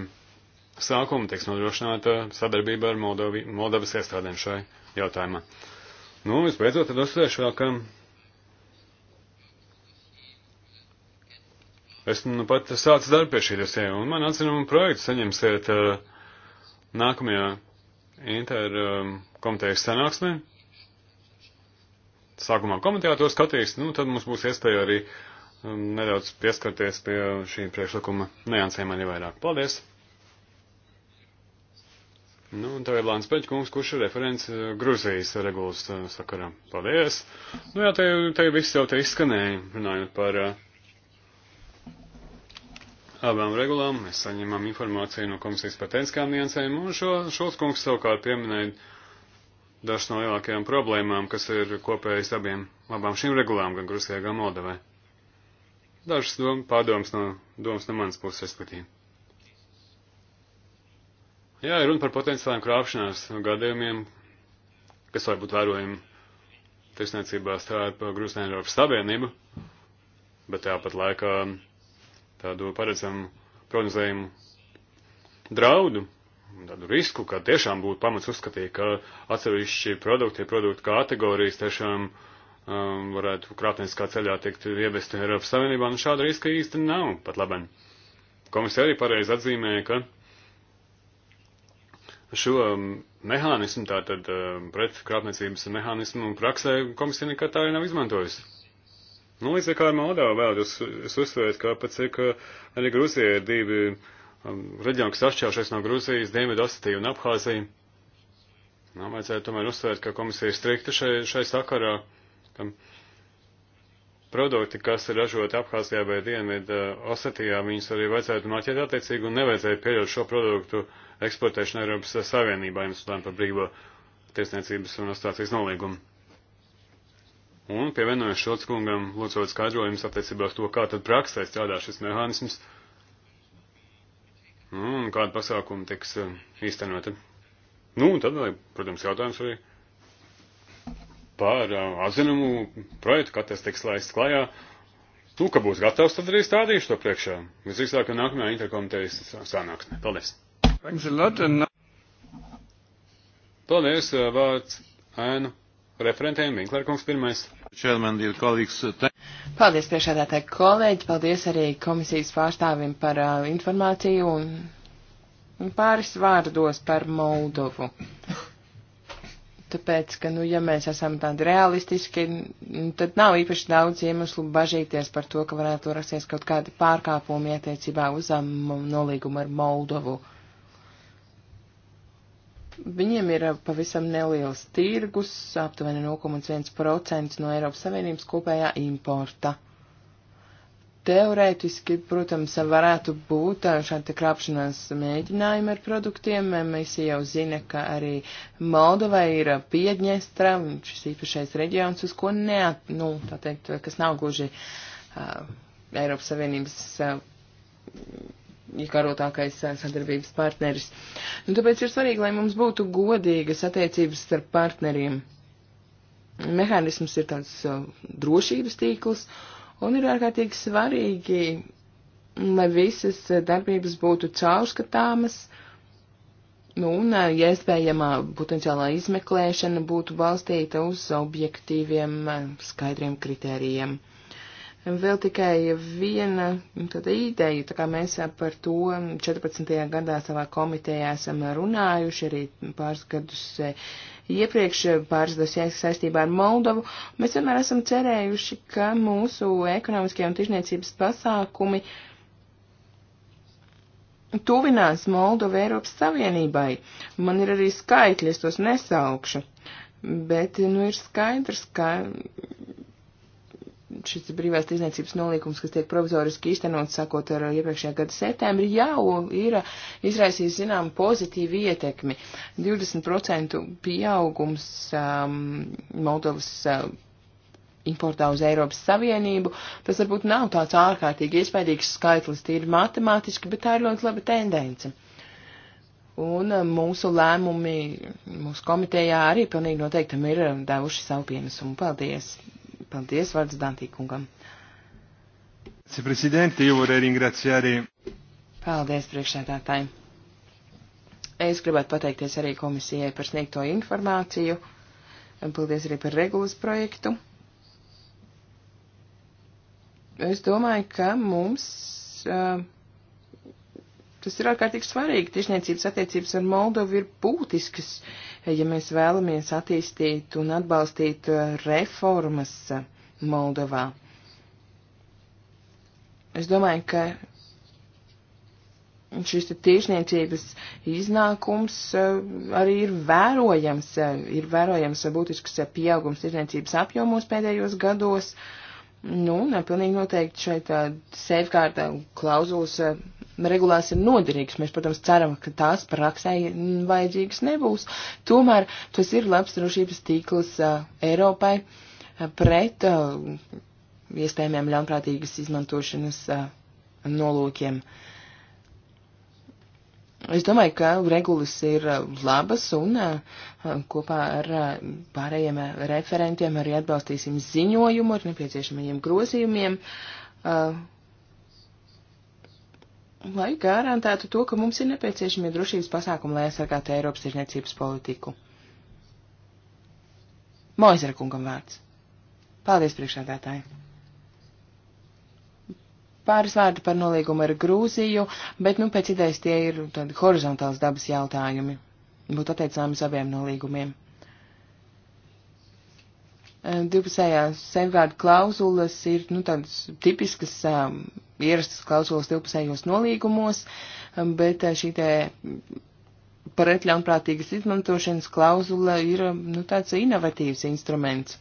sākuma tiks nodrošināta sadarbība ar Moldovi, Moldovas iestādēm šai jautājumā. Nu, visbeidzot, tad uzsvēršu vēl, ka Esmu nu pat sācis darbu pie šī dosē, un man atzinuma projektu saņemsiet uh, nākamajā interkomitejas eh, um, sanāksmē. Sākumā komitejā to skatīs, nu tad mums būs iespēja arī um, nedaudz pieskarties pie šī priekšlikuma neansēm arī vairāk. Paldies! Nu, un tev ir Lāns Peļķkungs, kurš ir referents uh, Gruzijas regulas uh, sakarā. Paldies! Nu jā, te, te viss jau te izskanēja, runājot par. Uh, abām regulām. Mēs saņemam informāciju no komisijas par tehniskām niansēm, un šo, šos kungs savukārt pieminēja dažas no lielākajām problēmām, kas ir kopējas abiem labām šīm regulām, gan Grusijā, gan Moldavē. Dažas dom, pārdomas no, domas no manas puses, respektīvi. Jā, ir runa par potenciāliem krāpšanās gadījumiem, kas varbūt vērojami tirsniecībā starp Grūziju un Eiropas Savienību, bet tāpat laikā tādu paredzamu, prognozējumu draudu, tādu risku, ka tiešām būtu pamats uzskatīt, ka atsevišķi produkti, produktu kategorijas tiešām um, varētu krāpnieciskā ceļā tikt ievesti Eiropas Savienībā, un nu, šāda riska īsti nav pat labi. Komisija arī pareizi atzīmēja, ka šo um, mehānismu, tātad um, pret krāpniecības mehānismu praksē komisija nekad tā arī nav izmantojusi. Nu, līdzīgi kā ar Moldovu vēl, jūs, es uzsvēru, ka pat cik eh, arī Grūzija ir divi um, reģioni, kas atšķiršies no Grūzijas, Dienvidu Osetiju un Abhāziju. Nu, vajadzētu tomēr uzsvērt, ka komisija ir strikta šai, šai sakarā, ka produkti, kas ir ražoti Abhāzijā vai Dienvidu eh, Osetijā, viņus arī vajadzētu noķert attiecīgi un nevajadzētu pieļaut šo produktu eksportēšanu Eiropas Savienībā, ja mēs runājam par brīvo tiesniecības un asociācijas nolīgumu. Un pievienojos Šilts kungam, lūdzot skaidrojumus attiecībā uz to, kā tad praksē strādā šis mehānisms nu, un kāda pasākuma tiks eh, īstenota. Nu, un tad, protams, jautājums arī par eh, atzinumu projektu, kad tas tiks laists klajā. Nu, ka būs gatavs, tad arī stādīšu to priekšā. Visdrīzāk, ka nākamajā interkomitejas sanāksmē. Paldies! Paldies, eh, vārds ēnu referentiem. Vinklērkungs pirmais. Chairman, dear colleagues. Paldies priekšādātāji kolēģi, paldies arī komisijas pārstāvim par uh, informāciju un, un pāris vārdos par Moldovu. Tāpēc, ka, nu, ja mēs esam tādi realistiski, tad nav īpaši daudz iemeslu bažīties par to, ka varētu rasties kaut kādi pārkāpumi attiecībā uz um, nolīgumu ar Moldovu. Uh, Viņiem ir uh, pavisam neliels tirgus, aptuveni 0,1% no Eiropas Savienības kopējā importa. Teorētiski, protams, varētu būt uh, šāda krāpšanās mēģinājuma ar produktiem. Mēs jau zina, ka arī Moldova ir uh, Piedņestra, šis īpašais reģions, uz ko neat, nu, tā teikt, kas nav gluži uh, Eiropas Savienības uh, karotākais eh, sadarbības partneris. Nu, tāpēc ir svarīgi, lai mums būtu godīgas attiecības starp partneriem. Mehānisms ir tāds uh, drošības tīkls, un ir ārkārtīgi svarīgi, lai visas darbības būtu caurskatāmas, nu, un, eh, ja iespējamā potenciālā izmeklēšana būtu balstīta uz objektīviem, skaidriem kritērijiem. Vēl tikai viena tāda ideja, tā kā mēs par to 14. gadā savā komitejā esam runājuši arī pāris gadus e, iepriekš, pāris dosies saistībā ar Moldovu, mēs vienmēr esam cerējuši, ka mūsu ekonomiskie un tirzniecības pasākumi tuvinās Moldova Eiropas Savienībai. Man ir arī skaitļi, es tos nesaukšu. Bet, nu, ir skaidrs, ka šis brīvās tirdzniecības nolīkums, kas tiek provizoriski īstenots, sākot ar uh, iepriekšējā gada septembri, jau ir uh, izraisījis, zinām, pozitīvu ietekmi. 20% pieaugums um, Moldovas uh, importā uz Eiropas Savienību. Tas varbūt nav tāds ārkārtīgi iespaidīgs skaitlis, tīri matemātiski, bet tā ir ļoti laba tendence. Un uh, mūsu lēmumi, mūsu komitejā arī pilnīgi noteikti ir devuši savu pienesumu. Paldies! Paldies, vārds Dantīkungam. Paldies, priekšsēdētāji. Es gribētu pateikties arī komisijai par sniegto informāciju. Paldies arī par regulas projektu. Es domāju, ka mums uh, Tas ir ārkārtīgi svarīgi. Tiešniecības attiecības ar Moldovu ir būtiskas, ja mēs vēlamies attīstīt un atbalstīt uh, reformas uh, Moldovā. Es domāju, ka šis tiešniecības iznākums uh, arī ir vērojams, ir vērojams būtisks pieaugums tiešniecības apjomos pēdējos gados. Nu, nepilnīgi noteikti šeit safeguarda klauzulas regulās ir noderīgas. Mēs, protams, ceram, ka tās praksē vajadzīgas nebūs. Tomēr tas ir labs drošības tīkls uh, Eiropai uh, pret uh, iespējamiem ļaunprātīgas izmantošanas uh, nolūkiem. Es domāju, ka regulas ir uh, labas un uh, kopā ar pārējiem referentiem arī atbalstīsim ziņojumu ar nepieciešamajiem grozījumiem. Uh, lai garantētu to, ka mums ir nepieciešami drošības pasākumi, lai aizsargātu Eiropas tirzniecības politiku. Moizera kungam vārds. Paldies, priekšādātāji. Pāris vārdi par nolīgumu ar Grūziju, bet, nu, pēc idejas tie ir tādi horizontāls dabas jautājumi. Būtu attiecināmi uz abiem nolīgumiem divpusējās safeguard klauzulas ir nu, tādas tipiskas, um, ierastas klauzulas divpusējos nolīgumos, um, bet eh, šī te paret ļaunprātīgas izmantošanas klauzula ir nu, tāds inovatīvs instruments.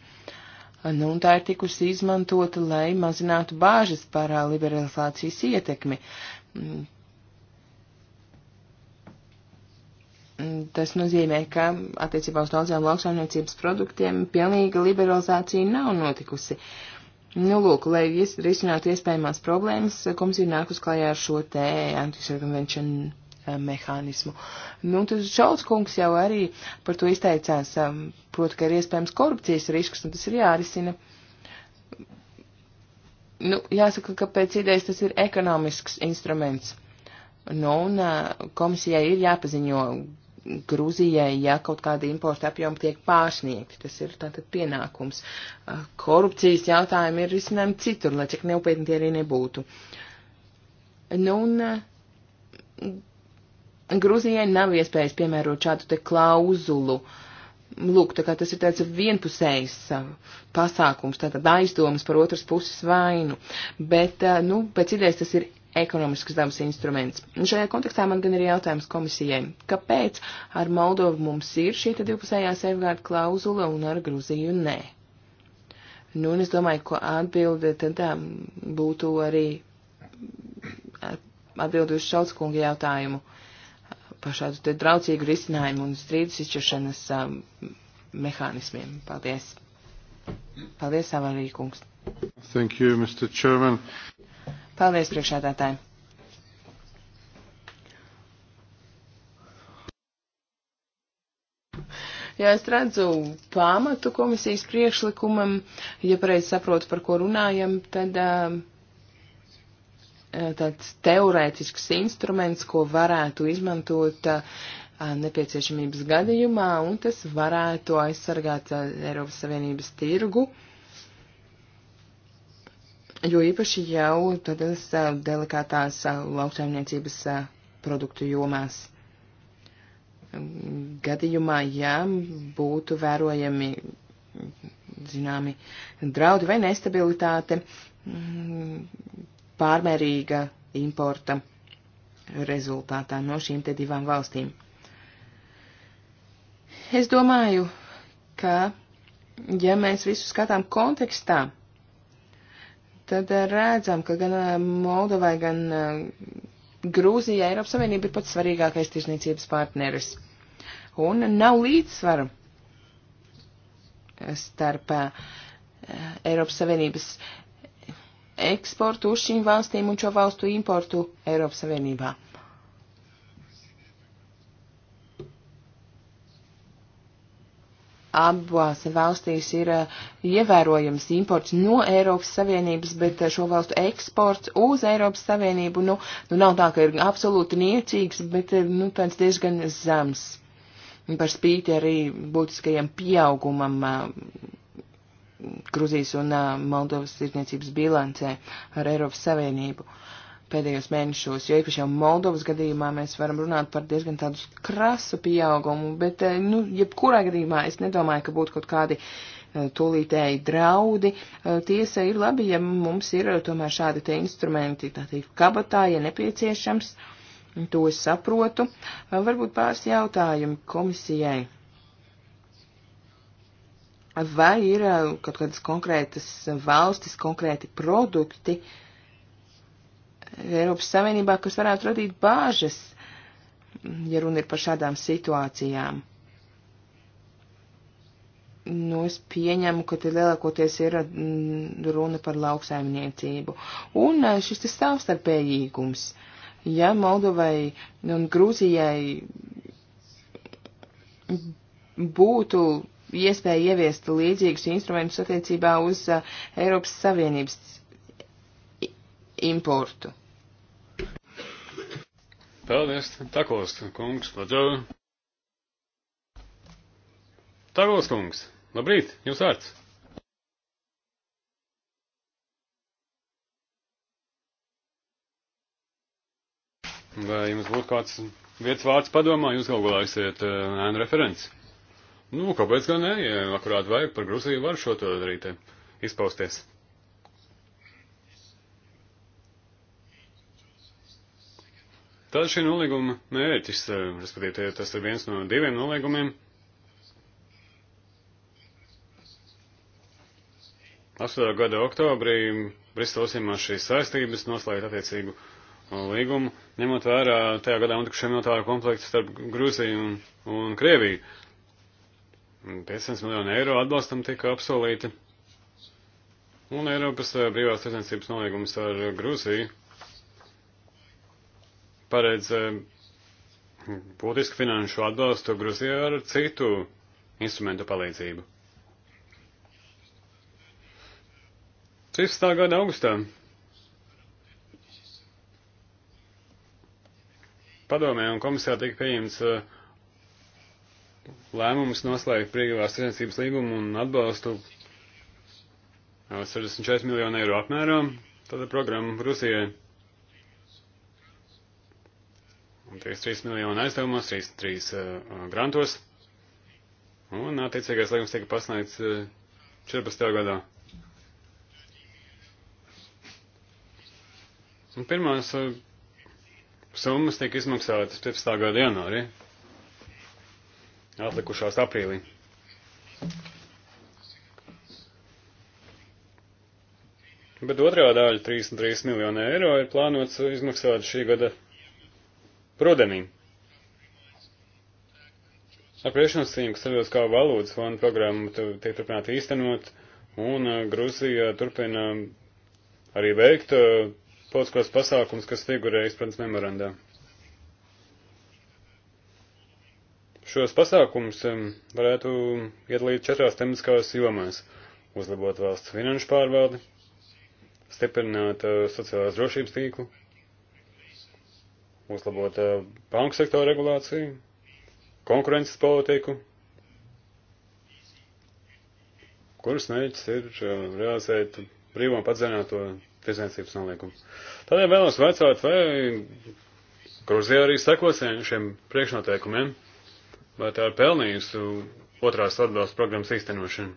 Nu, un tā ir tikusi izmantota, lai mazinātu bāžas par eh, liberalizācijas ietekmi. Tas nozīmē, ka attiecībā uz daudziem lauksaimniecības produktiem pilnīga liberalizācija nav notikusi. Nu, lūk, lai risinātu iespējamās problēmas, komisija nāk uz klājā ar šo te anti-circumvention eh, mehānismu. Nu, tas Šauts kungs jau arī par to izteicās, um, proti, ka ir iespējams korupcijas risks, un tas ir jārisina. Nu, jāsaka, ka pēc idejas tas ir ekonomisks instruments. Nu, un eh, komisijai ir jāpaziņo, Grūzijai, ja kaut kāda importa apjoma tiek pārsniegti. Tas ir tātad pienākums. Korupcijas jautājumi ir risinājumi citur, lai cik neupietni tie arī nebūtu. Nu, un Grūzijai nav iespējas piemērot šādu te klauzulu. Lūk, tā kā tas ir tāds vienpusējs pasākums, tātad aizdomas par otras puses vainu, bet, nu, pēc idejas tas ir ekonomiskas dabas instruments. Un šajā kontekstā man gan ir jautājums komisijai, kāpēc ar Moldovu mums ir šī divpusējā sevgārda klauzula un ar Gruziju nē? Nu, un es domāju, ko atbilde tad tā, um, būtu arī uh, atbildi uz Šalckunga jautājumu par šādu te draucīgu risinājumu un strīdus izšķiršanas um, mehānismiem. Paldies. Paldies, Savarī kungs. Thank you, Mr. Chairman. Paldies, priekšādātāji! Ja es redzu pamatu komisijas priekšlikumam, ja pareizi saprotu, par ko runājam, tad uh, tāds teorētisks instruments, ko varētu izmantot uh, nepieciešamības gadījumā, un tas varētu aizsargāt uh, Eiropas Savienības tirgu. Uh, jo īpaši jau tādās delikātās lauksaimniecības produktu jomās. Gadījumā, ja būtu vērojami, zināmi, draudi vai nestabilitāte, pārmērīga importa rezultātā no šīm te divām valstīm. Es domāju, ka, ja mēs visu skatām kontekstā, tad eh, redzam, ka gan eh, Moldovai, gan eh, Grūzijai Eiropas Savienība ir pats svarīgākais tirzniecības partneris. Un nav līdzsvaru starp Eiropas Savienības eksportu uz šīm valstīm un šo valstu importu Eiropas Savienībā. abās valstīs ir eh, ievērojams imports no Eiropas Savienības, bet eh, šo valstu eksports uz Eiropas Savienību, nu, nu nav tā, ka ir absolūti niecīgs, bet, eh, nu, tāds diezgan zems. Par spīti arī būtiskajam pieaugumam Gruzijas un Moldovas tirdzniecības bilancē ar Eiropas Savienību. Uh, pēdējos mēnešos, jo īpaši jau Moldovas gadījumā mēs varam runāt par diezgan tādu krasu pieaugumu, bet, eh, nu, jebkurā gadījumā es nedomāju, ka būtu kaut kādi eh, tūlītēji draudi. Eh, tiesa ir labi, ja mums ir tomēr šādi tie instrumenti, tātad kabatā, ja nepieciešams, to es saprotu. Varbūt pāris jautājumi komisijai. Vai ir kaut kādas konkrētas valstis, konkrēti produkti, uh, Eiropas Savienībā, kas varētu radīt bāžas, ja runa ir par šādām situācijām. Nu, es pieņemu, ka te lielākoties ir mm, runa par lauksaimniecību. Un eh, šis te savstarpējīgums. Ja Moldovai un Grūzijai būtu iespēja ieviest līdzīgus instrumentus attiecībā uz eh, Eiropas Savienības importu. Paldies, Takos kungs, lūdzu. Takos kungs, labrīt, jūs vārds. Vai jums būtu kāds vietas vārds padomā, jūs galu galā esat ēnu uh, referents? Nu, kāpēc gan ne, ja akurāt vajag par Gruziju var šo to darīt, eh, izpausties. Tāda šī nolīguma mērķis, eh, respektīvi, tas ir viens no diviem nolīgumiem. Apstādā gada oktobrī Bristols iemās šīs saistības, noslēgt attiecīgu līgumu, ņemot vērā tajā gadā notikušie militāru konfliktu starp Grūziju un, un Krieviju. 500 miljonu eiro atbalstam tika apsolīti. Un Eiropas eh, brīvās tirdzniecības nolīgums ar Grūziju paredz eh, būtisku finanšu atbalstu Gruzijā ar citu instrumentu palīdzību. 13. gada augustā padomē un komisijā tika pieņemts eh, lēmums noslēgt brīvās tirdzniecības līgumu un atbalstu 64 miljonu eiro apmērā. Tāda programma Rusijai. 33 miljonu aizdevumos, 33 uh, eh, grantos. Un attiecīgais līgums tika pasniegts uh, eh, 14. gadā. Un pirmās uh, summas tika izmaksātas 15. gada janvārī, atlikušās aprīlī. Bet otrā daļa, 33 miljonu eiro, ir plānots izmaksāt šī gada rudenī. Ar priekšnosacījumu, ka starptautiskā valodas fonda programma tiek turpināta īstenot, un uh, Grūzija turpina arī veikt uh, politiskos pasākums, kas figurē izpratnes memorandā. Šos pasākums um, varētu iedalīt četrās tematiskās jomās - uzlabot valsts finanšu pārvaldi, stiprināt uh, sociālās drošības tīklu, uzlabot eh, banku sektoru regulāciju, konkurences politiku, kuras mērķis ir eh, realizēt brīvo un padzināto tirdzniecības nolīgumu. Tādēļ vēlos vaicāt, vai Gruzija arī sekos šiem priekšnoteikumiem, vai tā ir pelnījusi otrās atbalsta programmas īstenošanu,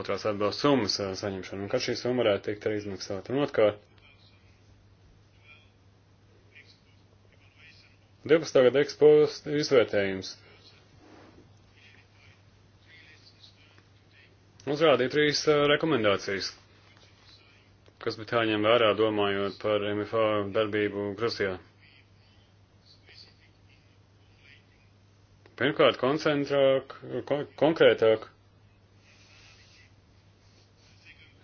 otrās atbalsta summas eh, saņemšanu, un kad šī summa varētu tikt arī izmaksāta. Un otrkārt, 12. gada ekspozīcijas izvērtējums. Uzrādīja trīs rekomendācijas, kas bija jāņem vērā, domājot par MFA darbību Gruzijā. Pirmkārt, koncentrāk, kon konkrētāk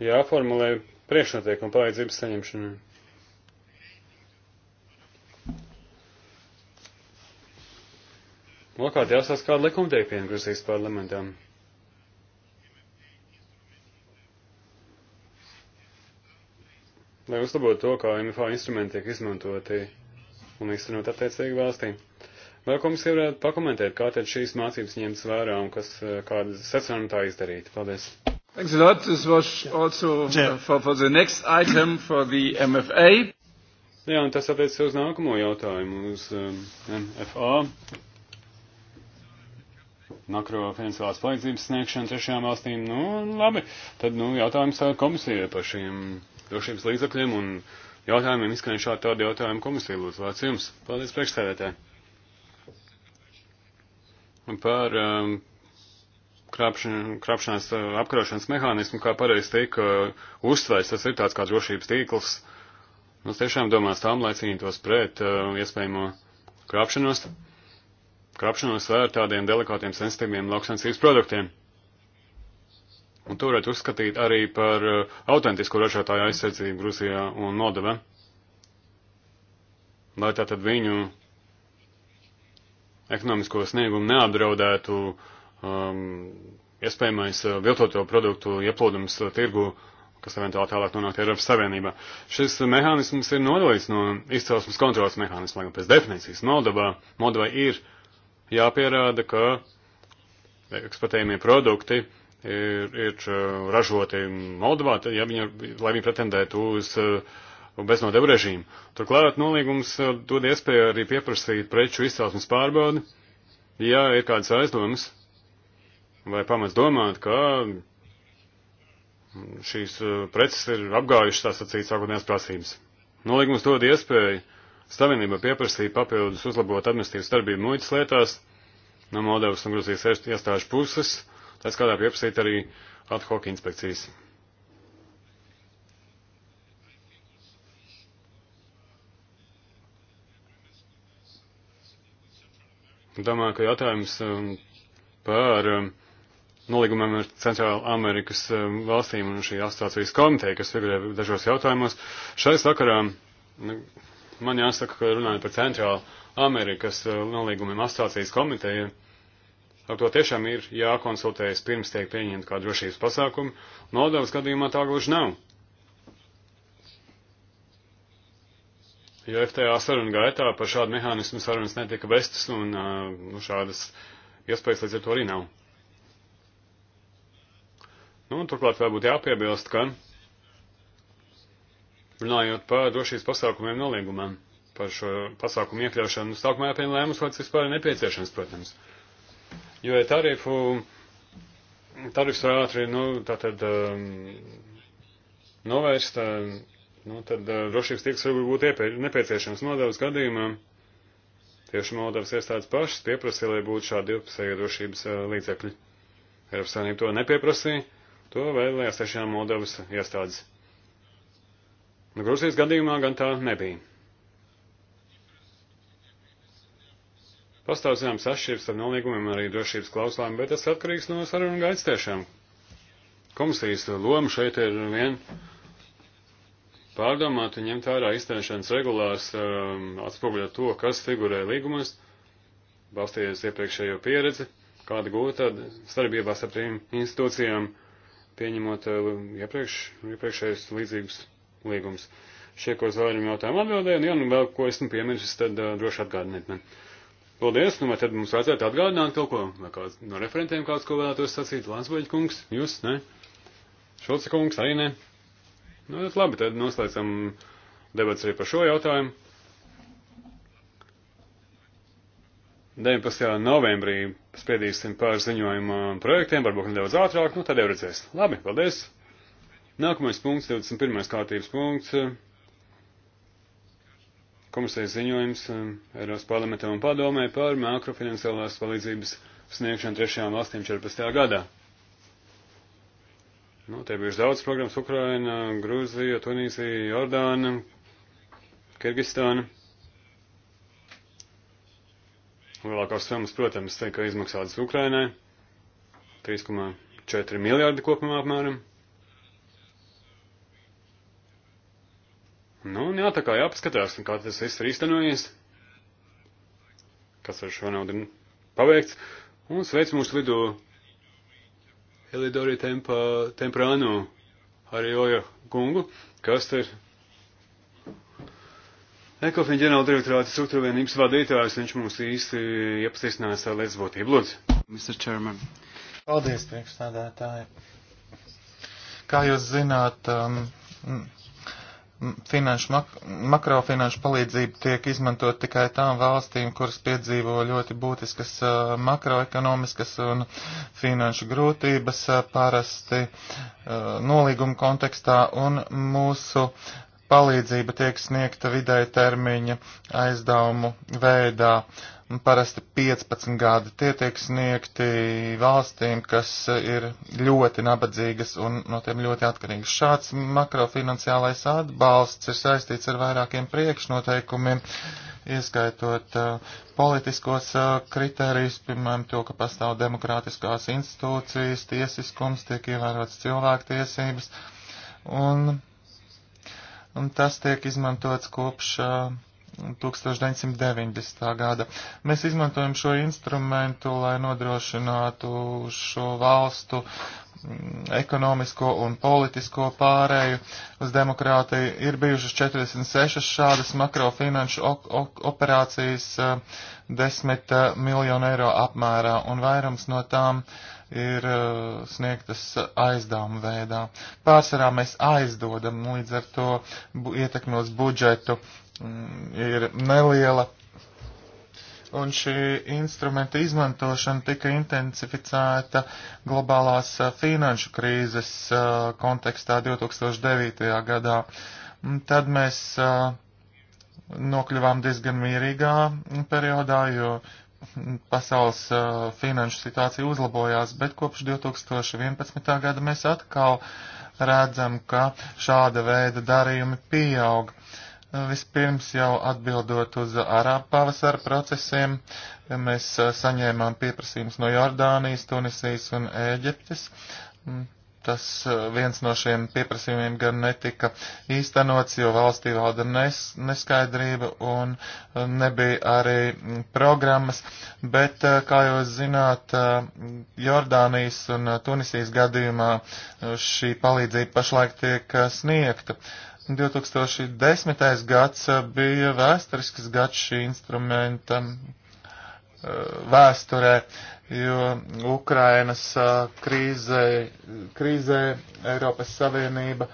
jāformulē priekšnotiekuma palīdzības saņemšanai. Otrkārt, jāsās, kāda likuma tiek pieņemta parlamentam. lai uzlabotu to, kā MFA instrumenti tiek izmantoti un īstenot attiecīgi valstī. Vai komisija varētu pakomentēt, kā tad šīs mācības ņemts vērā un kas, eh, kādas secinājumi tā izdarīt? Paldies. Thanks a lot. This was also uh, for, for the next item for the MFA. Jā, un tas attiecas uz nākamo jautājumu, uz um, MFA makrofinansālās palīdzības sniegšanu trešajām valstīm, nu, labi, tad, nu, jautājums komisijai par šiem drošības līdzakļiem un jautājumiem izskanēja šādi tādi jautājumi komisija, lūdzu, vārds jums. Paldies, priekšstādētāji. Par um, krāpšana, krāpšanās uh, apkarošanas mehānismu, kā pareizi teika, uzsvērts, uh, tas ir tāds kā drošības tīkls. Mums nu, tiešām domās tām, lai cīnītos pret uh, iespējamo krāpšanos. Mm krapšanos ar tādiem delikātiem, sensitīviem lauksansības produktiem. Un to varētu uzskatīt arī par uh, autentisko ražotāju aizsardzību Gruzijā un Moldavē. Lai tātad viņu ekonomisko sniegumu neapdraudētu um, iespējamais uh, viltoto produktu ieplūdums uh, tirgu, kas eventuāli tālāk nonāk Eiropas Savienībā. Šis mehānisms ir nodalīts no izcelsmes kontrolas mehānisma, lai gan pēc definīcijas Moldovā, Moldovā ir uh, jāpierāda, ka eksportējumie produkti ir, ir uh, ražoti Moldovā, tad, ja viņi, lai viņi pretendētu uz uh, beznodevu režīmu. Turklāt nolīgums uh, dod iespēju arī pieprasīt preču izcelsmes pārbaudi, ja ir kādas aizdomas vai pamats domāt, ka šīs preces ir apgājušas tās sacīt sākotnējās prasības. Nolīgums dod iespēju Savienība pieprasīja papildus uzlabot administratīvas darbību muitas lietās no Moldovas un Gruzijas iestāžu puses, tas kādā pieprasīt arī ad hoc inspekcijas. Domāju, ka jautājums um, par um, nolīgumiem ar Centrāla Amerikas um, valstīm un šī asociācijas komiteja, kas figurē dažos jautājumos, šai sakarā nu, Man jāsaka, ka runājot par Centrālu Amerikas eh, nolīgumiem asociācijas komiteja, ar to tiešām ir jākonsultējas pirms tiek pieņemta kā drošības pasākumi. Moldovas gadījumā tā gluži nav. Jo FTA saruna gaitā par šādu mehānismu sarunas netika vestas un eh, nu, šādas iespējas līdz ar to arī nav. Nu, turklāt vēl būtu jāpiebilst, ka Runājot par drošības pasākumiem nolīgumam, par šo pasākumu iekļaušanu, sākumā jāpieņem lēmums, vai tas vispār ir nepieciešams, protams. Jo ja tarifu, tarifs var ātri, nu, tātad um, novērst, um, nu, tad uh, drošības tīkls var būt nepieciešams nodevas gadījumā. Tieši Moldovas iestādes pašas pieprasīja, lai būtu šādi divpusēja drošības uh, līdzekļi. Eiropas Savienība to nepieprasīja, to vēlējās tiešām Moldovas iestādes. Nu, Grūzijas gadījumā gan tā nebija. Pastāv zināms atšķirības ar nolīgumiem, arī drošības klausulām, bet tas atkarīgs no sarunu gaitas tiešām. Komisijas loma šeit ir vien pārdomāt un ņemt vērā iztērēšanas regulās, um, atspoguļot to, kas figurē līgumas, balstīties iepriekšējo pieredzi, kāda gūta starpībās ar trim institūcijām, pieņemot uh, iepriekš, iepriekšējos līdzīgus līgums. Šie, ko uz vairiem jautājumu atbildēju, un nu ja nu vēl ko esmu pieminis, tad uh, droši atgādiniet man. Paldies, nu vai tad mums vajadzētu atgādināt kaut ko, vai kāds no referentiem kāds ko vēlētos sacīt, Lansboļa kungs, jūs, ne? Šulca kungs arī ne? Nu, tad labi, tad noslēdzam debats arī par šo jautājumu. 19. novembrī spriedīsim par ziņojuma projektiem, varbūt nedaudz ātrāk, nu tad jau redzēs. Labi, paldies! Nākamais punkts, 21. kārtības punkts. Komisijas ziņojums um, Eiropas parlamentam un padomē par makrofinansiālās palīdzības sniegšanu trešajām valstīm 14. gadā. Nu, te bija daudz programmas Ukraina, Grūzija, Tunīzija, Jordāna, Kirgistāna. Lielākās summas, protams, tika izmaksātas Ukrainai - 3,4 miljardi kopumā apmēram. Nu, jā, tā kā jāpaskatās, kā tas viss ir īstenojies, kas ar šo naudu ir paveikts. Un sveic mūsu lido Elidori Tempa, Temprano arī Oja Gungu, kas ir Ekofina ģenerāla direktorāta struktūrvienības vadītājs. Viņš mums īsti iepazīstinās ar lietas būtību. Lūdzu. Mr. Chairman. Paldies, priekšstādātāji. Kā jūs zināt, um, finanšu mak makrofinanšu palīdzība tiek izmantot tikai tām valstīm, kuras piedzīvo ļoti būtiskas uh, makroekonomiskas un finanšu grūtības uh, parasti uh, nolīguma kontekstā un mūsu palīdzība tiek sniegta vidēja termiņa aizdevumu veidā. Uh, Nu, parasti 15 gadi tie tiek sniegti valstīm, kas ir ļoti nabadzīgas un no tiem ļoti atkarīgas. Šāds makrofinanciālais atbalsts ir saistīts ar vairākiem priekšnoteikumiem, ieskaitot uh, politiskos uh, kritērijus, piemēram, to, ka pastāv demokrātiskās institūcijas, tiesiskums, tiek ievērots cilvēktiesības, un, un tas tiek izmantots kopš. Uh, 1990. gada. Mēs izmantojam šo instrumentu, lai nodrošinātu šo valstu mm, ekonomisko un politisko pārēju uz demokrātiju. Ir bijušas 46 šādas makrofinanšu operācijas 10 eh, eh, miljonu eiro apmērā, un vairums no tām ir eh, sniegtas aizdevuma veidā. Pārsvarā mēs aizdodam, līdz ar to bu, ietekmi uz budžetu Mm, ir neliela. Un šī instrumenta izmantošana tika intensificēta globālās finanšu krīzes kontekstā 2009. gadā. Tad mēs nokļuvām diezgan mierīgā periodā, jo pasaules uh, finanšu situācija uzlabojās, bet kopš 2011. gada mēs atkal redzam, ka šāda veida darījumi pieaug. Vispirms jau atbildot uz Arābu pavasara procesiem, mēs eh, saņēmām pieprasījumus no Jordānijas, Tunisijas un Ēģiptes. Mm, tas eh, viens no šiem pieprasījumiem gan netika īstenots, jo valstī valda nes, neskaidrība un eh, nebija arī mm, programmas, bet, kā jūs zināt, Jordānijas un Tunisijas gadījumā šī palīdzība pašlaik tiek sniegta. Uh, 2010. gads uh, bija vēsturisks gads šī instrumenta uh, vēsturē, jo Ukrainas uh, krīzē, krīzē Eiropas Savienība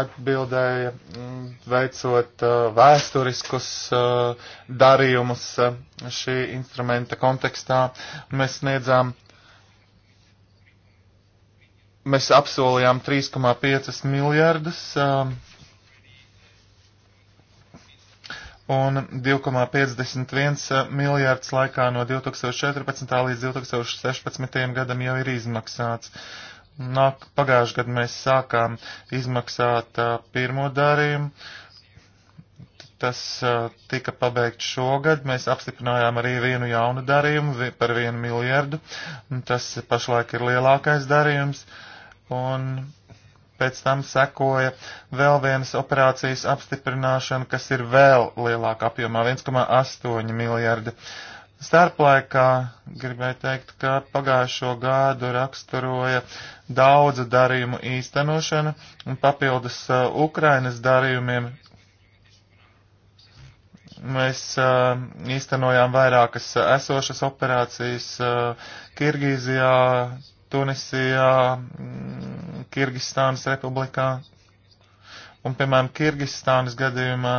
atbildēja mm, veicot vēsturiskus darījumus šī instrumenta kontekstā. Mēs sniedzām mēs apsolījām 3,5 miljardus um, un 2,51 uh, miljārds laikā no 2014. līdz 2016. gadam jau ir izmaksāts. Nāk, pagājuši gadu mēs sākām izmaksāt uh, pirmo darījumu. Tas uh, tika pabeigts šogad. Mēs apstiprinājām arī vienu jaunu darījumu vi par vienu miljardu. Tas pašlaik ir lielākais darījums. Uh, un pēc tam sekoja vēl vienas operācijas apstiprināšana, kas ir vēl lielāka apjomā - 1,8 miljardi. Starplaikā gribēju teikt, ka pagājušo gadu raksturoja daudzu darījumu īstenošana un papildus uh, Ukrainas darījumiem. Mēs uh, īstenojām vairākas uh, esošas operācijas uh, Kirgīzijā, Tunisijā, mm, Kirgistānas republikā. Un, piemēram, Kirgistānas gadījumā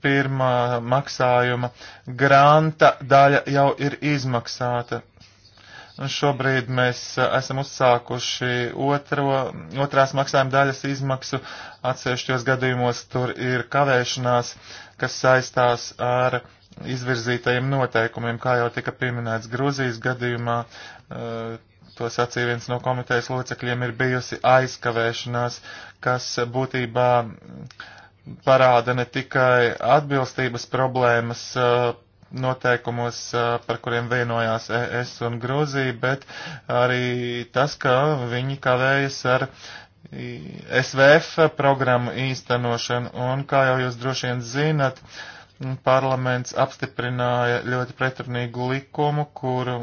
pirmā maksājuma granta daļa jau ir izmaksāta. Un šobrīd mēs uh, esam uzsākuši otro, otrās maksājuma daļas izmaksu. Atsevišķos gadījumos tur ir kavēšanās, kas saistās ar izvirzītajiem noteikumiem, kā jau tika pieminēts Grūzijas gadījumā, Eh, to sacīja viens no komitejas locekļiem, ir bijusi aizkavēšanās, kas būtībā parāda ne tikai atbilstības problēmas eh, noteikumos, eh, par kuriem vienojās ES un Grūzija, bet arī tas, ka viņi kavējas ar SVF programmu īstenošanu. Un, kā jau jūs droši vien zinat, parlaments apstiprināja ļoti pretrunīgu likumu, kuru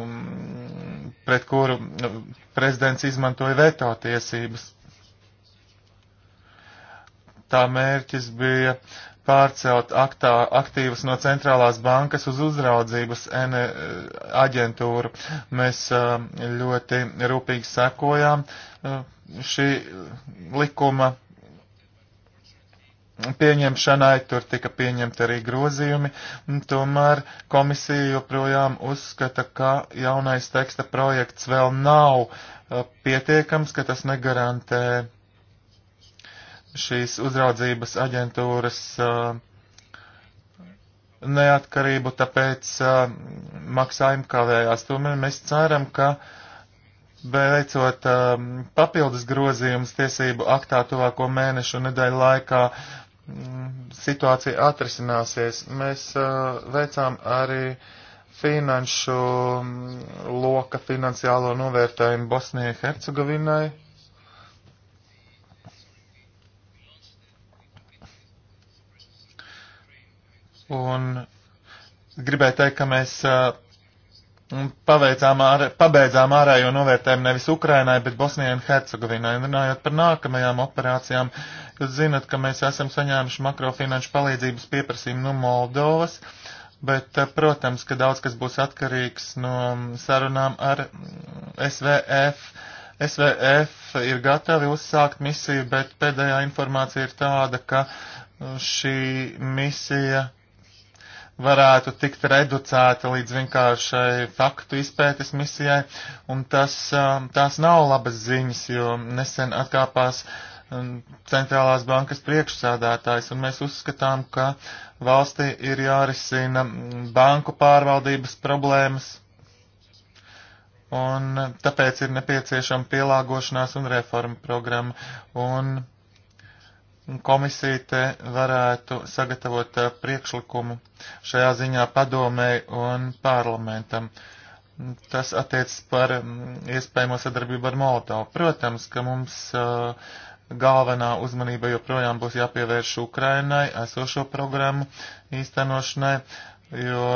pret kuru nu, prezidents izmantoja veto tiesības. Tā mērķis bija pārcelt aktā, aktīvas no centrālās bankas uz uzraudzības ene, eh, aģentūru. Mēs eh, ļoti rūpīgi sekojām eh, šī likuma pieņemšanai, tur tika pieņemti arī grozījumi, tomēr komisija joprojām uzskata, ka jaunais teksta projekts vēl nav uh, pietiekams, ka tas negarantē šīs uzraudzības aģentūras uh, neatkarību, tāpēc uh, maksājumi kavējās. Tomēr mēs ceram, ka veicot um, papildus grozījumus tiesību aktā tuvāko mēnešu un nedēļu laikā, situācija atrisināsies. Mēs uh, veicām arī finanšu mm, loka finansiālo novērtējumu Bosnijai Hercegovinai. Un gribēju teikt, ka mēs uh, paveicām ār, pabeidzām ārējo novērtējumu nevis Ukrainai, bet Bosnijai un Hercegovinai. Runājot par nākamajām operācijām, uh, Jūs zinat, ka mēs esam saņēmuši makrofinanšu palīdzības pieprasījumu no Moldovas, bet, eh, protams, ka daudz kas būs atkarīgs no mm, sarunām ar mm, SVF. SVF ir gatavi uzsākt misiju, bet pēdējā informācija ir tāda, ka mm, šī misija varētu tikt reducēta līdz vienkāršai faktu izpētes misijai, un tas, tās nav labas ziņas, jo nesen atkāpās uh, centrālās bankas priekšsādātājs, un mēs uzskatām, ka valstī ir jārisina banku pārvaldības problēmas, un tāpēc ir nepieciešama pielāgošanās un reforma programma, un komisija te varētu sagatavot uh, priekšlikumu šajā ziņā padomēji un parlamentam. Tas attiec par mm, iespējamo sadarbību ar Molotovu. Protams, ka mums uh, galvenā uzmanība joprojām būs jāpievērš Ukrainai, esošo programmu īstenošanai, jo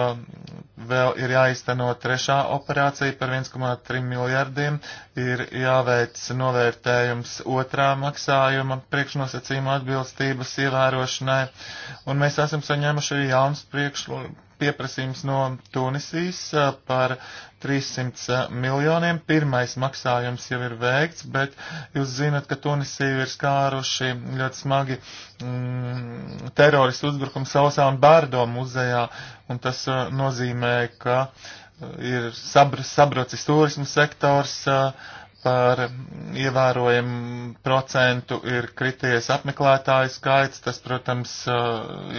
vēl ir jāizteno trešā operācija par 1,3 miljardiem, ir jāveic novērtējums otrā maksājuma priekšnosacījuma atbilstības ievērošanai, un mēs esam saņēmuši arī jauns priekšlikums pieprasījums no Tunisijas par 300 miljoniem. Pirmais maksājums jau ir veikts, bet jūs zinat, ka Tunisiju ir skāruši ļoti smagi mm, teroristu uzbrukumi sausām bērdo muzejā, un tas nozīmē, ka ir sabr sabrocis turismu sektors. Uh, par ievērojumu procentu ir krities apmeklētāju skaits, tas, protams, eh,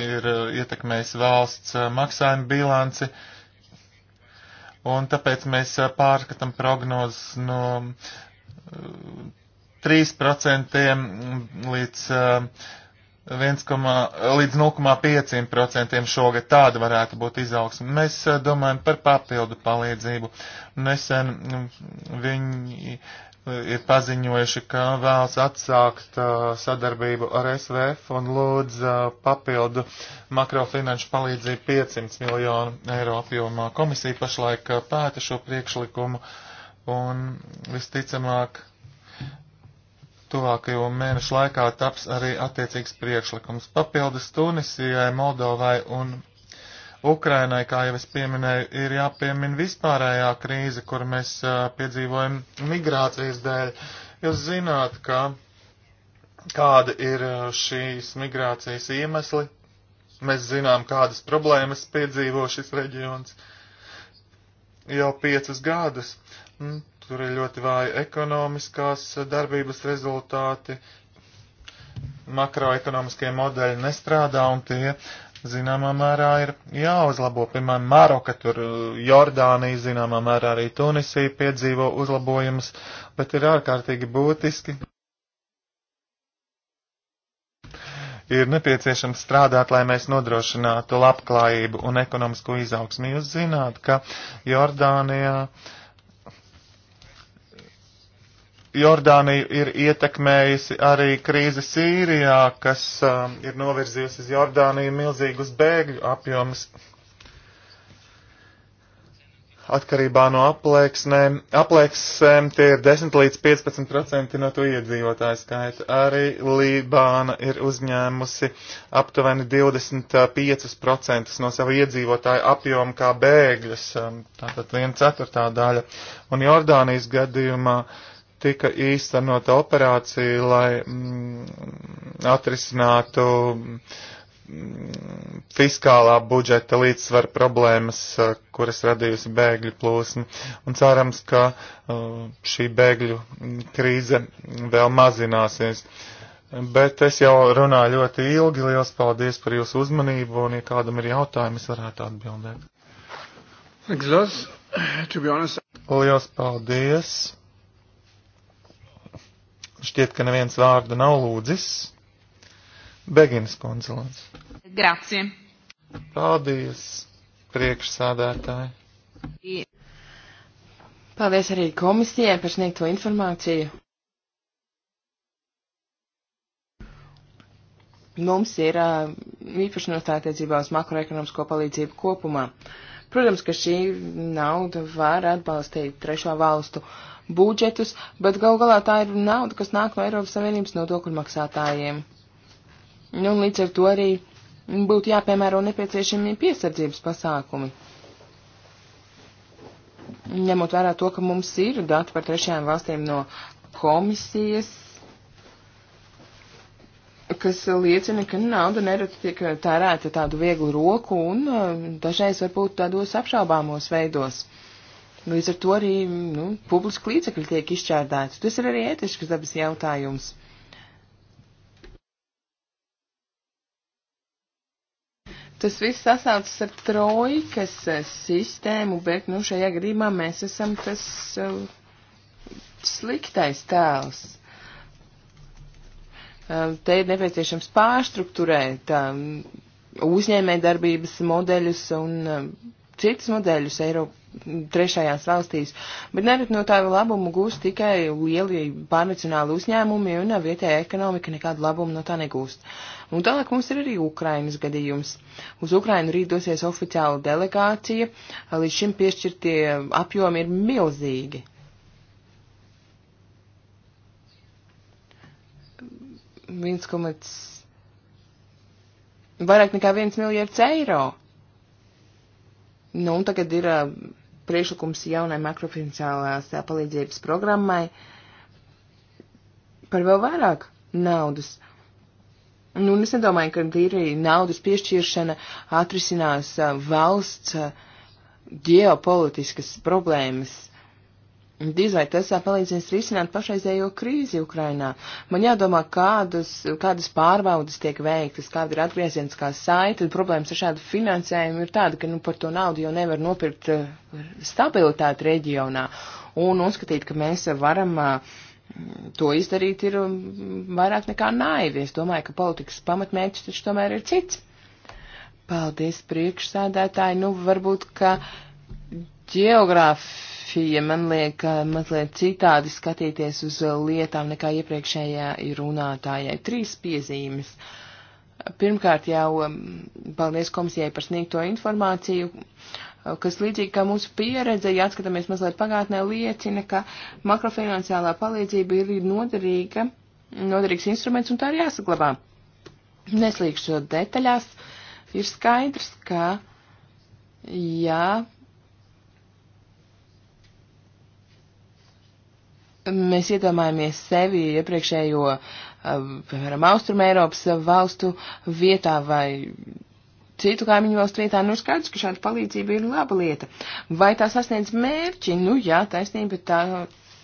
ir ietekmējis valsts eh, maksājumu bilanci, un tāpēc mēs eh, pārskatām prognozes no 3% līdz 1, līdz 0,5% šogad tāda varētu būt izaugsme. Mēs eh, domājam par papildu palīdzību. Nesen mm, viņi eh, ir paziņojuši, ka vēlas atsākt eh, sadarbību ar SVF un lūdz papildu makrofinanšu palīdzību 500 miljonu eiro apjomā. Komisija pašlaik pēta šo priekšlikumu un visticamāk tuvākajo mēnešu laikā taps arī attiecīgs priekšlikums. Papildus Tunisijai, Moldovai un Ukrainai, kā jau es pieminēju, ir jāpiemina vispārējā krīze, kur mēs uh, piedzīvojam migrācijas dēļ. Jūs zināt, ka kāda ir šīs migrācijas iemesli. Mēs zinām, kādas problēmas piedzīvo šis reģions jau piecus gadus. Mm, Tur ir ļoti vāji ekonomiskās darbības rezultāti, makroekonomiskie modeļi nestrādā un tie zināmā mērā ir jāuzlabo. Piemēram, Maroka, tur eh, Jordānija, zināmā mērā arī Tunisija piedzīvo uzlabojumus, bet ir ārkārtīgi būtiski. Ir nepieciešams strādāt, lai mēs nodrošinātu labklājību un ekonomisko izaugsmu. Jūs zināt, ka Jordānijā uh, Jordāniju ir ietekmējusi arī krīze Sīrijā, kas um, ir novirzījusi uz Jordāniju milzīgus bēgļu apjomus. Atkarībā no aplēksnēm, aplēksnēm tie ir 10 līdz 15% no to iedzīvotāju skaita. Arī Lībāna ir uzņēmusi aptuveni 25% no sava iedzīvotāja apjoma kā bēgļus, um, tātad 1 ceturtā daļa. Un Jordānijas gadījumā uh, tika īstenota operācija, lai mm, atrisinātu mm, fiskālā budžeta līdzsvar problēmas, eh, kuras radījusi bēgļu plūsma. Un cerams, ka eh, šī bēgļu mm, krīze vēl mazināsies. Bet es jau runāju ļoti ilgi. Lielas paldies par jūsu uzmanību, un, ja kādam ir jautājumi, es varētu atbildēt. [clears throat] Lielas paldies! Šķiet, ka neviens vārdu nav lūdzis. Beginas konsulants. Grācie. Paldies, priekšsādātāji. Paldies arī komisijai par sniegto informāciju. Mums ir īpaši nostātiecībā uz makroekonomisko palīdzību kopumā. Protams, ka šī nauda var atbalstīt trešo valstu uh, budžetus, bet gal galā tā ir nauda, kas nāk no Eiropas Savienības nodokļu maksātājiem. Nu, un līdz ar to arī būtu jāpiemēro nepieciešami piesardzības pasākumi. Ņemot vērā to, ka mums ir dati par trešajām valstīm no komisijas, kas liecina, ka nauda nereti tiek tērēta tādu vieglu roku un eh, dažreiz varbūt tādos apšaubāmos veidos. Nu, līdz ar to arī nu, publiski līdzekļi tiek izšķērdēti. Tas ir arī ētisks dabas jautājums. Tas viss sasaucas ar trojkas eh, sistēmu, bet nu, šajā gadījumā mēs esam tas uh, sliktais tēls. Uh, te ir nepieciešams pārstruktūrēt uh, uzņēmē darbības modeļus un citus modeļus Eiropas trešajās valstīs, bet nerad no tā labumu gūst tikai lieli pārnacionāli uzņēmumi un vietējā ekonomika nekādu labumu no tā negūst. Un tālāk mums ir arī Ukrainas gadījums. Uz Ukrainu rīt dosies oficiāla delegācija, līdz šim piešķirtie apjomi ir milzīgi. Viens komats vairāk nekā viens miljards eiro. Nu, un tagad ir uh, priekšlikums jaunai makrofinansiālās palīdzības programmai par vēl vairāk naudas. Nu, es nedomāju, ka tīri naudas piešķiršana atrisinās valsts ģeopolitiskas problēmas. Diz vai tas palīdzēs risināt pašreizējo krīzi Ukrainā. Man jādomā, kādas, kādas pārbaudas tiek veiktas, kāda ir atgriezieniskā saita. Problēmas ar šādu finansējumu ir tāda, ka nu, par to naudu jau nevar nopirkt eh, stabilitāti reģionā. Un uzskatīt, ka mēs varam eh, to izdarīt, ir mm, vairāk nekā naivi. Es domāju, ka politikas pamatmērķis taču tomēr ir cits. Paldies priekšsēdētāji. Nu, varbūt, ka ģeogrāfi filozofija man liek eh, mazliet citādi skatīties uz eh, lietām nekā iepriekšējā runātājai. Trīs piezīmes. Pirmkārt jau mm, paldies komisijai par sniegto informāciju, eh, kas līdzīgi kā mūsu pieredze, ja atskatāmies mazliet pagātnē, liecina, ka makrofinanciālā palīdzība ir noderīga, noderīgs instruments un tā ir jāsaglabā. Neslīgšot detaļās, ir skaidrs, ka, jā, ja mēs iedomājamies sevi iepriekšējo, um, piemēram, Austrum Eiropas valstu vietā vai citu kaimiņu valstu vietā, nu skaidrs, ka šāda palīdzība ir laba lieta. Vai tā sasniedz mērķi? Nu jā, taisnība, tā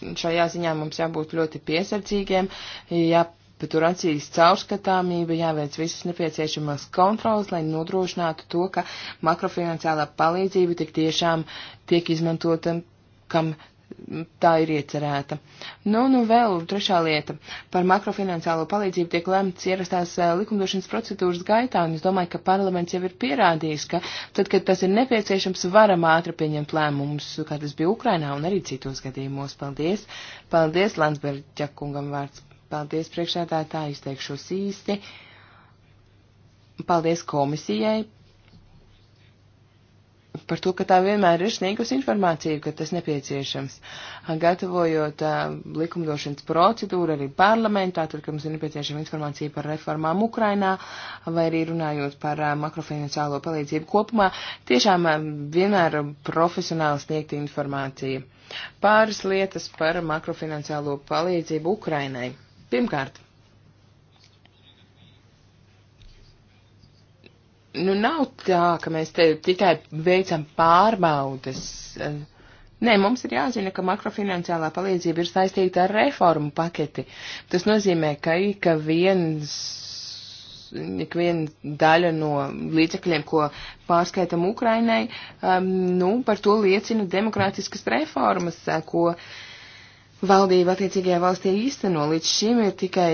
šajā ziņā mums jābūt ļoti piesardzīgiem, jāpatur acīs caurskatāmība, jāveic visas nepieciešamās kontrolas, lai nodrošinātu to, ka makrofinanciālā palīdzība tik tiešām tiek izmantota, kam tā ir iecerēta. Nu, nu vēl trešā lieta. Par makrofinanciālo palīdzību tiek lemts ierastās eh, likumdošanas procedūras gaitā, un es domāju, ka parlaments jau ir pierādījis, ka tad, kad tas ir nepieciešams, varam ātri pieņemt lēmumus, kā tas bija Ukrainā un arī citos gadījumos. Paldies! Paldies, Landsberģa kungam vārds! Paldies, priekšētāji, tā izteikšos īsti! Paldies komisijai par to, ka tā vienmēr ir sniegus informāciju, ka tas nepieciešams. Gatavojot uh, likumdošanas procedūru arī parlamentā, tad, kad mums ir nepieciešama informācija par reformām Ukrainā, vai arī runājot par uh, makrofinanciālo palīdzību kopumā, tiešām uh, vienmēr profesionāli sniegt informāciju. Pāris lietas par makrofinanciālo palīdzību Ukrainai. Pirmkārt, Nu, nav tā, ka mēs te tikai veicam pārbaudas. Nē, mums ir jāzina, ka makrofinanciālā palīdzība ir saistīta ar reformu paketi. Tas nozīmē, ka ik viens, ik viena daļa no līdzekļiem, ko pārskaitam Ukrainai, um, nu, par to liecina demokrātiskas reformas, ko uh, valdība attiecīgajā valstī īsteno. Līdz šim ir tikai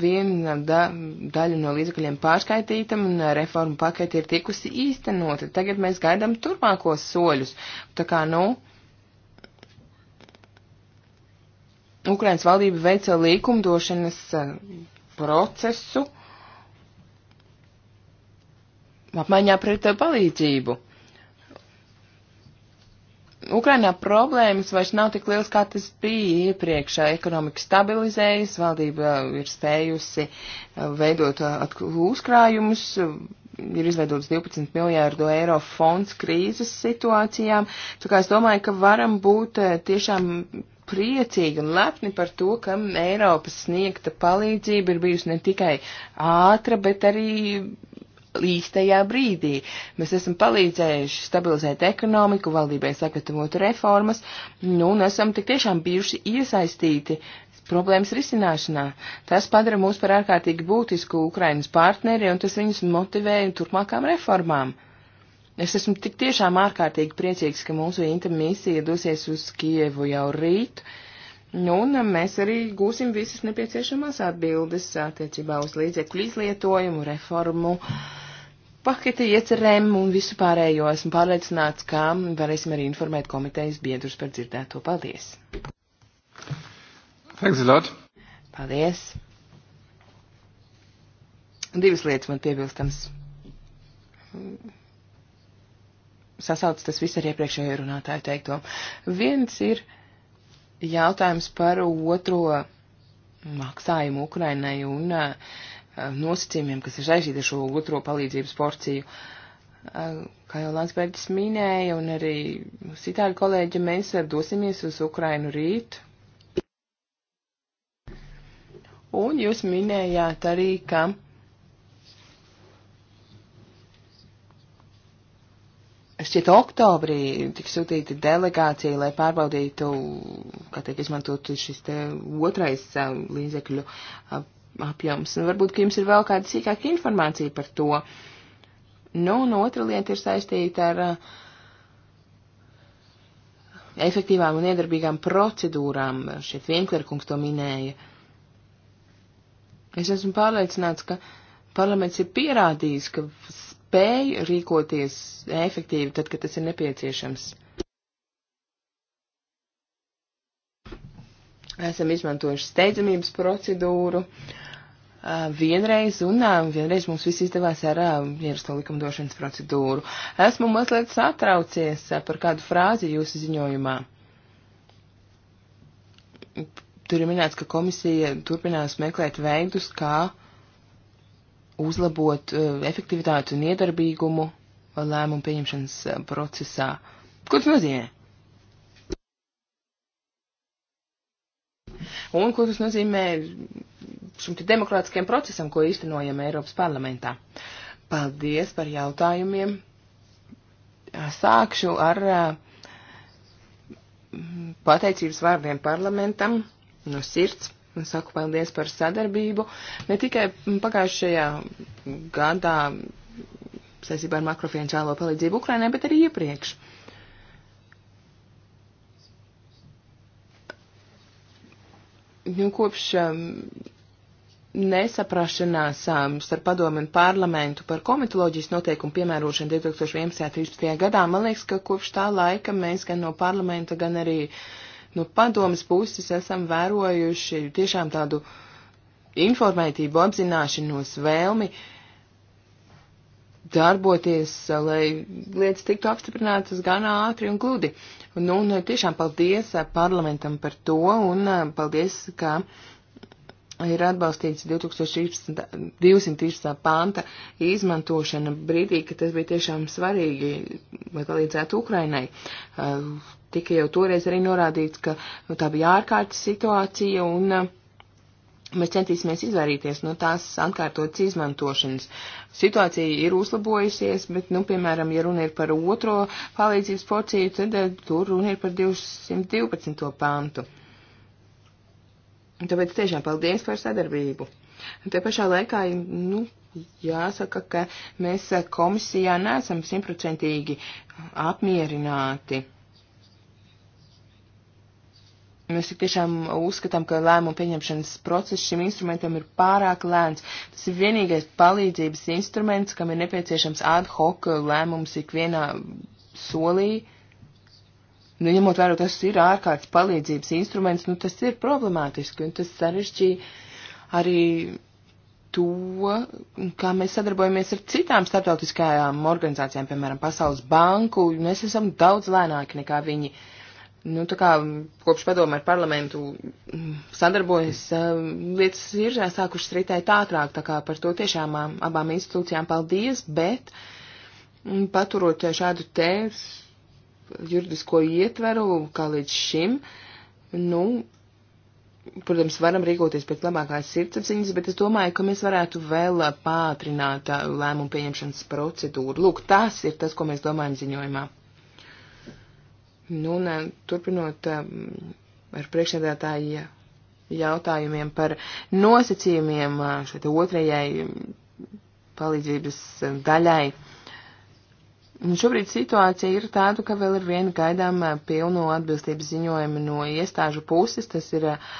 viena da daļa no līdzekļiem pārskaitīta un eh, reformu paketi ir tikusi īstenota. Tagad mēs gaidām turpmākos soļus. Tā kā, nu, Ukrainas valdība veica likumdošanas eh, procesu apmaiņā pret eh, palīdzību. Ukrainā problēmas vairs nav tik liels, kā tas bija iepriekš. Ekonomika stabilizējas, valdība ir spējusi uh, veidot uh, uzkrājumus, uh, ir izveidots 12 miljārdu eiro fonds krīzes situācijām. Tā kā es domāju, ka varam būt tiešām priecīgi un lepni par to, ka Eiropas sniegta palīdzība ir bijusi ne tikai ātra, bet arī īstajā brīdī. Mēs esam palīdzējuši stabilizēt ekonomiku, valdībai sagatavot reformas, nu, un esam tik tiešām bijuši iesaistīti problēmas risināšanā. Tas padara mūs par ārkārtīgi būtisku Ukrainas partneri, un tas viņus motivē turpmākām reformām. Es esmu tik tiešām ārkārtīgi priecīgs, ka mūsu inta misija dosies uz Kievu jau rīt. Nu, un mēs arī gūsim visas nepieciešamās atbildes attiecībā uz līdzekļu izlietojumu, reformu. Uh, paketi ieceram REM un visu pārējo. Esmu pārliecināts, ka varēsim arī informēt komitejas biedrus par dzirdēto. Paldies! Thanks a lot! Paldies! Divas lietas man piebilstams. Sasauc tas viss ar iepriekšējo runātāju teikto. Viens ir jautājums par otro maksājumu Ukrainai un uh, Eh, nosacījumiem, kas ir saistīti ar šo otro palīdzības porciju. Eh, kā jau Landsbergis minēja, un arī citādi kolēģi, mēs dosimies uz Ukrainu rīt. Un jūs minējāt arī, ka šķiet oktobrī tiks sūtīta delegācija, lai pārbaudītu, kā tiek izmantot šis te otrais eh, līdzekļu apjoms. Un nu, varbūt, ka jums ir vēl kāda sīkāka informācija par to. Nu, un otra lieta ir saistīta ar uh, efektīvām un iedarbīgām procedūrām. Šeit Vinklerkungs to minēja. Es esmu pārliecināts, ka parlaments ir pierādījis, ka spēj rīkoties efektīvi tad, kad tas ir nepieciešams. Esam izmantojuši steidzamības procedūru. Uh, vienreiz, un vienreiz mums viss izdevās ar ierasto likumdošanas procedūru. Esmu mazliet satraucies par kādu frāzi jūsu ziņojumā. Tur ir minēts, ka komisija turpinās meklēt veidus, kā uzlabot efektivitāti un iedarbīgumu lēmumu pieņemšanas procesā. Ko tas nozīmē? un ko tas nozīmē šim te demokrātiskiem procesam, ko īstenojam Eiropas parlamentā. Paldies par jautājumiem. Sākšu ar pateicības vārdiem parlamentam no sirds. Un saku paldies par sadarbību ne tikai pagājušajā gadā saistībā ar makrofinansiālo palīdzību Ukrainai, bet arī iepriekš. Uh, Nu, kopš um, nesaprašanās um, starp padomu un parlamentu par komitoloģijas noteikumu piemērošanu 2011.13. gadā, man liekas, ka kopš tā laika mēs gan no parlamenta, gan arī no padomas puses esam vērojuši tiešām tādu informētību, apzināšanos, vēlmi uh, darboties, lai lietas tiktu apstiprinātas gan ātri un gludi. Nu, un eh, tiešām paldies eh, parlamentam par to un eh, paldies, ka ir atbalstīts 2213. panta izmantošana brīdī, ka tas bija tiešām svarīgi, lai palīdzētu Ukrainai. Tika jau toreiz arī norādīts, ka tā bija ārkārtas situācija un Mēs centīsimies izvairīties no tās atkārtotas izmantošanas. Situācija ir uzlabojusies, bet, nu, piemēram, ja runa ir par otro palīdzības porciju, tad eh, tur runa ir par 212. pāntu. Tāpēc tiešām paldies par sadarbību. Te pašā laikā, nu, jāsaka, ka mēs eh, komisijā neesam simtprocentīgi apmierināti Mēs tik tiešām uzskatām, ka lēmumu pieņemšanas process šim instrumentam ir pārāk lēns. Tas ir vienīgais palīdzības instruments, kam ir nepieciešams ad hoc lēmums ikvienā solī. Nu, ņemot vērā, tas ir ārkārtas palīdzības instruments, nu, tas ir problemātiski, un tas sarežģīja arī to, kā mēs sadarbojamies ar citām starptautiskajām organizācijām, piemēram, Pasaules banku. Mēs esam daudz lēnāki nekā viņi. Uh, Nu, tā kā kopš padomu ar parlamentu sadarbojas, eh, lietas ir eh, sākušas ritēt ātrāk, tā kā par to tiešām abām institūcijām paldies, bet mm, paturot eh, šādu te juridisko ietveru, kā līdz šim, nu, protams, varam rīkoties pēc labākās sirdsapziņas, bet es domāju, ka mēs varētu vēl pātrināt lēmumu pieņemšanas procedūru. Lūk, tas ir tas, ko mēs domājam ziņojumā. Nu, un eh, turpinot eh, ar priekšsēdētāju jautājumiem par nosacījumiem eh, šai otrajai palīdzības daļai. Un šobrīd situācija ir tāda, ka vēl ir viena gaidāmā pilno atbilstības ziņojuma no iestāžu puses. Tas ir uh,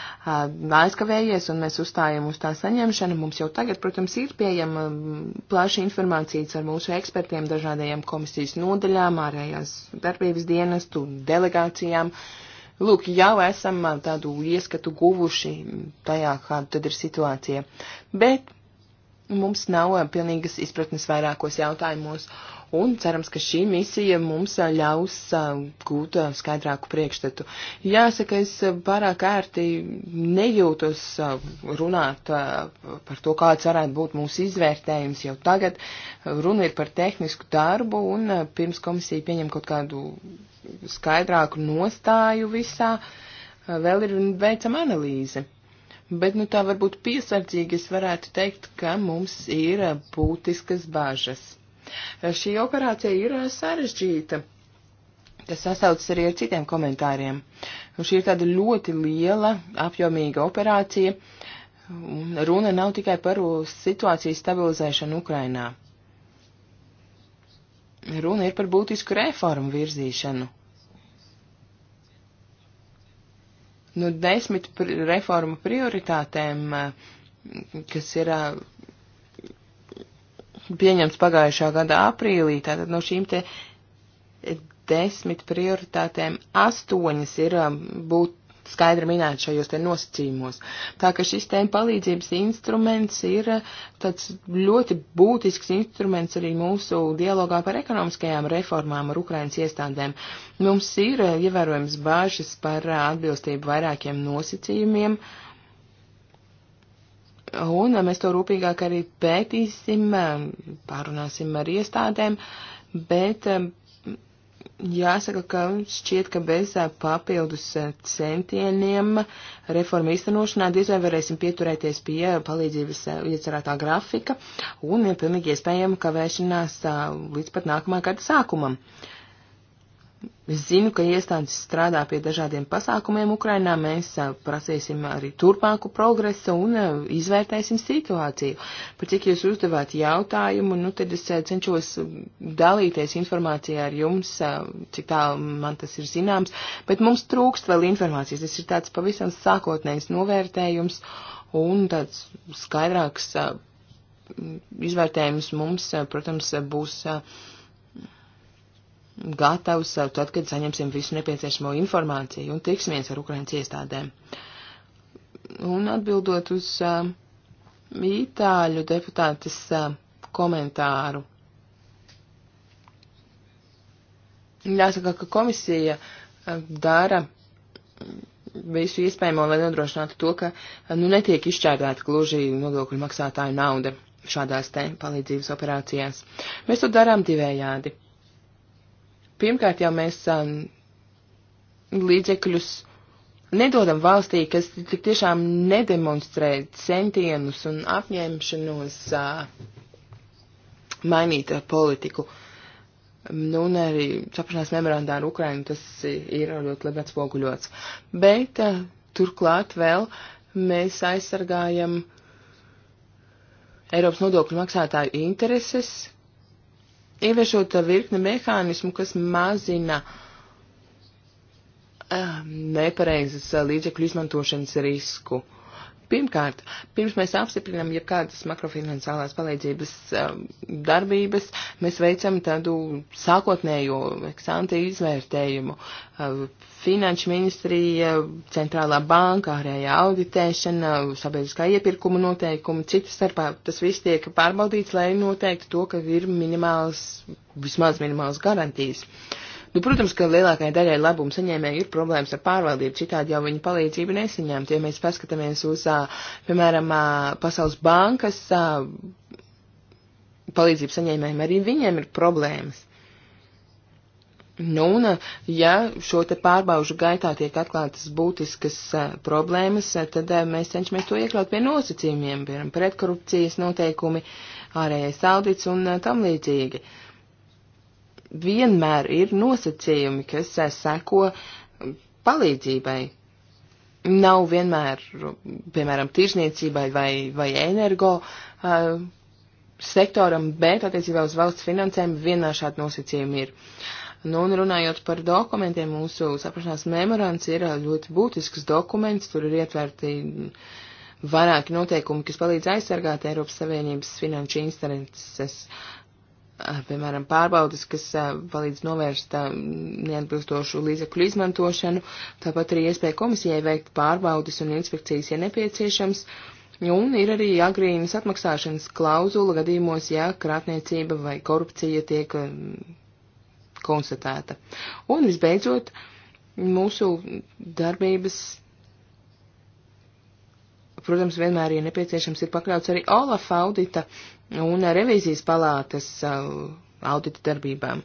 aizkavējies un mēs uzstājam uz tā saņemšanu. Mums jau tagad, protams, ir pieejama plaša informācijas ar mūsu ekspertiem, dažādajām komisijas nodaļām, ārējās darbības dienestu, delegācijām. Lūk, jau esam tādu ieskatu guvuši tajā, kāda tad ir situācija. Bet mums nav pilnīgas izpratnes vairākos jautājumos un cerams, ka šī misija mums ļaus gūt skaidrāku priekšstatu. Jāsaka, es pārāk ērti nejūtos runāt par to, kāds varētu būt mūsu izvērtējums jau tagad. Runa ir par tehnisku darbu, un pirms komisija pieņem kaut kādu skaidrāku nostāju visā, vēl ir veicama analīze. Bet, nu tā varbūt piesardzīgi es varētu teikt, ka mums ir būtiskas bažas Šī operācija ir eh, sarežģīta. Tas sasaucas arī ar citiem komentāriem. Un šī ir tāda ļoti liela, apjomīga operācija. Runa nav tikai par situācijas stabilizēšanu Ukrainā. Runa ir par būtisku reformu virzīšanu. No nu, desmit pr reformu prioritātēm, eh, kas ir eh, pieņemts pagājušā gada aprīlī, tātad no šīm te desmit prioritātēm astoņas ir um, būt skaidri minēt šajos te nosacījumos. Tā ka šis tēma palīdzības instruments ir uh, tāds ļoti būtisks instruments arī mūsu dialogā par ekonomiskajām reformām ar Ukrainas iestādēm. Mums ir uh, ievērojams bāžas par uh, atbilstību vairākiem nosacījumiem. Uh, Un mēs to rūpīgāk arī pētīsim, um, pārunāsim ar iestādēm, bet um, jāsaka, ka šķiet, ka bez uh, papildus uh, centieniem reforma īstenošanā diez vai varēsim pieturēties pie palīdzības uh, iecerētā grafika un ja pilnīgi iespējama kavēšanās līdz pat nākamā gada sākumam. Uh, Es zinu, ka iestādes strādā pie dažādiem pasākumiem Ukrainā. Mēs prasīsim arī turpmāku progresu un izvērtēsim situāciju. Par cik jūs uzdevāt jautājumu, nu tad es cenšos dalīties informācijā ar jums, cik tālu man tas ir zināms, bet mums trūkst vēl informācijas. Tas ir tāds pavisam sākotnējs novērtējums un tāds skaidrāks izvērtējums mums, protams, būs gatavs uh, tad, kad saņemsim visu nepieciešamo informāciju un tiksimies ar Ukraiņas iestādēm. Un atbildot uz uh, itāļu deputātes uh, komentāru. Jāsaka, ka komisija uh, dara visu iespējamo, lai nodrošinātu to, ka uh, nu, netiek izšķērdēta gluži nodokļu maksātāju nauda šādās te palīdzības operācijās. Mēs to darām divējādi. Pirmkārt, jau mēs um, līdzekļus nedodam valstī, kas tik tiešām nedemonstrē centienus un apņēmšanos uh, mainīt uh, politiku. Nu, un arī saprašanās memorandā ar Ukrainu tas ir ļoti labi atspoguļots. Bet uh, turklāt vēl mēs aizsargājam Eiropas nodokļu maksātāju intereses, ieviešot virkni mehānismu, kas mazina eh, nepareizas eh, līdzekļu izmantošanas risku. Uh, Pirmkārt, pirms mēs apstiprinām jebkādas ja makrofinansālās palīdzības um, darbības, mēs veicam tādu sākotnējo eksānti izvērtējumu. Uh, finanšu ministrija, centrālā banka, ārējā auditēšana, sabiedriskā iepirkuma noteikumi, citas starpā tas viss tiek pārbaudīts, lai noteikti to, ka ir minimāls, vismaz minimāls garantijas. Uh, Nu, protams, ka lielākajai daļai labumu saņēmēji ir problēmas ar pārvaldību, citādi jau viņi palīdzību nesaņemtu. Ja mēs paskatāmies uz, piemēram, Pasaules bankas palīdzību saņēmējiem, arī viņiem ir problēmas. Nu, un, ja šo te pārbaužu gaitā tiek atklātas būtiskas a, problēmas, a, tad a, mēs cenšamies to iekļaut pie nosacījumiem, piemēram, pretkorupcijas noteikumi, ārējais audits un a, tam līdzīgi. Uh, vienmēr ir nosacījumi, kas eh, seko eh, palīdzībai. Nav vienmēr, piemēram, tirzniecībai vai, vai energo uh, sektoram, bet attiecībā uz valsts finansēm vienmēr šādi nosacījumi ir. Nu, un runājot par dokumentiem, mūsu saprašanās memorands ir ļoti būtisks dokuments, tur ir ietverti vairāki noteikumi, kas palīdz aizsargāt Eiropas Savienības finanšu intereses. Uh, Eh, piemēram, pārbaudas, kas eh, palīdz novērst eh, neatbilstošu līdzekļu izmantošanu, tāpat arī iespēja komisijai veikt pārbaudas un inspekcijas, ja nepieciešams, un ir arī agrīnas atmaksāšanas klauzula gadījumos, ja krātniecība vai korupcija tiek konstatēta. Un visbeidzot, mūsu darbības protams, vienmēr, ja nepieciešams, ir pakļauts arī Olaf audita un revīzijas palātas uh, audita darbībām.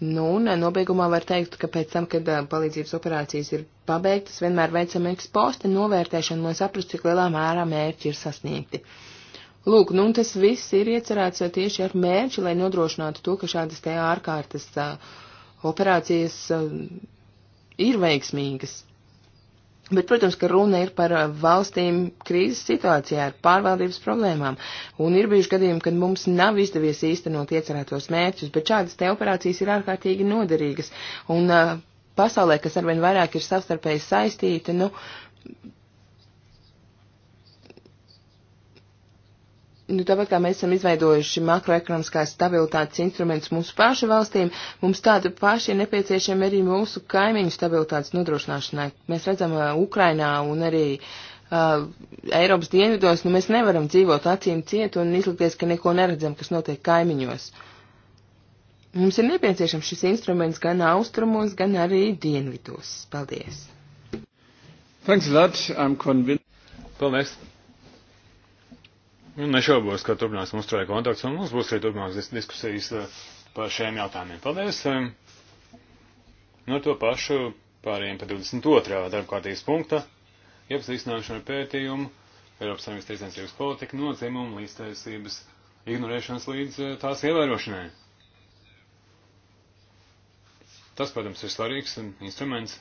Nu, un uh, nobeigumā var teikt, ka pēc tam, kad uh, palīdzības operācijas ir pabeigtas, vienmēr veicam eksposta novērtēšanu, lai saprastu, cik lielā mērā mērķi ir sasniegti. Lūk, nu, tas viss ir iecerēts tieši ar mērķi, lai nodrošinātu to, ka šādas te ārkārtas operācijas ir veiksmīgas. Bet, protams, ka runa ir par uh, valstīm krīzes situācijā ar pārvaldības problēmām, un ir bijuši gadījumi, kad mums nav izdevies īstenot iecerētos mērķus, bet šādas te operācijas ir ārkārtīgi noderīgas, un uh, pasaulē, kas arvien vairāk ir savstarpēji saistīta, nu, Nu, tāpat kā mēs esam izveidojuši makroekonomiskās stabilitātes instrumentus mūsu pašu valstīm, mums tādi paši ir nepieciešami arī mūsu kaimiņu stabilitātes nodrošināšanai. Mēs redzam uh, Ukrainā un arī uh, Eiropas dienvidos, nu mēs nevaram dzīvot acīm ciet un izlikties, ka neko neredzam, kas notiek kaimiņos. Mums ir nepieciešams šis instruments gan austrumos, gan arī dienvidos. Paldies! Thanks a lot. I'm convinced. Paldies. Nu, nešaubos, ka turpināsim uzturēt kontakts, un mums būs arī turpmākas diskusijas eh, par šiem jautājumiem. Paldies! Eh. No nu, to pašu pārējiem pa 22. darbkārtības punkta - iepazīstināšana ar pētījumu Eiropas Savienības tiesniecības politika no dzimuma līdztaisības ignorēšanas līdz eh, tās ievērošanai. Tas, protams, ir svarīgs um, instruments,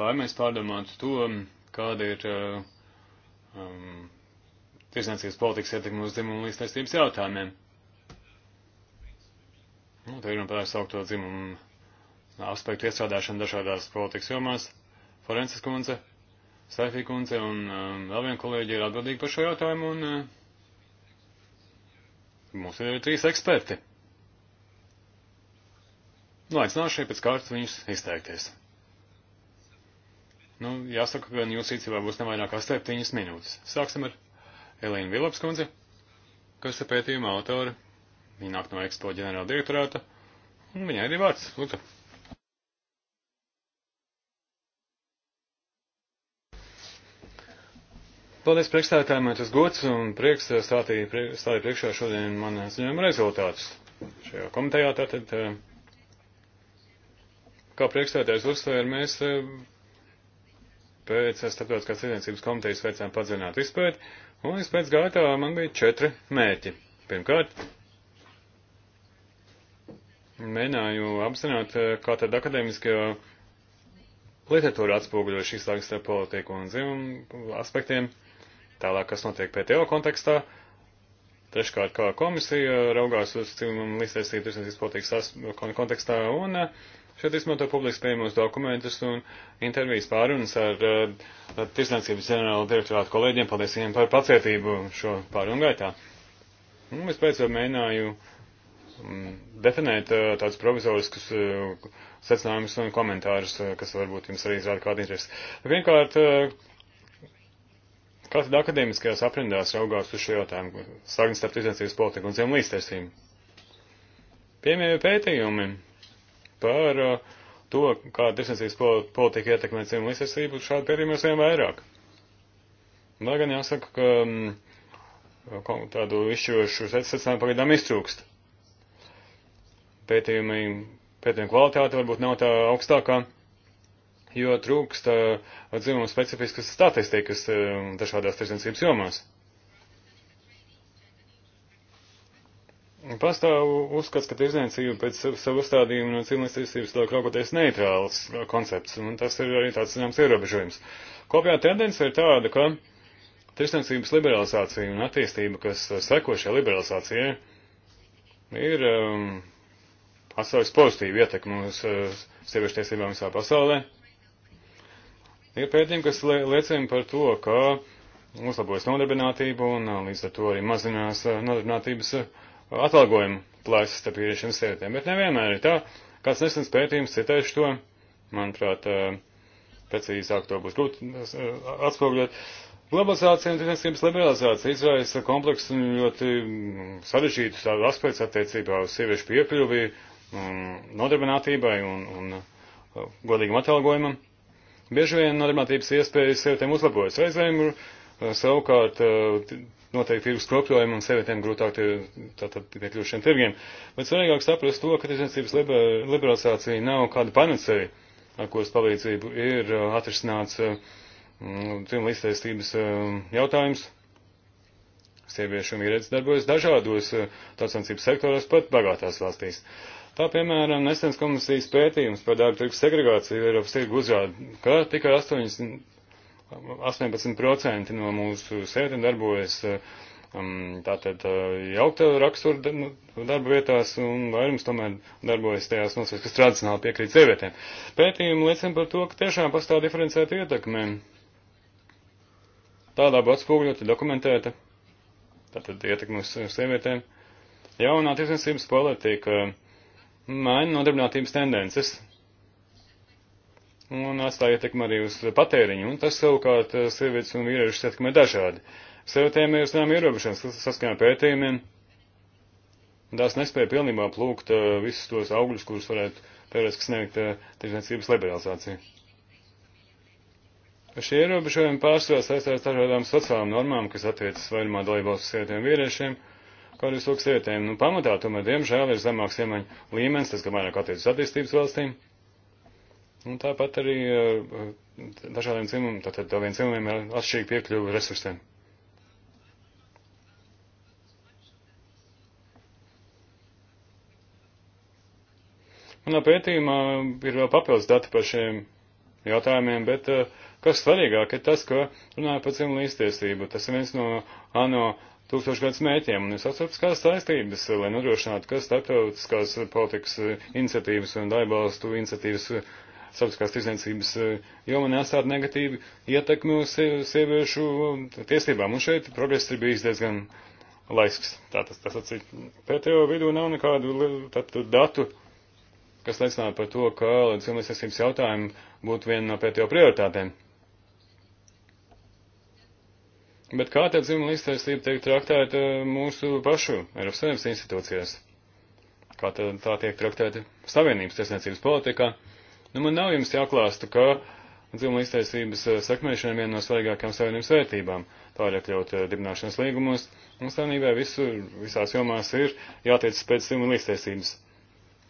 lai mēs pārdomātu to, um, kāda ir um, tirsniecības politikas ietekmi uz dzimumu līdztiesības jautājumiem. Nu, te ir un par saukto dzimumu aspektu iestrādāšanu dažādās politikas jomās. Forenses kundze, Saifī kundze un um, vēl viena kolēģi ir atbildīgi par šo jautājumu un uh, mums ir trīs eksperti. Nu, aicināšu šeit pēc kārtas viņus izteikties. Nu, jāsaka, ka jūsu rīcībā būs nevairāk kā septiņas minūtes. Sāksim ar Elīna Vilapskundze, kas ir pētījuma autora. Viņa nāk no Expo ģenerāla direktorāta, un viņai ir vārds. Lūdzu. Paldies priekšstādātājiem, man tas gods un prieks stādīja priekšā šodien man ziņojuma rezultātus. Šajā komitejā tātad, eh, kā priekšstādātājs uzsver, mēs eh, pēc starptautiskās cilvēcības komitejas veicām padziļinātu izpēti Un es pēc gātā man bija četri mērķi. Pirmkārt, mēģināju apzināt, eh, kā tad akadēmiskajā literatūra atspoguļo šīs laiks starp politiku un dzimumu aspektiem, tālāk, kas notiek PTO kontekstā, treškārt, kā komisija raugās uz dzimumu līdztiesību tirsniecības politikas kontekstā, un eh, Šeit izmanto publiski pieejamos dokumentus un intervijas pārunas ar uh, Tirsniecības ģenerāla direktorāta kolēģiem. Paldies viņiem par pacietību šo pārunu gaitā. Un nu, es pēc tam mēģināju um, definēt uh, tādus provizoriskus uh, secinājumus un komentārus, uh, kas varbūt jums arī izrāda kādu interesi. Vienkārt, uh, Kā tad akadēmiskajās aprindās raugās uz šo jautājumu, sākot starp tirdzniecības politiku un zem līdztiesību? Piemēram, pētījumi par uh, to, kā tirsniecības politika ietekmē cīņu līdzsvarību, šādi pierīmi mēs vien vairāk. Lai gan jāsaka, ka mm, tādu izšķirošu secinājumu pagaidām iztrūkst. Pētījumi, pētījumi kvalitāte varbūt nav tā augstākā, jo trūkst uh, dzimumu specifiskas statistikas uh, dažādās tirsniecības jomās. Pastāv uzskats, ka tirzniecība pēc savu stādījumu no cilvēks tiesības tiek raugoties neitrāls koncepts, un tas ir arī tāds, zināms, ierobežojums. Kopējā tendence ir tāda, ka tirsniecības liberalizācija un attīstība, kas seko šai liberalizācijai, ir um, atstājusi pozitīvu ietekmi uz uh, sieviešu tiesībām visā pasaulē. Ir pētījumi, kas lie liecina par to, ka uzlabojas nodarbinātība un uh, līdz ar to arī mazinās uh, nodarbinātības uh, atalgojumu plāksas starp vīriešiem un sievietēm, bet nevienmēr ir tā. Kāds nesens pētījums citēšu to, manuprāt, eh, precīzāk to būs grūti eh, atspoguļot. Globalizācija un tirdzniecības liberalizācija izraisa kompleksu un ļoti mm, sarežģītus tādu aspektu attiecībā uz sieviešu piepilvī, mm, nodarbinātībai un, un eh, godīgam atalgojumam. Bieži vien nodarbinātības iespējas sievietēm uzlabojas. Reizēm savukārt noteikti tirgus kropļojumu un sievietēm grūtāk tie, tātad piekļūt šiem tirgiem. Bet svarīgāk saprast to, ka tiesniecības liberalizācija nav kāda panacēja, ar kuras palīdzību ir uh, atrisināts cilvēku uh, mm, iztaistības uh, jautājums. Sieviešu un vīrietis darbojas dažādos tautsensības sektoros, pat bagātās valstīs. Tā, piemēram, nesens komisijas pētījums par darba tirgus segregāciju Eiropas tirgu uzrāda, ka tikai 80 18% no mūsu sēdēm darbojas um, tātad uh, jaukta rakstura nu, darba vietās un vairums tomēr darbojas tajās nozarēs, kas tradicionāli piekrīt sievietēm. Pētījumi liecina par to, ka tiešām pastāv diferencēta ietekme. Tādā būtu atspūgļota, dokumentēta, tātad ietekme uz sievietēm. Jaunā tiesnesības politika maina nodarbinātības tendences un atstāja ietekmi arī uz patēriņu, un tas savukārt eh, sievietes un vīriešus ietekmē dažādi. Sievietēm ir zinām ierobežojums, kas saskaņā pētījumiem, tās nespēja pilnībā plūkt uh, visus tos augļus, kurus varētu teorētiski sniegt uh, tirzniecības liberalizācija. Šie ierobežojumi pārsvarā saistās dažādām sociālām normām, kas attiecas vairumā dalībās uz sievietēm vīriešiem, kā arī uz lūk sievietēm. Nu, pamatā tomēr, diemžēl, ir zemāks iemaņu līmenis, tas, ka vairāk attiecas attīstības valstīm. Un nu, tāpat arī eh, dažādiem dzimumiem, tātad vēl viens dzimumiem ir atšķirīgi piekļuvi resursiem. Manā pētījumā ir vēl papildus dati par šiem jautājumiem, bet eh, kas svarīgāk ir tas, ka runāja par dzimumu līdztiesību. Tas ir viens no ANO tūkstošgadus mēķiem un ir sastarpskās saistības, lai nodrošinātu, ka starptautiskās politikas iniciatīvas un daibalstu iniciatīvas sabiedriskās tirdzniecības e, joma nestāda negatīvi ietekmi uz sieviešu tiesībām. Un šeit progress ir bijis diezgan laisks. Tātad, tas atsīt, pētējo vidū nav nekādu tātad, datu, kas liecinātu par to, ka cilvēks tiesības jautājumi būtu viena no pētējo prioritātēm. Bet kā tad dzimuma līdztiesība tiek traktēta mūsu pašu Eiropas Savienības institūcijās? Kā tad tā tiek traktēta Savienības tiesniecības politikā? Nu, man nav jums jāklāsta, ka dzimuma iztaisības eh, sekmēšana ir viena no svarīgākām savienības vērtībām, pāriekļaut eh, dibināšanas līgumos, un savienībai visur, visās jomās ir jātiec pēc dzimuma iztaisības.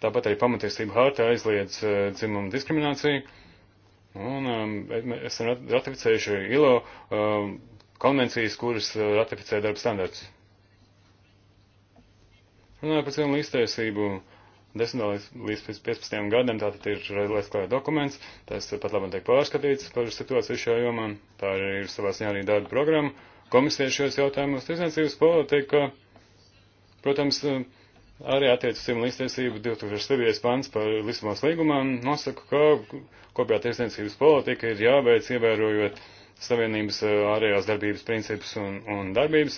Tāpat arī pamatiesība hārta aizliedz eh, dzimuma diskrimināciju, un um, esam ratificējuši ILO um, konvencijas, kuras ratificē darba standarts. Runājot par dzimuma iztaisību. 10 līdz 15 gadiem, tātad ir redzēts klāja dokuments, tas pat labi tiek pārskatīts par situāciju šajā jomā, tā arī ir savā ziņā arī darba programma, komisija šajos jautājumos, tiesniecības politika, protams, arī attiec uz civilīstiesību 2007. pants par Lisabons līgumā nosaka, ka kopējā tiesniecības politika ir jābeidz ievērojot Savienības ārējās darbības principus un, un darbības.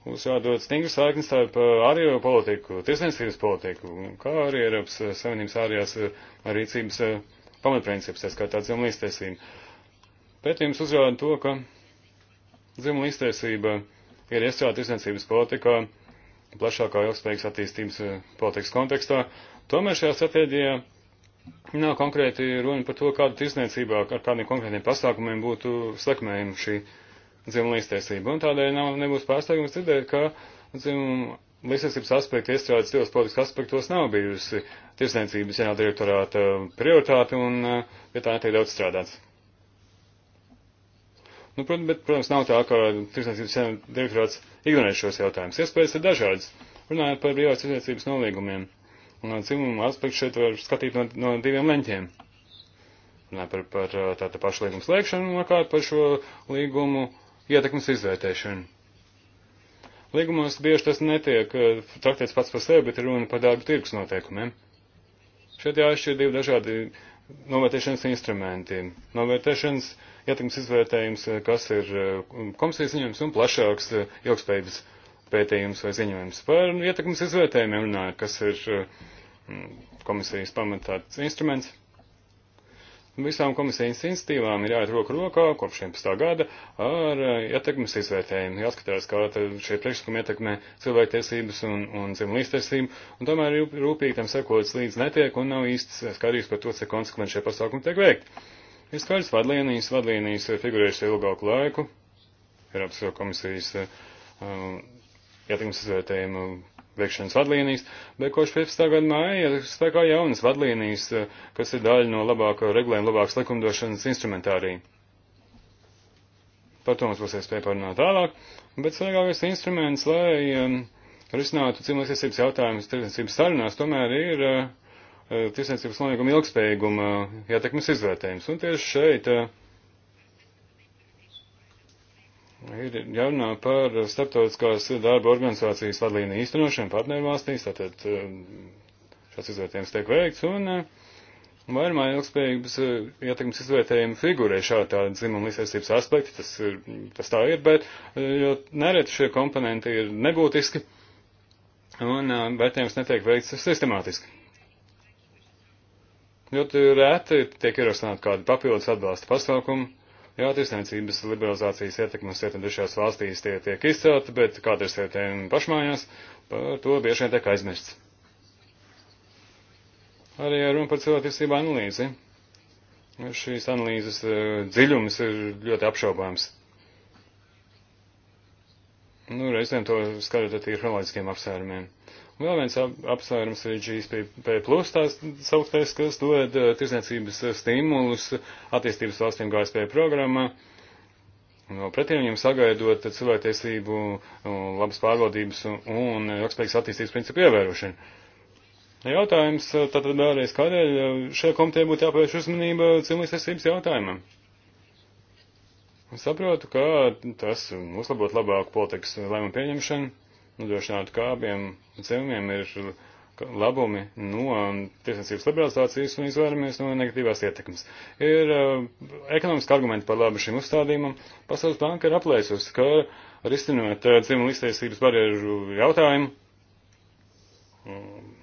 Mums jādod stingrs saiknis starp uh, ārējo politiku, tiesniecības politiku, kā arī Eiropas uh, Savienības ārējās uh, rīcības pamatprincips, tā kā tā dzimuma līdztiesība. Pētījums uzrāda to, ka dzimuma līdztiesība ir iestrādāta tiesniecības politikā plašākā ilgspējīgas attīstības politikas kontekstā. Tomēr šajā stratēģijā nav konkrēti runa par to, kāda tiesniecībā ar kādiem konkrētiem pasākumiem būtu sekmējama šī tiesniecība dzimumu līdztiesību. Un tādēļ nav, nebūs pārsteigums dzirdēt, ka dzimumu līdztiesības aspekti iestrādes divos politikas aspektos nav bijusi tirsniecības jaunā direktorāta prioritāte un eh, pie tā netiek daudz strādāts. Nu, protams, bet, protams, nav tā, ka tirsniecības direktorāts ignorē šos jautājumus. Iespējas ir dažādas. Runājot par brīvās tirsniecības nolīgumiem. Un eh, dzimuma aspektu šeit var skatīt no, no diviem leņķiem. Runājot par, par eh, tāda paša līguma slēgšanu, nokārt par šo līgumu ietekmes izvērtēšanu. Līgumos bieži tas netiek eh, traktēts pats par sevi, bet ir runa par darba tirgus noteikumiem. Šeit jāšķir divi dažādi novērtēšanas instrumenti. Novērtēšanas ietekmes izvērtējums, eh, kas ir eh, komisijas ziņojums un plašāks ilgspējības pētījums vai ziņojums par ietekmes izvērtējumiem runājot, kas ir mm, komisijas pamatāts instruments visām komisijas institīvām ir jāiet roku rokā kopš 11. gada ar eh, ietekmes izvērtējumu. Jāskatās, kā šie priekšlikumi ietekmē cilvēktiesības un, un dzimumlīstiesību, un tomēr rūpīgi tam sekots līdz netiek un nav īsts skaidrības par to, cik konsekvenci šie pasākumi tiek veikti. Ir skaidrs vadlīnijas, vadlīnijas ir figurējušas ilgāku laiku, Eiropas komisijas uh, ietekmes izvērtējumu veikšanas vadlīnijas, bet kopš 15. gada māja ir spēkā jaunas vadlīnijas, eh, kas ir daļa no labāka regulējuma, labākas likumdošanas instrumentārija. Par to mums būs iespēja parunāt tālāk, bet svarīgākais instruments, lai um, risinātu cilvēktiesības jautājumus tirdzniecības sarunās, tomēr ir uh, tirdzniecības nolīguma ilgspējīguma uh, ietekmes izvērtējums. Un tieši šeit uh, ir jārunā par starptautiskās darba organizācijas vadlīniju īstenošanu partnervalstīs, tātad eh, šāds izvērtējums tiek veikts, un eh, vairumā ilgspējības eh, ietekmes izvērtējumu figurē šādi tādi dzimuma līdzsaistības aspekti, tas, ir, tas tā ir, bet jo nereti šie komponenti ir nebūtiski, un vērtējums netiek veikts sistemātiski. Ļoti rēti tiek ierosināti kādi papildus atbalsta pasākumi Jā, tirsniecības liberalizācijas ietekmes cietumdušās valstīs tie tiek izcelti, bet kāda ir sievietēm pašmājās, par to bieži vien tiek aizmirsts. Arī runa par cilvēktiesību analīzi. Šīs analīzes e, dziļums ir ļoti apšaubāms. Nu, reizēm to skatot ar tīri chronoloģiskiem apsvērumiem. Vēl viens apsvērums ir GSPP plus tās sauktais, kas dod eh, tirsniecības stimulus attīstības valstīm GSP programmā. No pretiem viņam sagaidot cilvēktiesību, eh, labas pārvaldības un ilgspējīgas attīstības principu ievērošanu. Jautājums eh, tātad vēlreiz, kādēļ šajā komitē būtu jāpievērš uzmanība cilvēktiesības jautājumam? Es saprotu, ka tas um, uzlabot labāku politikas lēmumu pieņemšanu nodrošinātu kāpiem zemiem ir labumi no tiesniecības liberalizācijas un izvairāmies no negatīvās ietekmes. Ir uh, ekonomiski argumenti par labu šim uzstādījumam. Pasaules banka ir aplēsusi, ka risinot uh, dzimumu iztiesības barjeru jautājumu, um,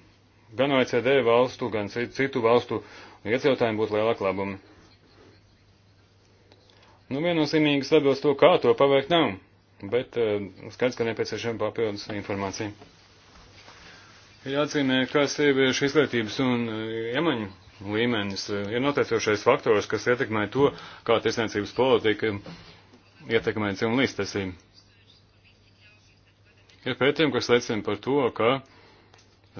gan OECD valstu, gan citu valstu iedzīvotājiem būtu lielāka labumi. Nu, viennozīmīgi sabilst to, kā to paveikt nav bet eh, skaidrs, ka nepieciešama papildus informācija. Ir jāatzīmē, ka sieviešu izglītības un eh, iemaņu līmenis eh, ir noteicošais faktors, kas ietekmē to, kā tiesniecības politika ietekmē cilvēku līdztiesību. Ir pētījumi, kas liecina par to, ka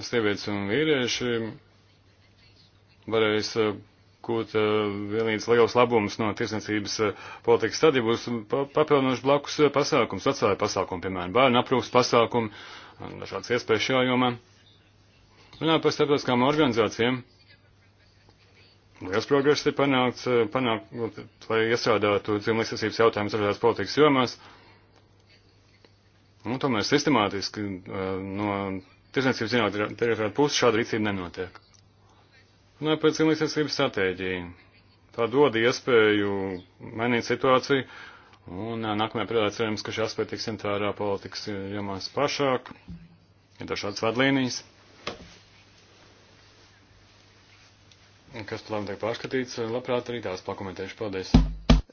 sievietes un vīrieši varēs gūt eh, vienlīdz liels labums no tiesniecības eh, politikas, tad ja būs papildinoši blakus eh, pasākums, sociālai pasākumi, piemēram, bērnu aprūpas pasākumi, dažādas iespējas šajā jomā. Runājot par starptautiskām organizācijām, liels progress ir panākts, panākt, lai iestrādātu dzimumlīdzsvarības jautājumus dažādās politikas jomās. Un tomēr sistemātiski no tiesniecības zinātnē puses šāda rīcība nenotiek. Nē, nu, par cilvēks aizsardzības stratēģiju. Tā dod iespēju mainīt situāciju, un nākamajā periodā cerams, ka šie aspekti tiks ņemt vērā politikas jomās pašāk, ir dažādas vadlīnijas, kas plāno tiek pārskatīts. Labprāt, arī tās pakomentēšu. Paldies.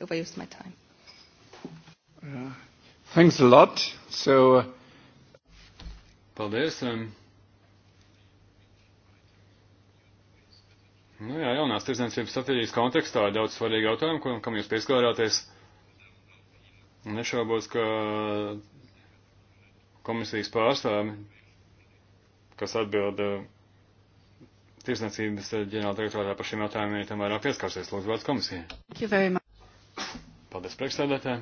Over use my time. Uh, thanks a lot. So, uh... Paldies. Um, Nu jā, jaunās tirdzniecības strateģijas kontekstā ir daudz svarīgi jautājumi, kam, kam jūs pieskārāties. Nešaubos, ka komisijas pārstāvi, kas atbilda eh, tirsniecības ģenerāla direktorātā par šiem jautājumiem, tam vairāk pieskarsies. Lūdzu, vārds komisijai. Paldies, priekšstādātāji.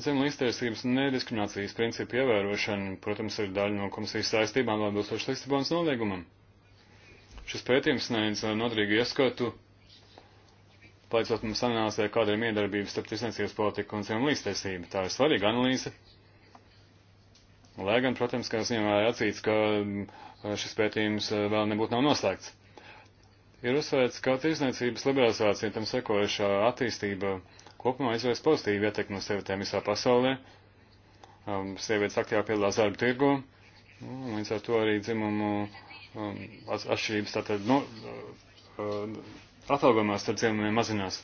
Zem līdztiesības un nediskriminācijas principu ievērošana, protams, ir daļa no komisijas saistībām atbilstoši Lisabonas noliegumam. Šis pētījums sniedz nodrīgu ieskatu, palīdzot mums analizē, kāda ir miedarbība starp tirsniecības politiku un zem līdztiesību. Tā ir svarīga analīze. Lai gan, protams, kā es ņemēju acīts, ka eh, šis pētījums eh, vēl nebūtu nav noslēgts. Ir uzsvērts, ka tirsniecības liberalizācija tam sekojušā attīstība Kopumā izvēlas pozitīvu ietekmi uz sievietēm visā pasaulē. Um, sievietes aktīvāk piedalās darba tirgu. Un mm, līdz ar to arī dzimumu um, atšķirības tātad no, nu, uh, atalgojumās starp dzimumiem mazinās.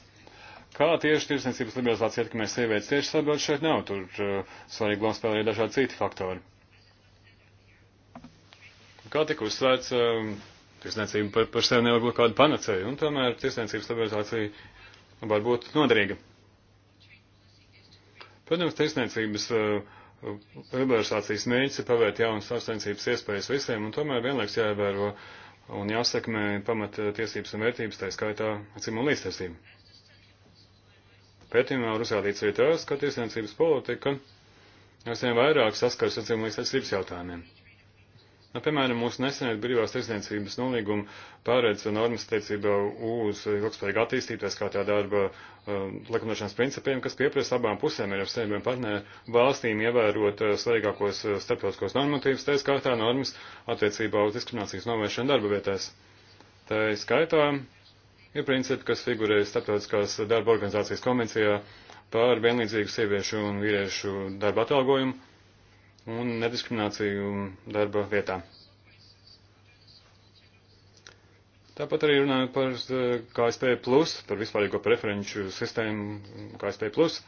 Kā tieši tirsniecības liberalizācija ietekmē sievietes? Tieši sabiedrība šeit nav. Tur uh, svarīgi lomu spēlē dažādi citi faktori. Kā tika uzsvērts, um, tirsniecība par, par sevi nevar būt kāda panacēja, un tomēr tirsniecības liberalizācija var būt noderīga. Protams, tirsniecības eh, liberalizācijas mērķis ir pavērt jaunas ārstniecības iespējas visiem, un tomēr vienlaiks jāievēro un jāsakmē pamat eh, tiesības un vērtības, tā skaitā dzimuma līdztiesība. Pētījumā var uzrādīts arī tas, ka tirsniecības politika aizvien vairāk saskars ar dzimuma līdztiesības jautājumiem. Nu, piemēram, mūsu nesenē brīvās tirsniecības nolīguma pārēdz normas attiecībā uz ilgspējīgu attīstīties kā tā darba um, likumdošanas principiem, kas pieprasa abām pusēm ar saviem partneriem valstīm ievērot uh, svarīgākos uh, starptautiskos normatīvas, tā skaitā normas attiecībā uz diskriminācijas novēršanu darba vietās. Tā skaitā ir principi, kas figurē starptautiskās darba organizācijas konvencijā par vienlīdzīgu sieviešu un vīriešu darba atalgojumu un nediskrimināciju darba vietā. Tāpat arī runājot par eh, KSP, plus, par vispārīgo preferenču sistēmu KSP. Plus.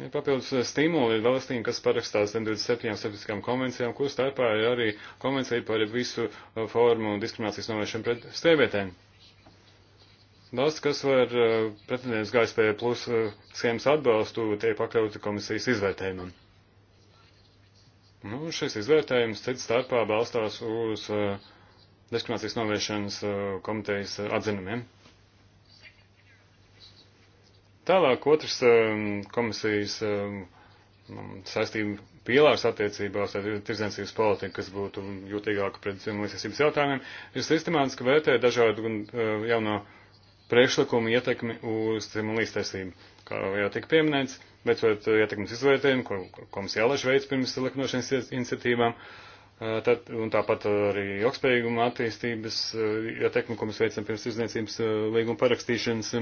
Ir papildus eh, stimuli valstīm, kas parakstās 27 starptautiskām konvencijām, kur starpā ir arī konvencija par visu eh, formu diskriminācijas novēršanu pret sievietēm. Valsts, kas var pretendēt uz GSP plus schēmas atbalstu, tiek pakļauti komisijas izvērtējumam. Nu, šis izvērtējums cits starpā balstās uz uh, diskriminācijas novēršanas uh, komitejas uh, atzinumiem. Tālāk otrs um, komisijas um, um, saistību pīlārs attiecībās ar tirdzniecības politiku, kas būtu jūtīgāka pret cilvēcības jautājumiem, ir sistemātiski vērtē dažādu uh, jauno priekšlikumu ietekmi uz cilvēcības tiesību. Kā jau tika pieminēts, veicot uh, ietekmes izvērtējumu, ko komisija alaž veids pirms likumdošanas iniciatīvām, uh, tad, un tāpat uh, arī ilgspējīguma attīstības ietekmi, ko mēs veicam pirms izniecības līguma parakstīšanas.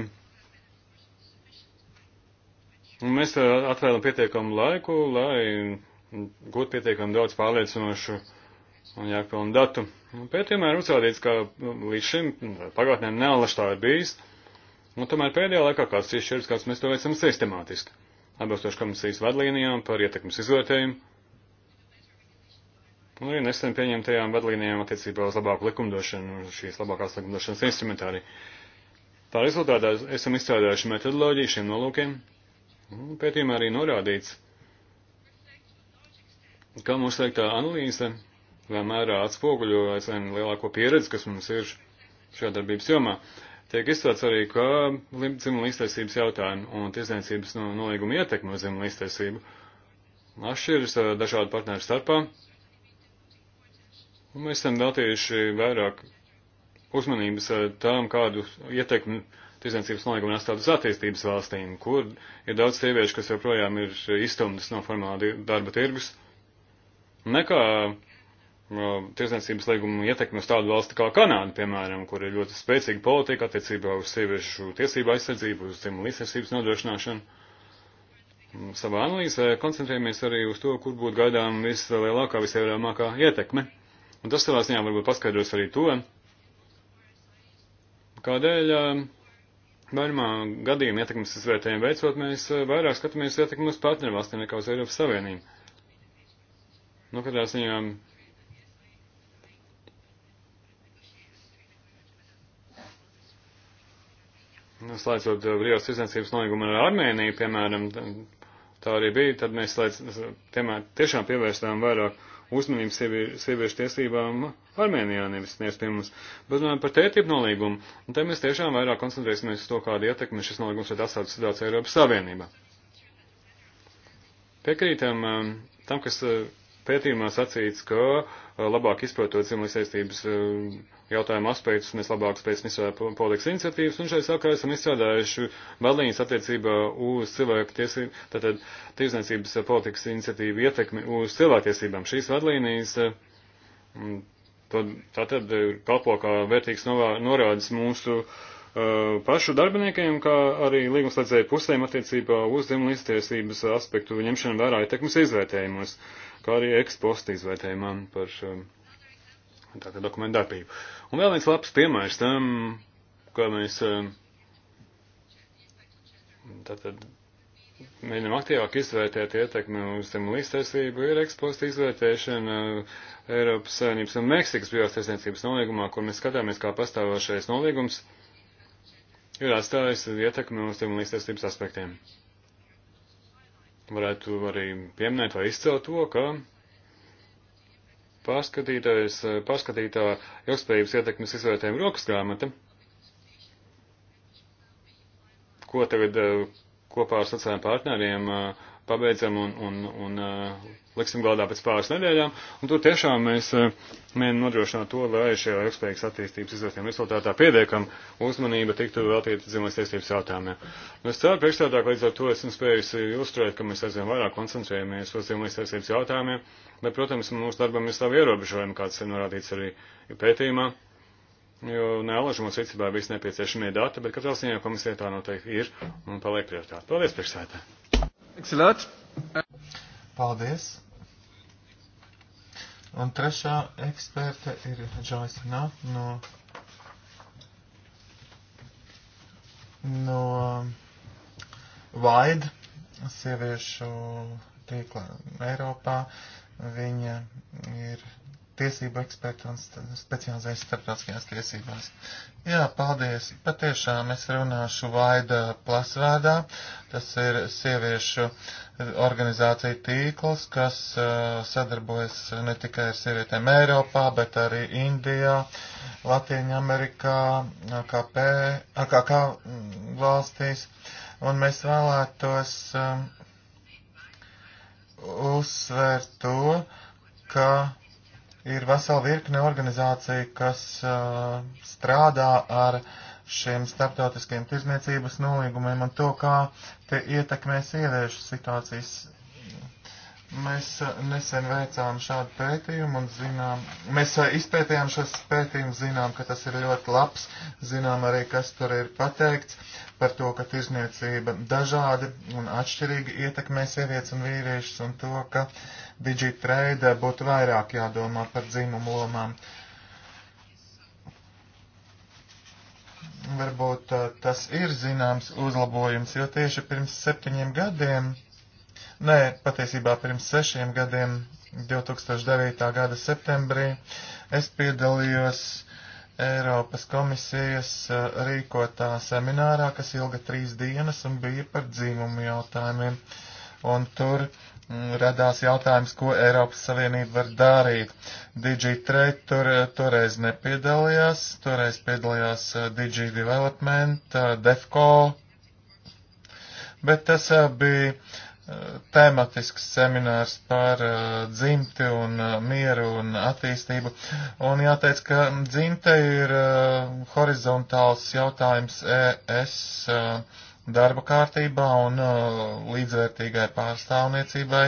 Un mēs atvēlam pietiekamu laiku, lai gūtu pietiekami daudz pārliecinošu un jākpilnu datu. Pētījumā ir uzrādīts, ka nu, līdz šim pagātnē nealaši tā ir bijis. Un tomēr pēdējā laikā kāds izšķirs, kāds mēs to veicam sistemātiski atbilstoši komisijas vadlīnijām par ietekmes izvērtējumu un arī nesen pieņemtajām vadlīnijām attiecībā uz labāku likumdošanu, šīs labākās likumdošanas instrumentāriju. Tā rezultātā esam izstrādājuši metodoloģiju šiem nolūkiem. Pētījumā arī norādīts, ka mūsu veikta analīze vēl mērā atspoguļo aizvien lielāko pieredzi, kas mums ir šajā darbības jomā. Tiek izslēgts arī, ka dzimuma līdztiesības jautājumu un tiesniecības no, nolīguma ietekme uz dzimuma līdztiesību atšķiras eh, dažādu partneru starpā. Un mēs esam veltījuši vairāk uzmanības eh, tam, kādu ietekmi tiesniecības nolīguma atstāt uz attīstības valstīm, kur ir daudz sieviešu, kas joprojām ir izstumtas no formāla darba tirgus, nekā tiesniecības līguma ietekmi uz tādu valsti kā Kanāda, piemēram, kur ir ļoti spēcīga politika attiecībā uz sieviešu tiesību aizsardzību, uz dzimumu līdzsvarības nodrošināšanu. Savā analīzē koncentrējamies arī uz to, kur būtu gaidām vislielākā, visvairākā ietekme. Un tas savā ziņā varbūt paskaidros arī to, kādēļ eh, vairumā gadījuma ietekmes izvērtējumu veicot, mēs eh, vairāk skatāmies ietekmi uz partnervalstīm nekā uz Eiropas Savienību. Nu, katrā ziņā Nu, slēdzot eh, brīvās tirdzniecības nolīgumu ar Armēniju, piemēram, tā arī bija, tad mēs slēdz, piemēr, tiešām pievērstām vairāk uzmanību sieviešu tiesībām Armēnijā, nevis nevis pie mums. Bet runājot par tētību nolīgumu, un nu, te mēs tiešām vairāk koncentrēsimies uz to, kāda ietekme šis nolīgums var atstāt situācijā Eiropas Savienībā. Piekrītam eh, tam, kas eh, pētījumā sacīts, ka labāk izprotot dzimumlīs saistības jautājumu aspektus, mēs labāk spēsim izstrādāt politikas iniciatīvas, un šai sakarā esam izstrādājuši vadlīnijas attiecībā uz cilvēku tiesību, tātad tiesniecības politikas iniciatīvu ietekmi uz cilvēktiesībām. Šīs vadlīnijas tātad kalpo kā vērtīgs norādes mūsu pašu darbiniekiem, kā arī līgumslēdzēju pusēm attiecībā uz dzimumlīs tiesības aspektu ņemšanu vērā ietekmes izvērtējumos. Ja kā arī ekspostu izvērtējumam par um, tātad dokumentu darbību. Un vēl viens labs piemērs tam, kā mēs um, tātad mēģinam aktīvāk izvērtēt ietekmi uz tiem līdztiesību, ir ekspostu izvērtēšana Eiropas Savienības un Meksikas brīvās tiesniecības nolīgumā, kur mēs skatāmies, kā pastāvošais nolīgums ir atstājis ietekmi uz tiem līdztiesības aspektiem varētu arī pieminēt vai izcelt to, ka pārskatītājs, pārskatītā ilgspējības ietekmes izvērtējuma rokas grāmata, ko tagad eh, kopā ar sociālajiem partneriem uh, pabeidzam un, un, un uh, liksim galdā pēc pāris nedēļām. Un tur tiešām mēs uh, mēģinām nodrošināt to, lai šajā ilgspējīgas attīstības izvērtējuma rezultātā pietiekam uzmanība tiktu veltīta dzimumās tiesības jautājumiem. Un nu, es ceru, priekšstādā, ka līdz ar to esmu spējusi uh, ilustrēt, ka mēs aizvien vairāk koncentrējamies uz dzimumās tiesības jautājumiem, bet, protams, mūsu darbam ir savi ierobežojumi, kāds ir norādīts arī pētījumā. Jo nealaži mums rīcībā ir visi nepieciešamie dati, bet katrā ziņā komisija tā noteikti ir un paliek prioritāte. Paldies, priekšsēdētāji! Excellent. Paldies. Un trešā eksperte ir Joyce Nuff no, no Vaid sieviešu tīkla Eiropā. Viņa ir tiesību eksperti un specializējas starptautiskajās tiesībās. Jā, paldies. Patiešām es runāšu Vaida plasvēdā. Tas ir sieviešu organizācija tīkls, kas uh, sadarbojas ne tikai ar sievietēm Eiropā, bet arī Indijā, Latvijā-Amerikā, AKP, AKK valstīs. Un mēs vēlētos um, uzsvērt to, ka ir vesela virkne organizācija, kas uh, strādā ar šiem starptautiskiem tirzniecības nolīgumiem un to, kā tie ietekmē sieviešu situācijas Mēs eh, nesen veicām šādu pētījumu un zinām, mēs eh, izpētījām šos pētījumus, zinām, ka tas ir ļoti labs, zinām arī, kas tur ir pateikts par to, ka tirzniecība dažādi un atšķirīgi ietekmē sievietes un vīriešus un to, ka digitrade būtu vairāk jādomā par dzimumu lomām. Varbūt eh, tas ir zināms uzlabojums, jo tieši pirms septiņiem gadiem Nē, patiesībā pirms sešiem gadiem, 2009. gada septembrī, es piedalījos Eiropas komisijas eh, rīkotā seminārā, kas ilga trīs dienas un bija par dzīvumu jautājumiem. Un tur mm, radās jautājums, ko Eiropas Savienība var darīt. DigiTrade tur, eh, toreiz nepiedalījās, toreiz piedalījās eh, DigiDevelopment, DEFCO, bet tas bija tematisks seminārs par uh, dzimti un uh, mieru un attīstību. Un jāteic, ka dzimte ir uh, horizontāls jautājums ES darba kārtībā un līdzvērtīgai pārstāvniecībai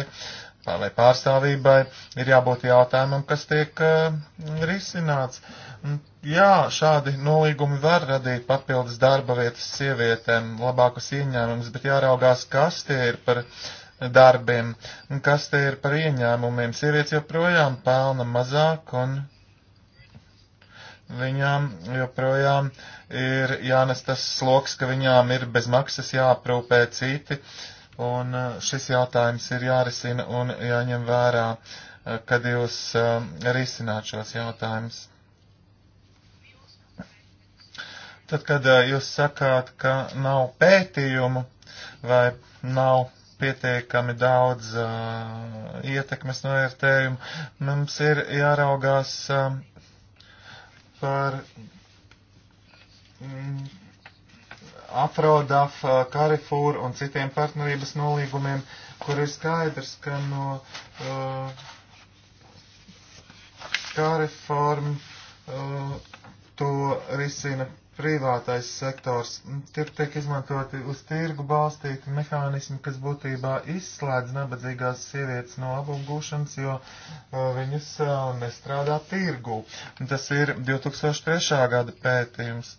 vai pārstāvībai ir jābūt jautājumam, kas tiek risināts. Jā, šādi nolīgumi var radīt papildus darba vietas sievietēm, labākus ieņēmumus, bet jāraugās, kas tie ir par darbiem un kas tie ir par ieņēmumiem. Sievietes joprojām pelna mazāk un viņām joprojām ir jānes tas sloks, ka viņām ir bez maksas jāprūpē citi, un uh, šis jautājums ir jārisina un jāņem vērā, uh, kad jūs uh, risināt šos jautājumus. Tad, kad jūs sakāt, ka nav pētījumu vai nav pietiekami daudz uh, ietekmes novērtējumu, mums ir jāraugās uh, par mm, Afrodaf, uh, Karifūru un citiem partnerības nolīgumiem, kur ir skaidrs, ka no uh, Kariform uh, to risina privātais sektors. Nu, tur tiek izmantoti uz tirgu balstīti mehānismi, kas būtībā izslēdz nabadzīgās sievietes no apgūšanas, jo uh, viņas uh, nestrādā tirgu. Tas ir 2003. gada pētījums.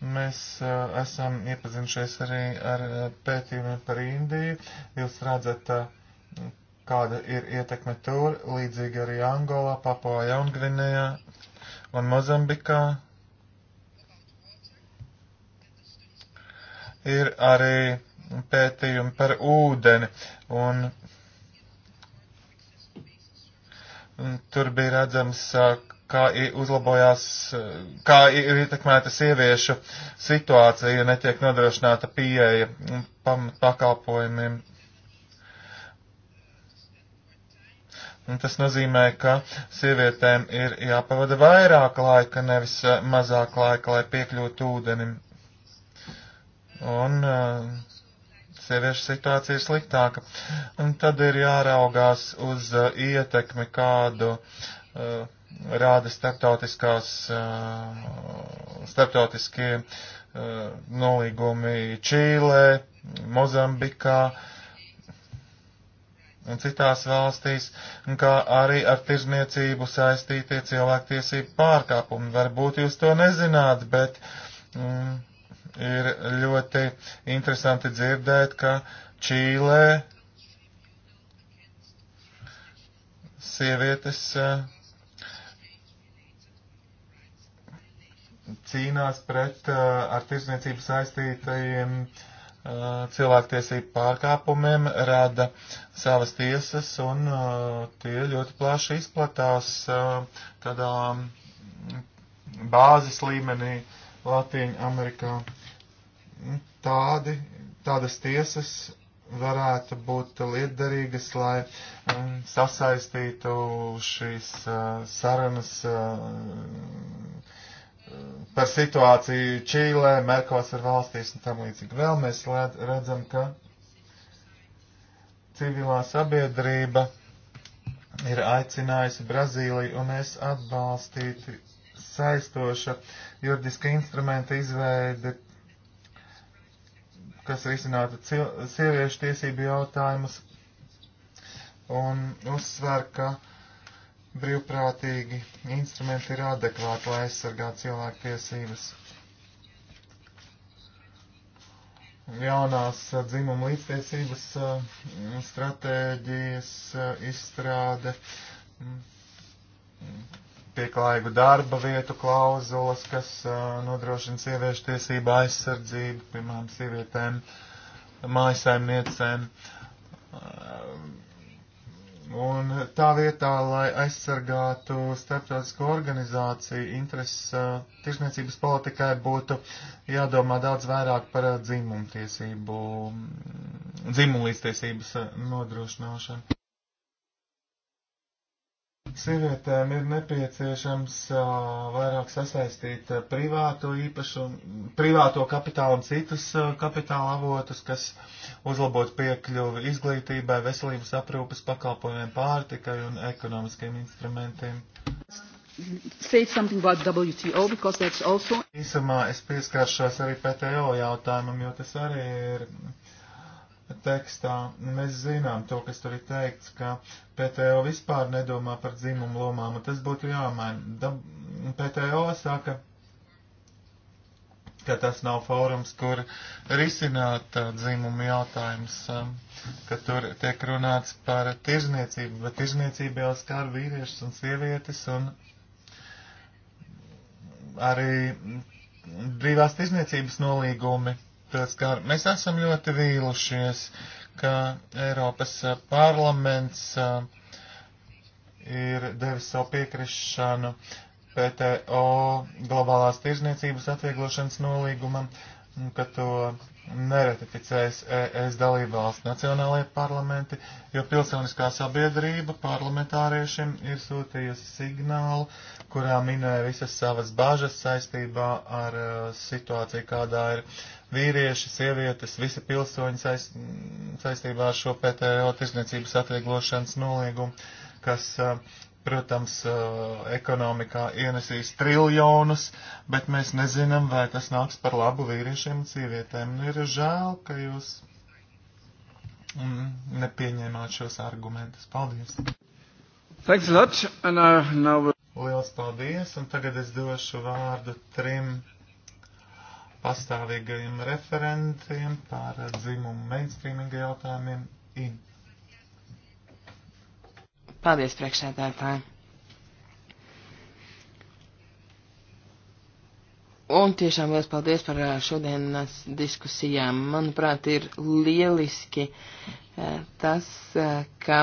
Mēs uh, esam iepazinušies arī ar uh, pētījumiem par Indiju. Jūs redzat, uh, kāda ir ietekme tur, līdzīgi arī Angolā, Papua Jaungvinējā un Mozambikā, Ir arī pētījumi par ūdeni, un tur bija redzams, kā uzlabojās, kā ir ietekmēta sieviešu situācija, ja netiek nodrošināta pieeja pakalpojumiem. Un tas nozīmē, ka sievietēm ir jāpavada vairāk laika, nevis eh, mazāk laika, lai piekļūtu ūdenim un uh, sieviešu situācija ir sliktāka. Un tad ir jāraugās uz uh, ietekmi, kādu uh, rāda starptautiskās, uh, starptautiskie uh, nolīgumi Čīlē, Mozambikā un citās valstīs, un kā arī ar tirzniecību saistītie cilvēktiesību pārkāpumi. Varbūt jūs to nezināt, bet. Mm, ir ļoti interesanti dzirdēt, ka Čīlē sievietes eh, cīnās pret eh, ar tirsniecību saistītajiem eh, cilvēktiesību pārkāpumiem, rada savas tiesas un tie ļoti plaši izplatās tādā mm, bāzes līmenī Latīņa Amerikā tādi, tādas tiesas varētu būt lietderīgas, lai um, sasaistītu šīs uh, sarunas uh, par situāciju Čīlē, Merkosur valstīs un tam līdzīgi. Vēl mēs redzam, ka civilā sabiedrība ir aicinājusi Brazīliju un es atbalstīt saistoša juridiska instrumenta izveidi kas risinātu sieviešu tiesību jautājumus un uzsver, ka brīvprātīgi instrumenti ir adekvāti, lai aizsargātu cilvēku tiesības. Jaunās uh, dzimuma līdztiesības uh, stratēģijas uh, izstrāde mm, mm, pieklājīgu darba vietu klauzulas, kas uh, nodrošina sieviešu tiesību aizsardzību, piemēram, sievietēm, mājasaimniecēm. Uh, un tā vietā, lai aizsargātu starptautisko organizāciju intereses uh, tirsniecības politikai, būtu jādomā daudz vairāk par dzimumtiesību, dzimumlīstiesības nodrošināšanu. Sievietēm ir nepieciešams vairāk sasaistīt privāto īpašumu, privāto kapitālu un citus kapitāla avotus, kas uzlabot piekļuvi izglītībai, veselības aprūpas pakalpojumiem, pārtikai un ekonomiskiem instrumentiem. WTO, also... Īsumā es pieskāršos arī PTO jautājumam, jo tas arī ir tekstā mēs zinām to, kas tur ir teikts, ka PTO vispār nedomā par dzimumu lomām, un tas būtu jāmaina. Dab PTO saka, ka tas nav fórums, kur risināt uh, dzimumu jautājumus, um, ka tur tiek runāts par tirzniecību, bet tirzniecība jau skar vīriešus un sievietes, un arī brīvās tirzniecības nolīgumi tas, kā mēs esam ļoti vīlušies, ka Eiropas eh, parlaments eh, ir devis savu piekrišanu PTO globālās tirzniecības atvieglošanas nolīgumam, ka to neratificēs ES dalībvalsts nacionālajie parlamenti, jo pilsoniskā sabiedrība parlamentāriešiem ir sūtījusi signālu, kurā minēja visas savas bāžas saistībā ar eh, situāciju, kādā ir vīrieši, sievietes, visi pilsoņi saist, mm, saistībā ar šo PTO tirzniecības atvieglošanas noliegumu, kas, protams, ekonomikā ienesīs triljonus, bet mēs nezinām, vai tas nāks par labu vīriešiem un sievietēm. Nu, ir žēl, ka jūs mm, nepieņēmāt šos argumentus. Paldies! Thanks a lot, and uh, now... Liels paldies, un tagad es došu vārdu trim pastāvīgajiem referentiem par dzimumu mainstreaminga jautājumiem. In. Paldies, priekšsēdētāji. Un tiešām liels paldies par šodienas diskusijām. Manuprāt, ir lieliski tas, ka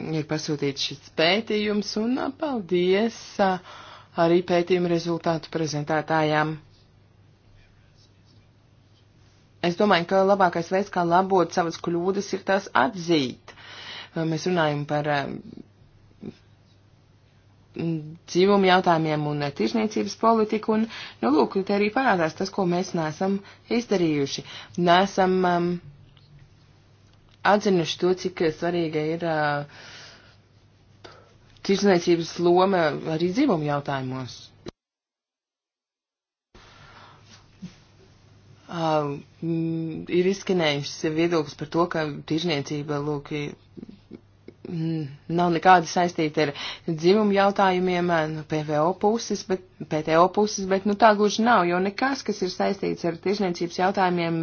ir pasūtīts šis pētījums, un paldies arī pētījuma rezultātu prezentētājām. Es domāju, ka labākais veids, kā labot savas kļūdas, ir tās atzīt. Mēs runājam par um, dzīvumu jautājumiem un tirsniecības politiku, un, nu, lūk, te arī parādās tas, ko mēs neesam izdarījuši. Nesam um, atzinuši to, cik svarīga ir uh, tirsniecības loma arī dzīvumu jautājumos. Uh, ir izskanējušas viedoklis par to, ka tirzniecība, lūk, mm, nav nekāda saistīta ar dzimumu jautājumiem no PVO puses, bet, PTO puses, bet nu tā gluži nav, jo nekas, kas ir saistīts ar tiešniecības jautājumiem,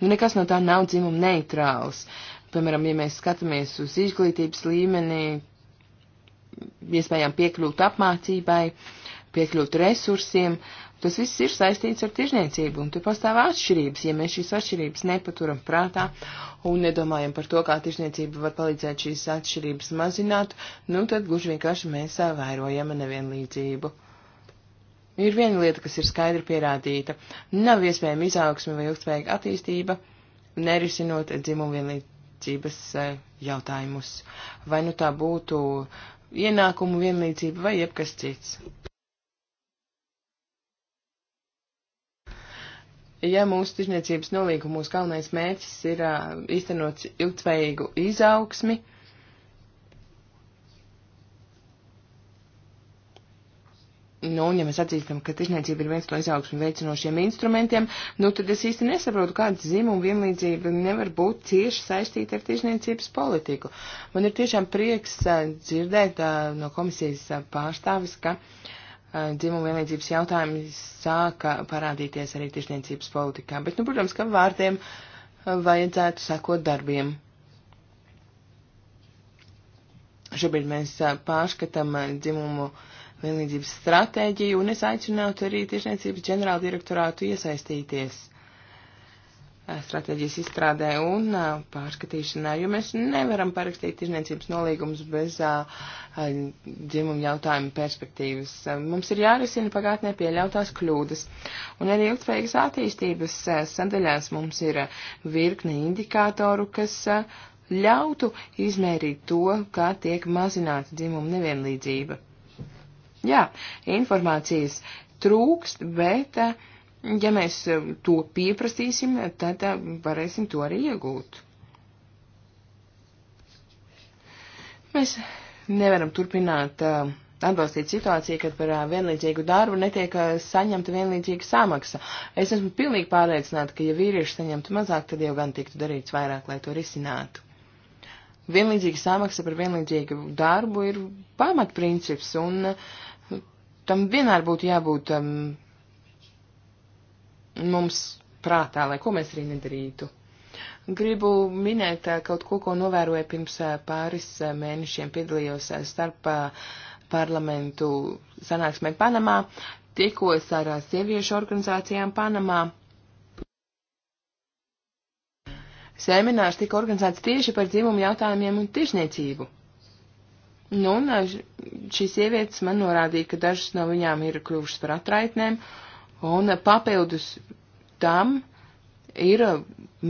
nu nekas no tā nav dzimumu neitrāls. Piemēram, ja mēs skatāmies uz izglītības līmeni, iespējām piekļūt apmācībai, piekļūt resursiem, uh, Tas viss ir saistīts ar tirzniecību, un tur pastāv atšķirības. Ja mēs šīs atšķirības nepaturam prātā un nedomājam par to, kā tirzniecība var palīdzēt šīs atšķirības mazināt, nu tad gluži vienkārši mēs vērojam nevienlīdzību. Ir viena lieta, kas ir skaidri pierādīta. Nav iespējama izaugsme vai ilgspējīga attīstība, nerisinot dzimumvienlīdzības jautājumus. Vai nu tā būtu ienākumu vienlīdzība vai jebkas cits. ja mūsu tirzniecības nolīgumos galvenais mērķis ir uh, īstenot ilgtveigu izaugsmi, nu, ja mēs atzīstam, ka tirzniecība ir viens no izaugsmi veicinošiem instrumentiem, nu, tad es īsti nesaprotu, kāda dzimuma vienlīdzība nevar būt cieši saistīta ar tirzniecības politiku. Man ir tiešām prieks uh, dzirdēt uh, no komisijas uh, pārstāvis, ka uh, Eh, dzimumu vienlīdzības jautājumi sāka parādīties arī tiešniecības politikā. Bet, nu, protams, ka vārdiem eh, vajadzētu sekot darbiem. Šobrīd mēs eh, pārskatām dzimumu vienlīdzības stratēģiju un es aicinātu arī tiešniecības ģenerāldirektorātu iesaistīties. Eh, stratēģijas izstrādē un eh, pārskatīšanā, jo mēs nevaram parakstīt tirzniecības nolīgumus bez eh, dzimumu jautājumu perspektīvas. Mums ir jārisina pagātnē pieļautās kļūdas. Un arī ilgtspējīgas attīstības sadaļās mums ir virkne indikātoru, kas ļautu izmērīt to, kā tiek mazināta dzimuma nevienlīdzība. Jā, informācijas trūkst, bet uh, ja mēs eh, to pieprasīsim, tad eh, varēsim to arī iegūt. Mēs nevaram turpināt eh, atbalstīt situāciju, kad par vienlīdzīgu darbu netiek saņemta vienlīdzīga samaksa. Es esmu pilnīgi pārliecināta, ka ja vīrieši saņemtu mazāk, tad jau gan tiktu darīts vairāk, lai to risinātu. Vienlīdzīga samaksa par vienlīdzīgu darbu ir pamatprincips, un tam vienmēr būtu jābūt um, mums prātā, lai ko mēs arī nedarītu. Gribu minēt eh, kaut ko, ko novēroju pirms eh, pāris eh, mēnešiem piedalījos starp parlamentu sanāksmē Panamā, tikos ar sieviešu organizācijām Panamā. Seminārs tika organizēts tieši par dzimumu jautājumiem un tirzniecību. Nu, un šīs sievietes man norādīja, ka dažas no viņām ir kļuvušas par atraitnēm, uh, Un papildus tam ir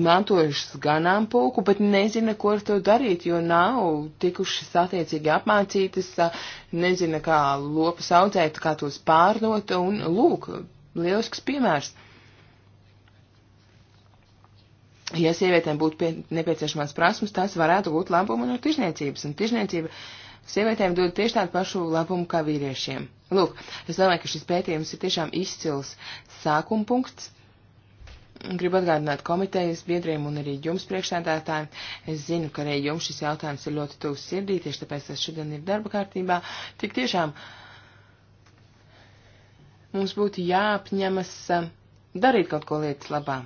mantojušas ganāmpulku, bet nezina, ko ar to darīt, jo nav tikušas attiecīgi apmācītas, nezina, kā lopas audzēt, kā tos pārdot, un lūk, lielisks piemērs. Ja sievietēm būtu pie, nepieciešamās prasmes, tās varētu būt labumu no tirzniecības, un tirzniecība Sievietēm dod tieši tādu pašu labumu kā vīriešiem. Lūk, es domāju, ka šis pētījums ir tiešām izcils sākuma punkts. Gribu atgādināt komitejas biedriem un arī jums priekšsēdētājiem. Es zinu, ka arī jums šis jautājums ir ļoti tuvs sirdī, tieši tāpēc tas šodien ir darba kārtībā. Tik tiešām mums būtu jāapņemas darīt kaut ko lietas labā.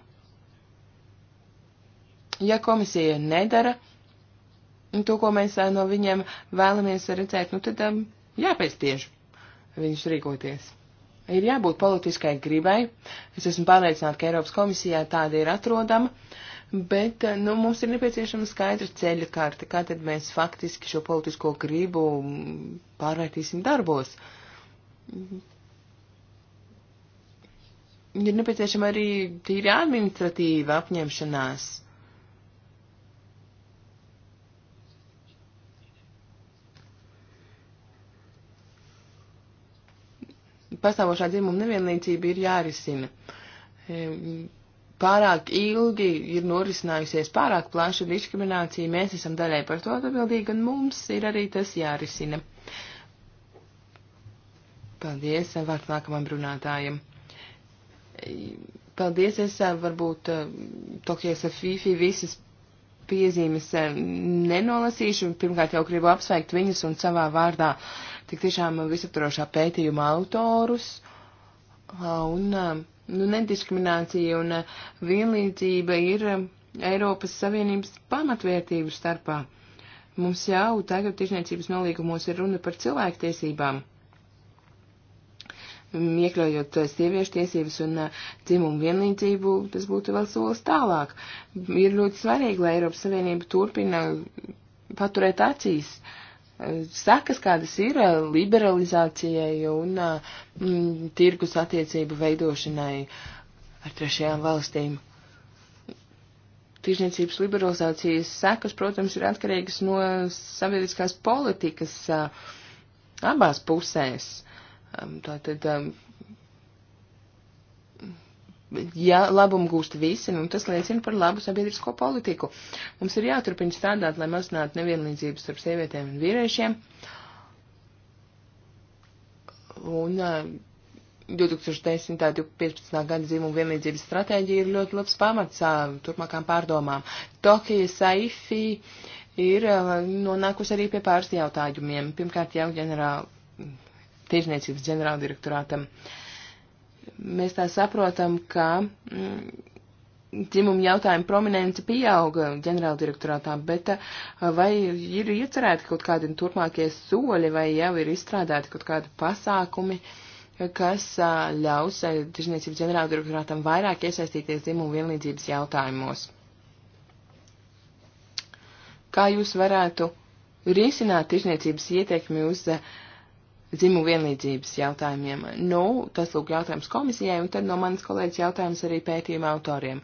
Ja komisija nedara, to, ko mēs eh, no viņiem vēlamies redzēt, nu tad um, jāpēstiež viņus rīkoties. Ir jābūt politiskai gribai. Es esmu pārliecināta, ka Eiropas komisijā tāda ir atrodama, bet eh, nu, mums ir nepieciešama skaidra ceļa kārta, kā tad mēs faktiski šo politisko gribu mm, pārvērtīsim darbos. Ir nepieciešama arī tīri administratīva apņemšanās pastāvošā dzimuma nevienlīdzība ir jārisina. Pārāk ilgi ir norisinājusies pārāk plaša diskriminācija, mēs esam daļai par to atbildīgi, un mums ir arī tas jārisina. Paldies, vārds nākamam runātājam. Paldies, es varbūt eh, Tokijas Fifi visas piezīmes eh, nenolasīšu. Pirmkārt jau gribu apsveikt viņus un savā vārdā tik tiešām visaptarošā pētījuma autorus. Un nu, nediskriminācija un vienlīdzība ir Eiropas Savienības pamatvērtību starpā. Mums jau tagad tiešniecības nolīgumos ir runa par cilvēktiesībām iekļaujot eh, sieviešu tiesības un eh, dzimumu vienlīdzību, tas būtu vēl solis tālāk. Ir ļoti svarīgi, lai Eiropas Savienība turpina paturēt acīs. Eh, sakas, kādas ir liberalizācijai un mm, tirgus attiecību veidošanai ar trešajām valstīm. Tirzniecības liberalizācijas sekas, protams, ir atkarīgas no sabiedriskās politikas abās pusēs Tātad, ja labumu gūst visi, nu tas liecina par labu sabiedrisko politiku. Mums ir jāturpina strādāt, lai mazinātu nevienlīdzības starp sievietēm un vīriešiem. Un 2010. un 2015. gada dzimumu vienlīdzības stratēģija ir ļoti labs pamats turpmākām pārdomām. Tokija Saifi ir nonākusi arī pie pāris jautājumiem. Pirmkārt, jau ģenerāla tirzniecības ģenerāldirektorātam. Mēs tā saprotam, ka dzimumu mm, jautājumu prominence pieauga ģenerāldirektorātā, bet vai ir iecerēti kaut kādi turpmākie soļi, vai jau ir izstrādāti kaut kādi pasākumi, kas ļaus tirzniecības ģenerāldirektorātam vairāk iesaistīties dzimumu vienlīdzības jautājumos? Kā jūs varētu risināt tirzniecības ietekmi uz uh, dzimumu vienlīdzības jautājumiem. Nu, tas lūk jautājums komisijai, un tad no manas kolēģis jautājums arī pētījuma autoriem.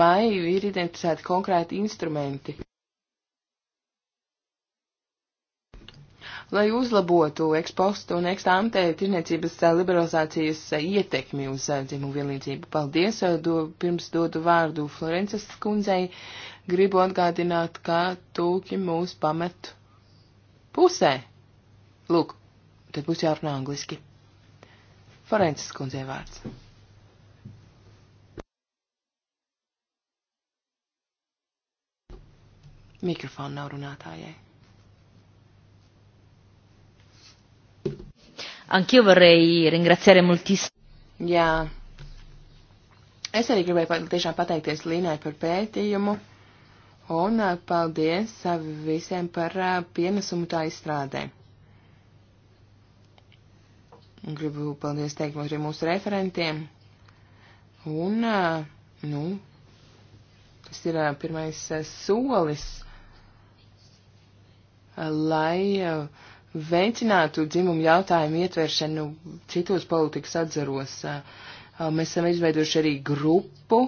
Vai ir identificēti konkrēti instrumenti, lai uzlabotu ekspostu un ekstante tirniecības eh, liberalizācijas eh, ietekmi uz eh, dzimumu vienlīdzību? Paldies, do, pirms dodu vārdu Florences kundzei. Gribu atgādināt, ka tūki mūs pamet pusē. Lūk, Tad būs jārunā angliski. Forences kundzei vārds. Mikrofonu nav runātājai. Anch'io vorrei ringraziare moltissimo. Jā. Es arī gribēju tiešām pateikties Līnai par pētījumu un uh, paldies uh, visiem par uh, pienesumu tā izstrādē. Gribu paldies teikt arī mūsu referentiem. Un, nu, tas ir pirmais solis, lai veicinātu dzimumu jautājumu ietveršanu citos politikas atzaros. Mēs esam izveidojuši arī grupu,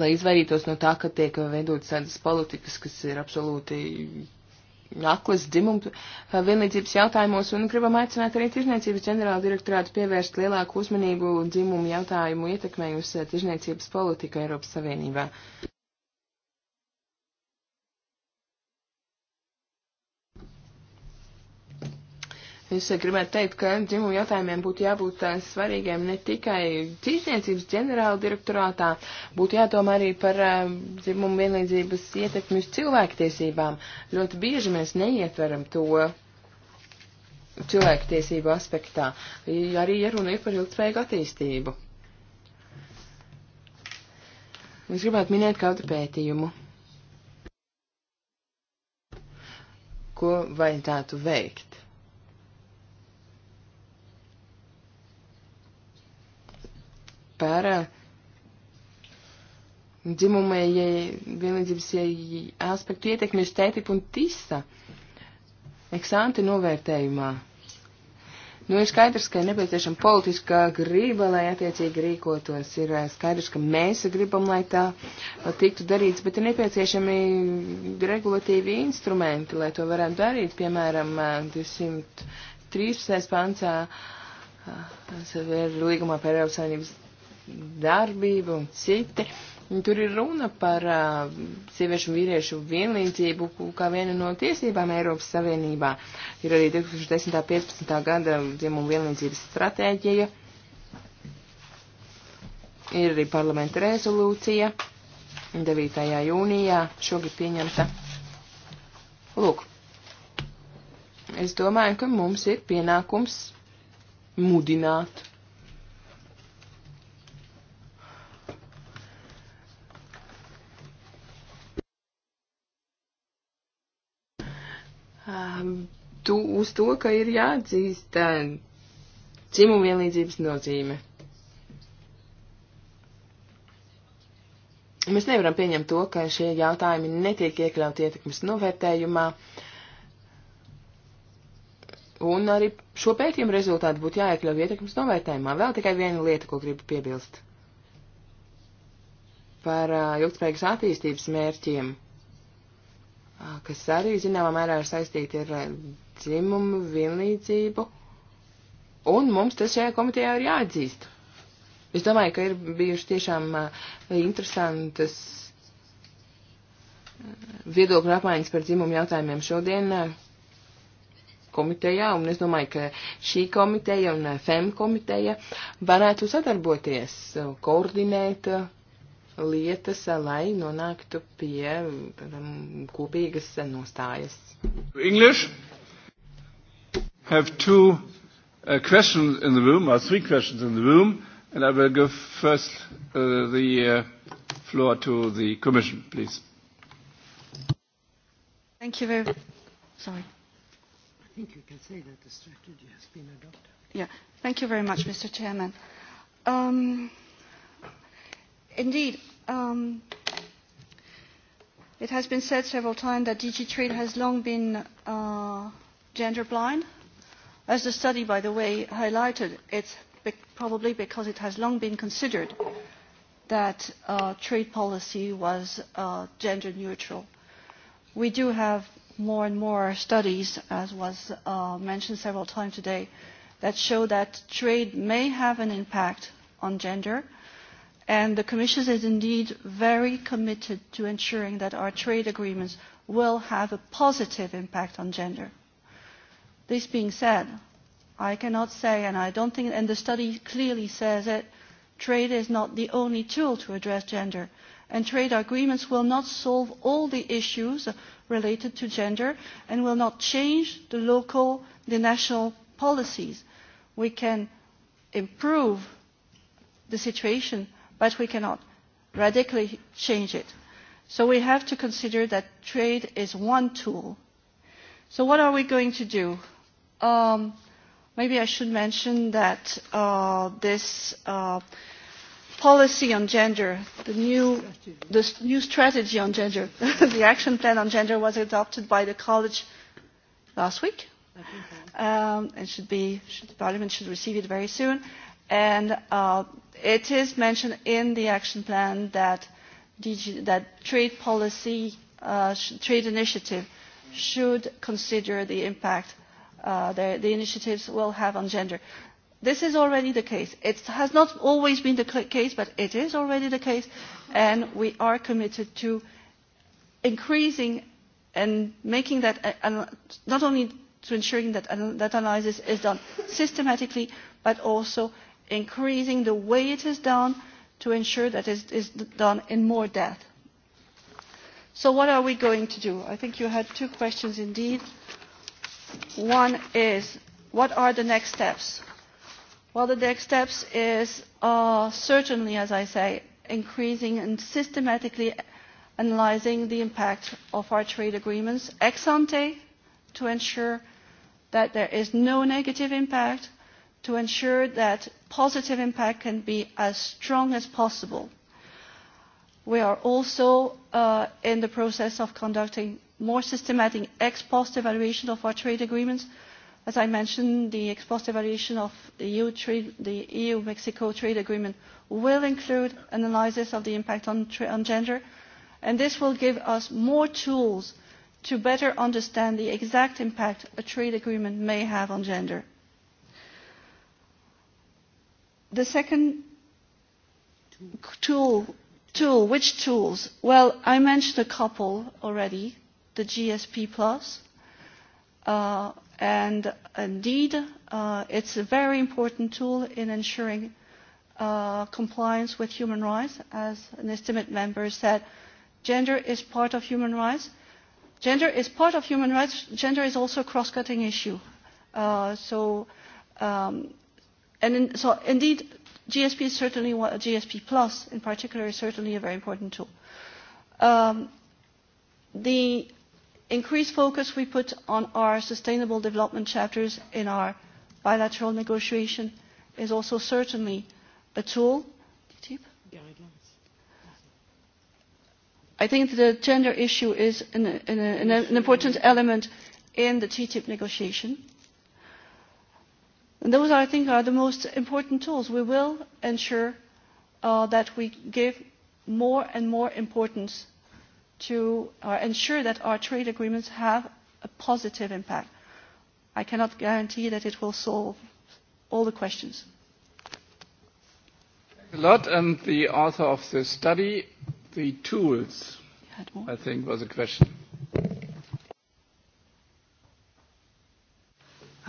lai izvairītos no tā, ka tiek veidotas tādas politikas, kas ir absolūti aklas dzimumu eh, vienlīdzības jautājumos un gribam aicināt arī tirzniecības ģenerāla direktorātu pievērst lielāku uzmanību dzimumu jautājumu ietekmējusi eh, tirzniecības politika Eiropas Savienībā. Es gribētu teikt, ka dzimumu jautājumiem būtu jābūt eh, svarīgiem ne tikai cīsniecības ģenerāla direktorātā, būtu jādomā arī par eh, dzimumu vienlīdzības ietekmi uz cilvēktiesībām. Ļoti bieži mēs neietveram to cilvēktiesību aspektā, arī ja runa ir par ilgspējīgu attīstību. Es gribētu minēt kādu pētījumu, ko vajadzētu veikt par uh, dzimumai vienlīdzības aspektu ietekmi uz tētipu un tisa eksāmena novērtējumā. Nu, ir skaidrs, ka ir nepieciešama politiskā grība, lai attiecīgi rīkotos. Ir uh, skaidrs, ka mēs gribam, lai tā tiktu darīts, bet ir nepieciešami regulatīvi instrumenti, lai to varētu darīt. Piemēram, 213. Uh, pancā, tas ir līgumā par Eiropas Savienības darbība un citi. Tur ir runa par uh, sieviešu un vīriešu vienlīdzību kā vienu no tiesībām Eiropas Savienībā. Ir arī 2010. 15. gada dzimumu vienlīdzības stratēģija. Ir arī parlamenta rezolūcija 9. jūnijā šogad pieņemta. Lūk, es domāju, ka mums ir pienākums mudināt tu, uz to, ka ir jāatzīst dzimumu vienlīdzības nozīme. Mēs nevaram pieņemt to, ka šie jautājumi netiek iekļauti ietekmes novērtējumā, un arī šo pētījumu rezultātu būtu jāiekļauj ietekmes novērtējumā. Vēl tikai viena lieta, ko gribu piebilst par uh, ilgspējīgas attīstības mērķiem kas arī zināmā mērā ir saistīti ar dzimumu vienlīdzību. Un mums tas šajā komitejā ir jāatzīst. Es domāju, ka ir bijuši tiešām interesantas viedokļu apmaiņas par dzimumu jautājumiem šodien komitejā, un es domāju, ka šī komiteja un FEM komiteja varētu sadarboties, koordinēt lietas, eh, lai nonāktu pie um, kopīgas eh, nostājas. English have two uh, questions in the room, or three questions in the room, and I will give first uh, the uh, floor to the Commission, please. Thank you very much. Sorry. I think you can say that the strategy has been adopted. Yeah. Thank you very much, Mr. Chairman. Um, Indeed, um, it has been said several times that DG Trade has long been uh, gender blind. As the study, by the way, highlighted, it's be- probably because it has long been considered that uh, trade policy was uh, gender neutral. We do have more and more studies, as was uh, mentioned several times today, that show that trade may have an impact on gender. Uh, And the Commission is indeed very committed to ensuring that our trade agreements will have a positive impact on gender. This being said, I cannot say, and I don't think, and the study clearly says it, trade is not the only tool to address gender. And trade agreements will not solve all the issues related to gender and will not change the local, the national policies. We can improve the situation but we cannot radically change it. So we have to consider that trade is one tool. So what are we going to do? Um, maybe I should mention that uh, this uh, policy on gender, the new, the new strategy on gender, [laughs] the action plan on gender was adopted by the college last week. Um, and should be, should, the parliament should receive it very soon and uh, it is mentioned in the action plan that DG, that trade policy, uh, sh trade initiative should consider the impact uh, the, the initiatives will have on gender. This is already the case. It has not always been the case, but it is already the case, and we are committed to increasing and making that uh, not only to ensuring that uh, that analysis is done systematically, but also increasing the way it is done to ensure that it is done in more depth. So what are we going to do? I think you had two questions indeed. One is, what are the next steps? Well, the next steps is uh, certainly, as I say, increasing and systematically analyzing the impact of our trade agreements ex ante to ensure that there is no negative impact to ensure that positive impact can be as strong as possible. We are also uh, in the process of conducting more systematic ex post evaluation of our trade agreements. As I mentioned, the ex post evaluation of the EU trade, the EU Mexico trade agreement will include analysis of the impact on, tra- on gender, and this will give us more tools to better understand the exact impact a trade agreement may have on gender the second tool, tool, which tools? Well, I mentioned a couple already, the GSP Plus, uh, and indeed, uh, it's a very important tool in ensuring uh, compliance with human rights. As an estimate member said, gender is part of human rights. Gender is part of human rights. Gender is also a cross-cutting issue. Uh, so um, And in, so indeed, GSP is certainly, GSP Plus in particular, is certainly a very important tool. Um, the increased focus we put on our sustainable development chapters in our bilateral negotiation is also certainly a tool. I think the gender issue is an, an, an, an important element in the TTIP negotiation. Uh, And those, I think, are the most important tools. We will ensure uh, that we give more and more importance to uh, ensure that our trade agreements have a positive impact. I cannot guarantee that it will solve all the questions. Thanks a lot. And the author of the study, the tools, I think, was a question.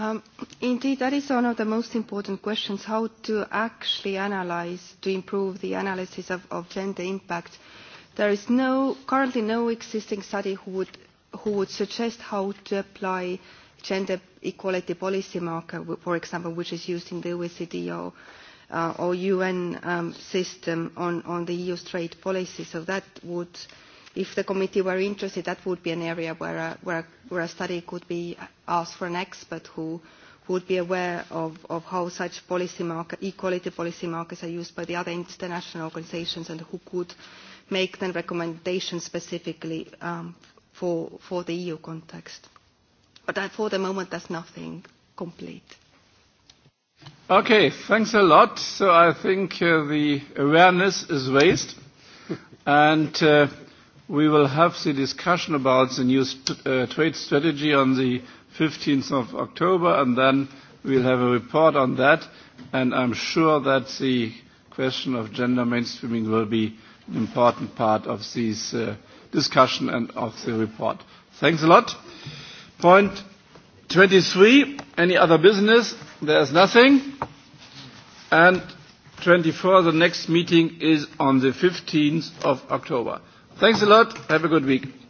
Um, indeed, that is one of the most important questions, how to actually analyze, to improve the analysis of, of gender impact. There is no, currently no existing study who would, who would suggest how to apply gender equality policy marker, for example, which is used in the OECD or, uh, or UN um, system on, on the EU's trade policy. So that would uh, if the committee were interested, that would be an area where a, where a, where a study could be asked for an expert who would be aware of, of how such policy market, equality policy markets are used by the other international organizations and who could make then recommendations specifically um, for, for the EU context. But I, for the moment, there's nothing complete. Okay, thanks a lot. So I think uh, the awareness is raised. and uh, we will have the discussion about the new st uh, trade strategy on the 15th of October, and then we'll have a report on that. And I'm sure that the question of gender mainstreaming will be an important part of this uh, discussion and of the report. Thanks a lot. Point 23, any other business? There's nothing. And 24, the next meeting is on the 15th of October. Thanks a lot. Have a good week.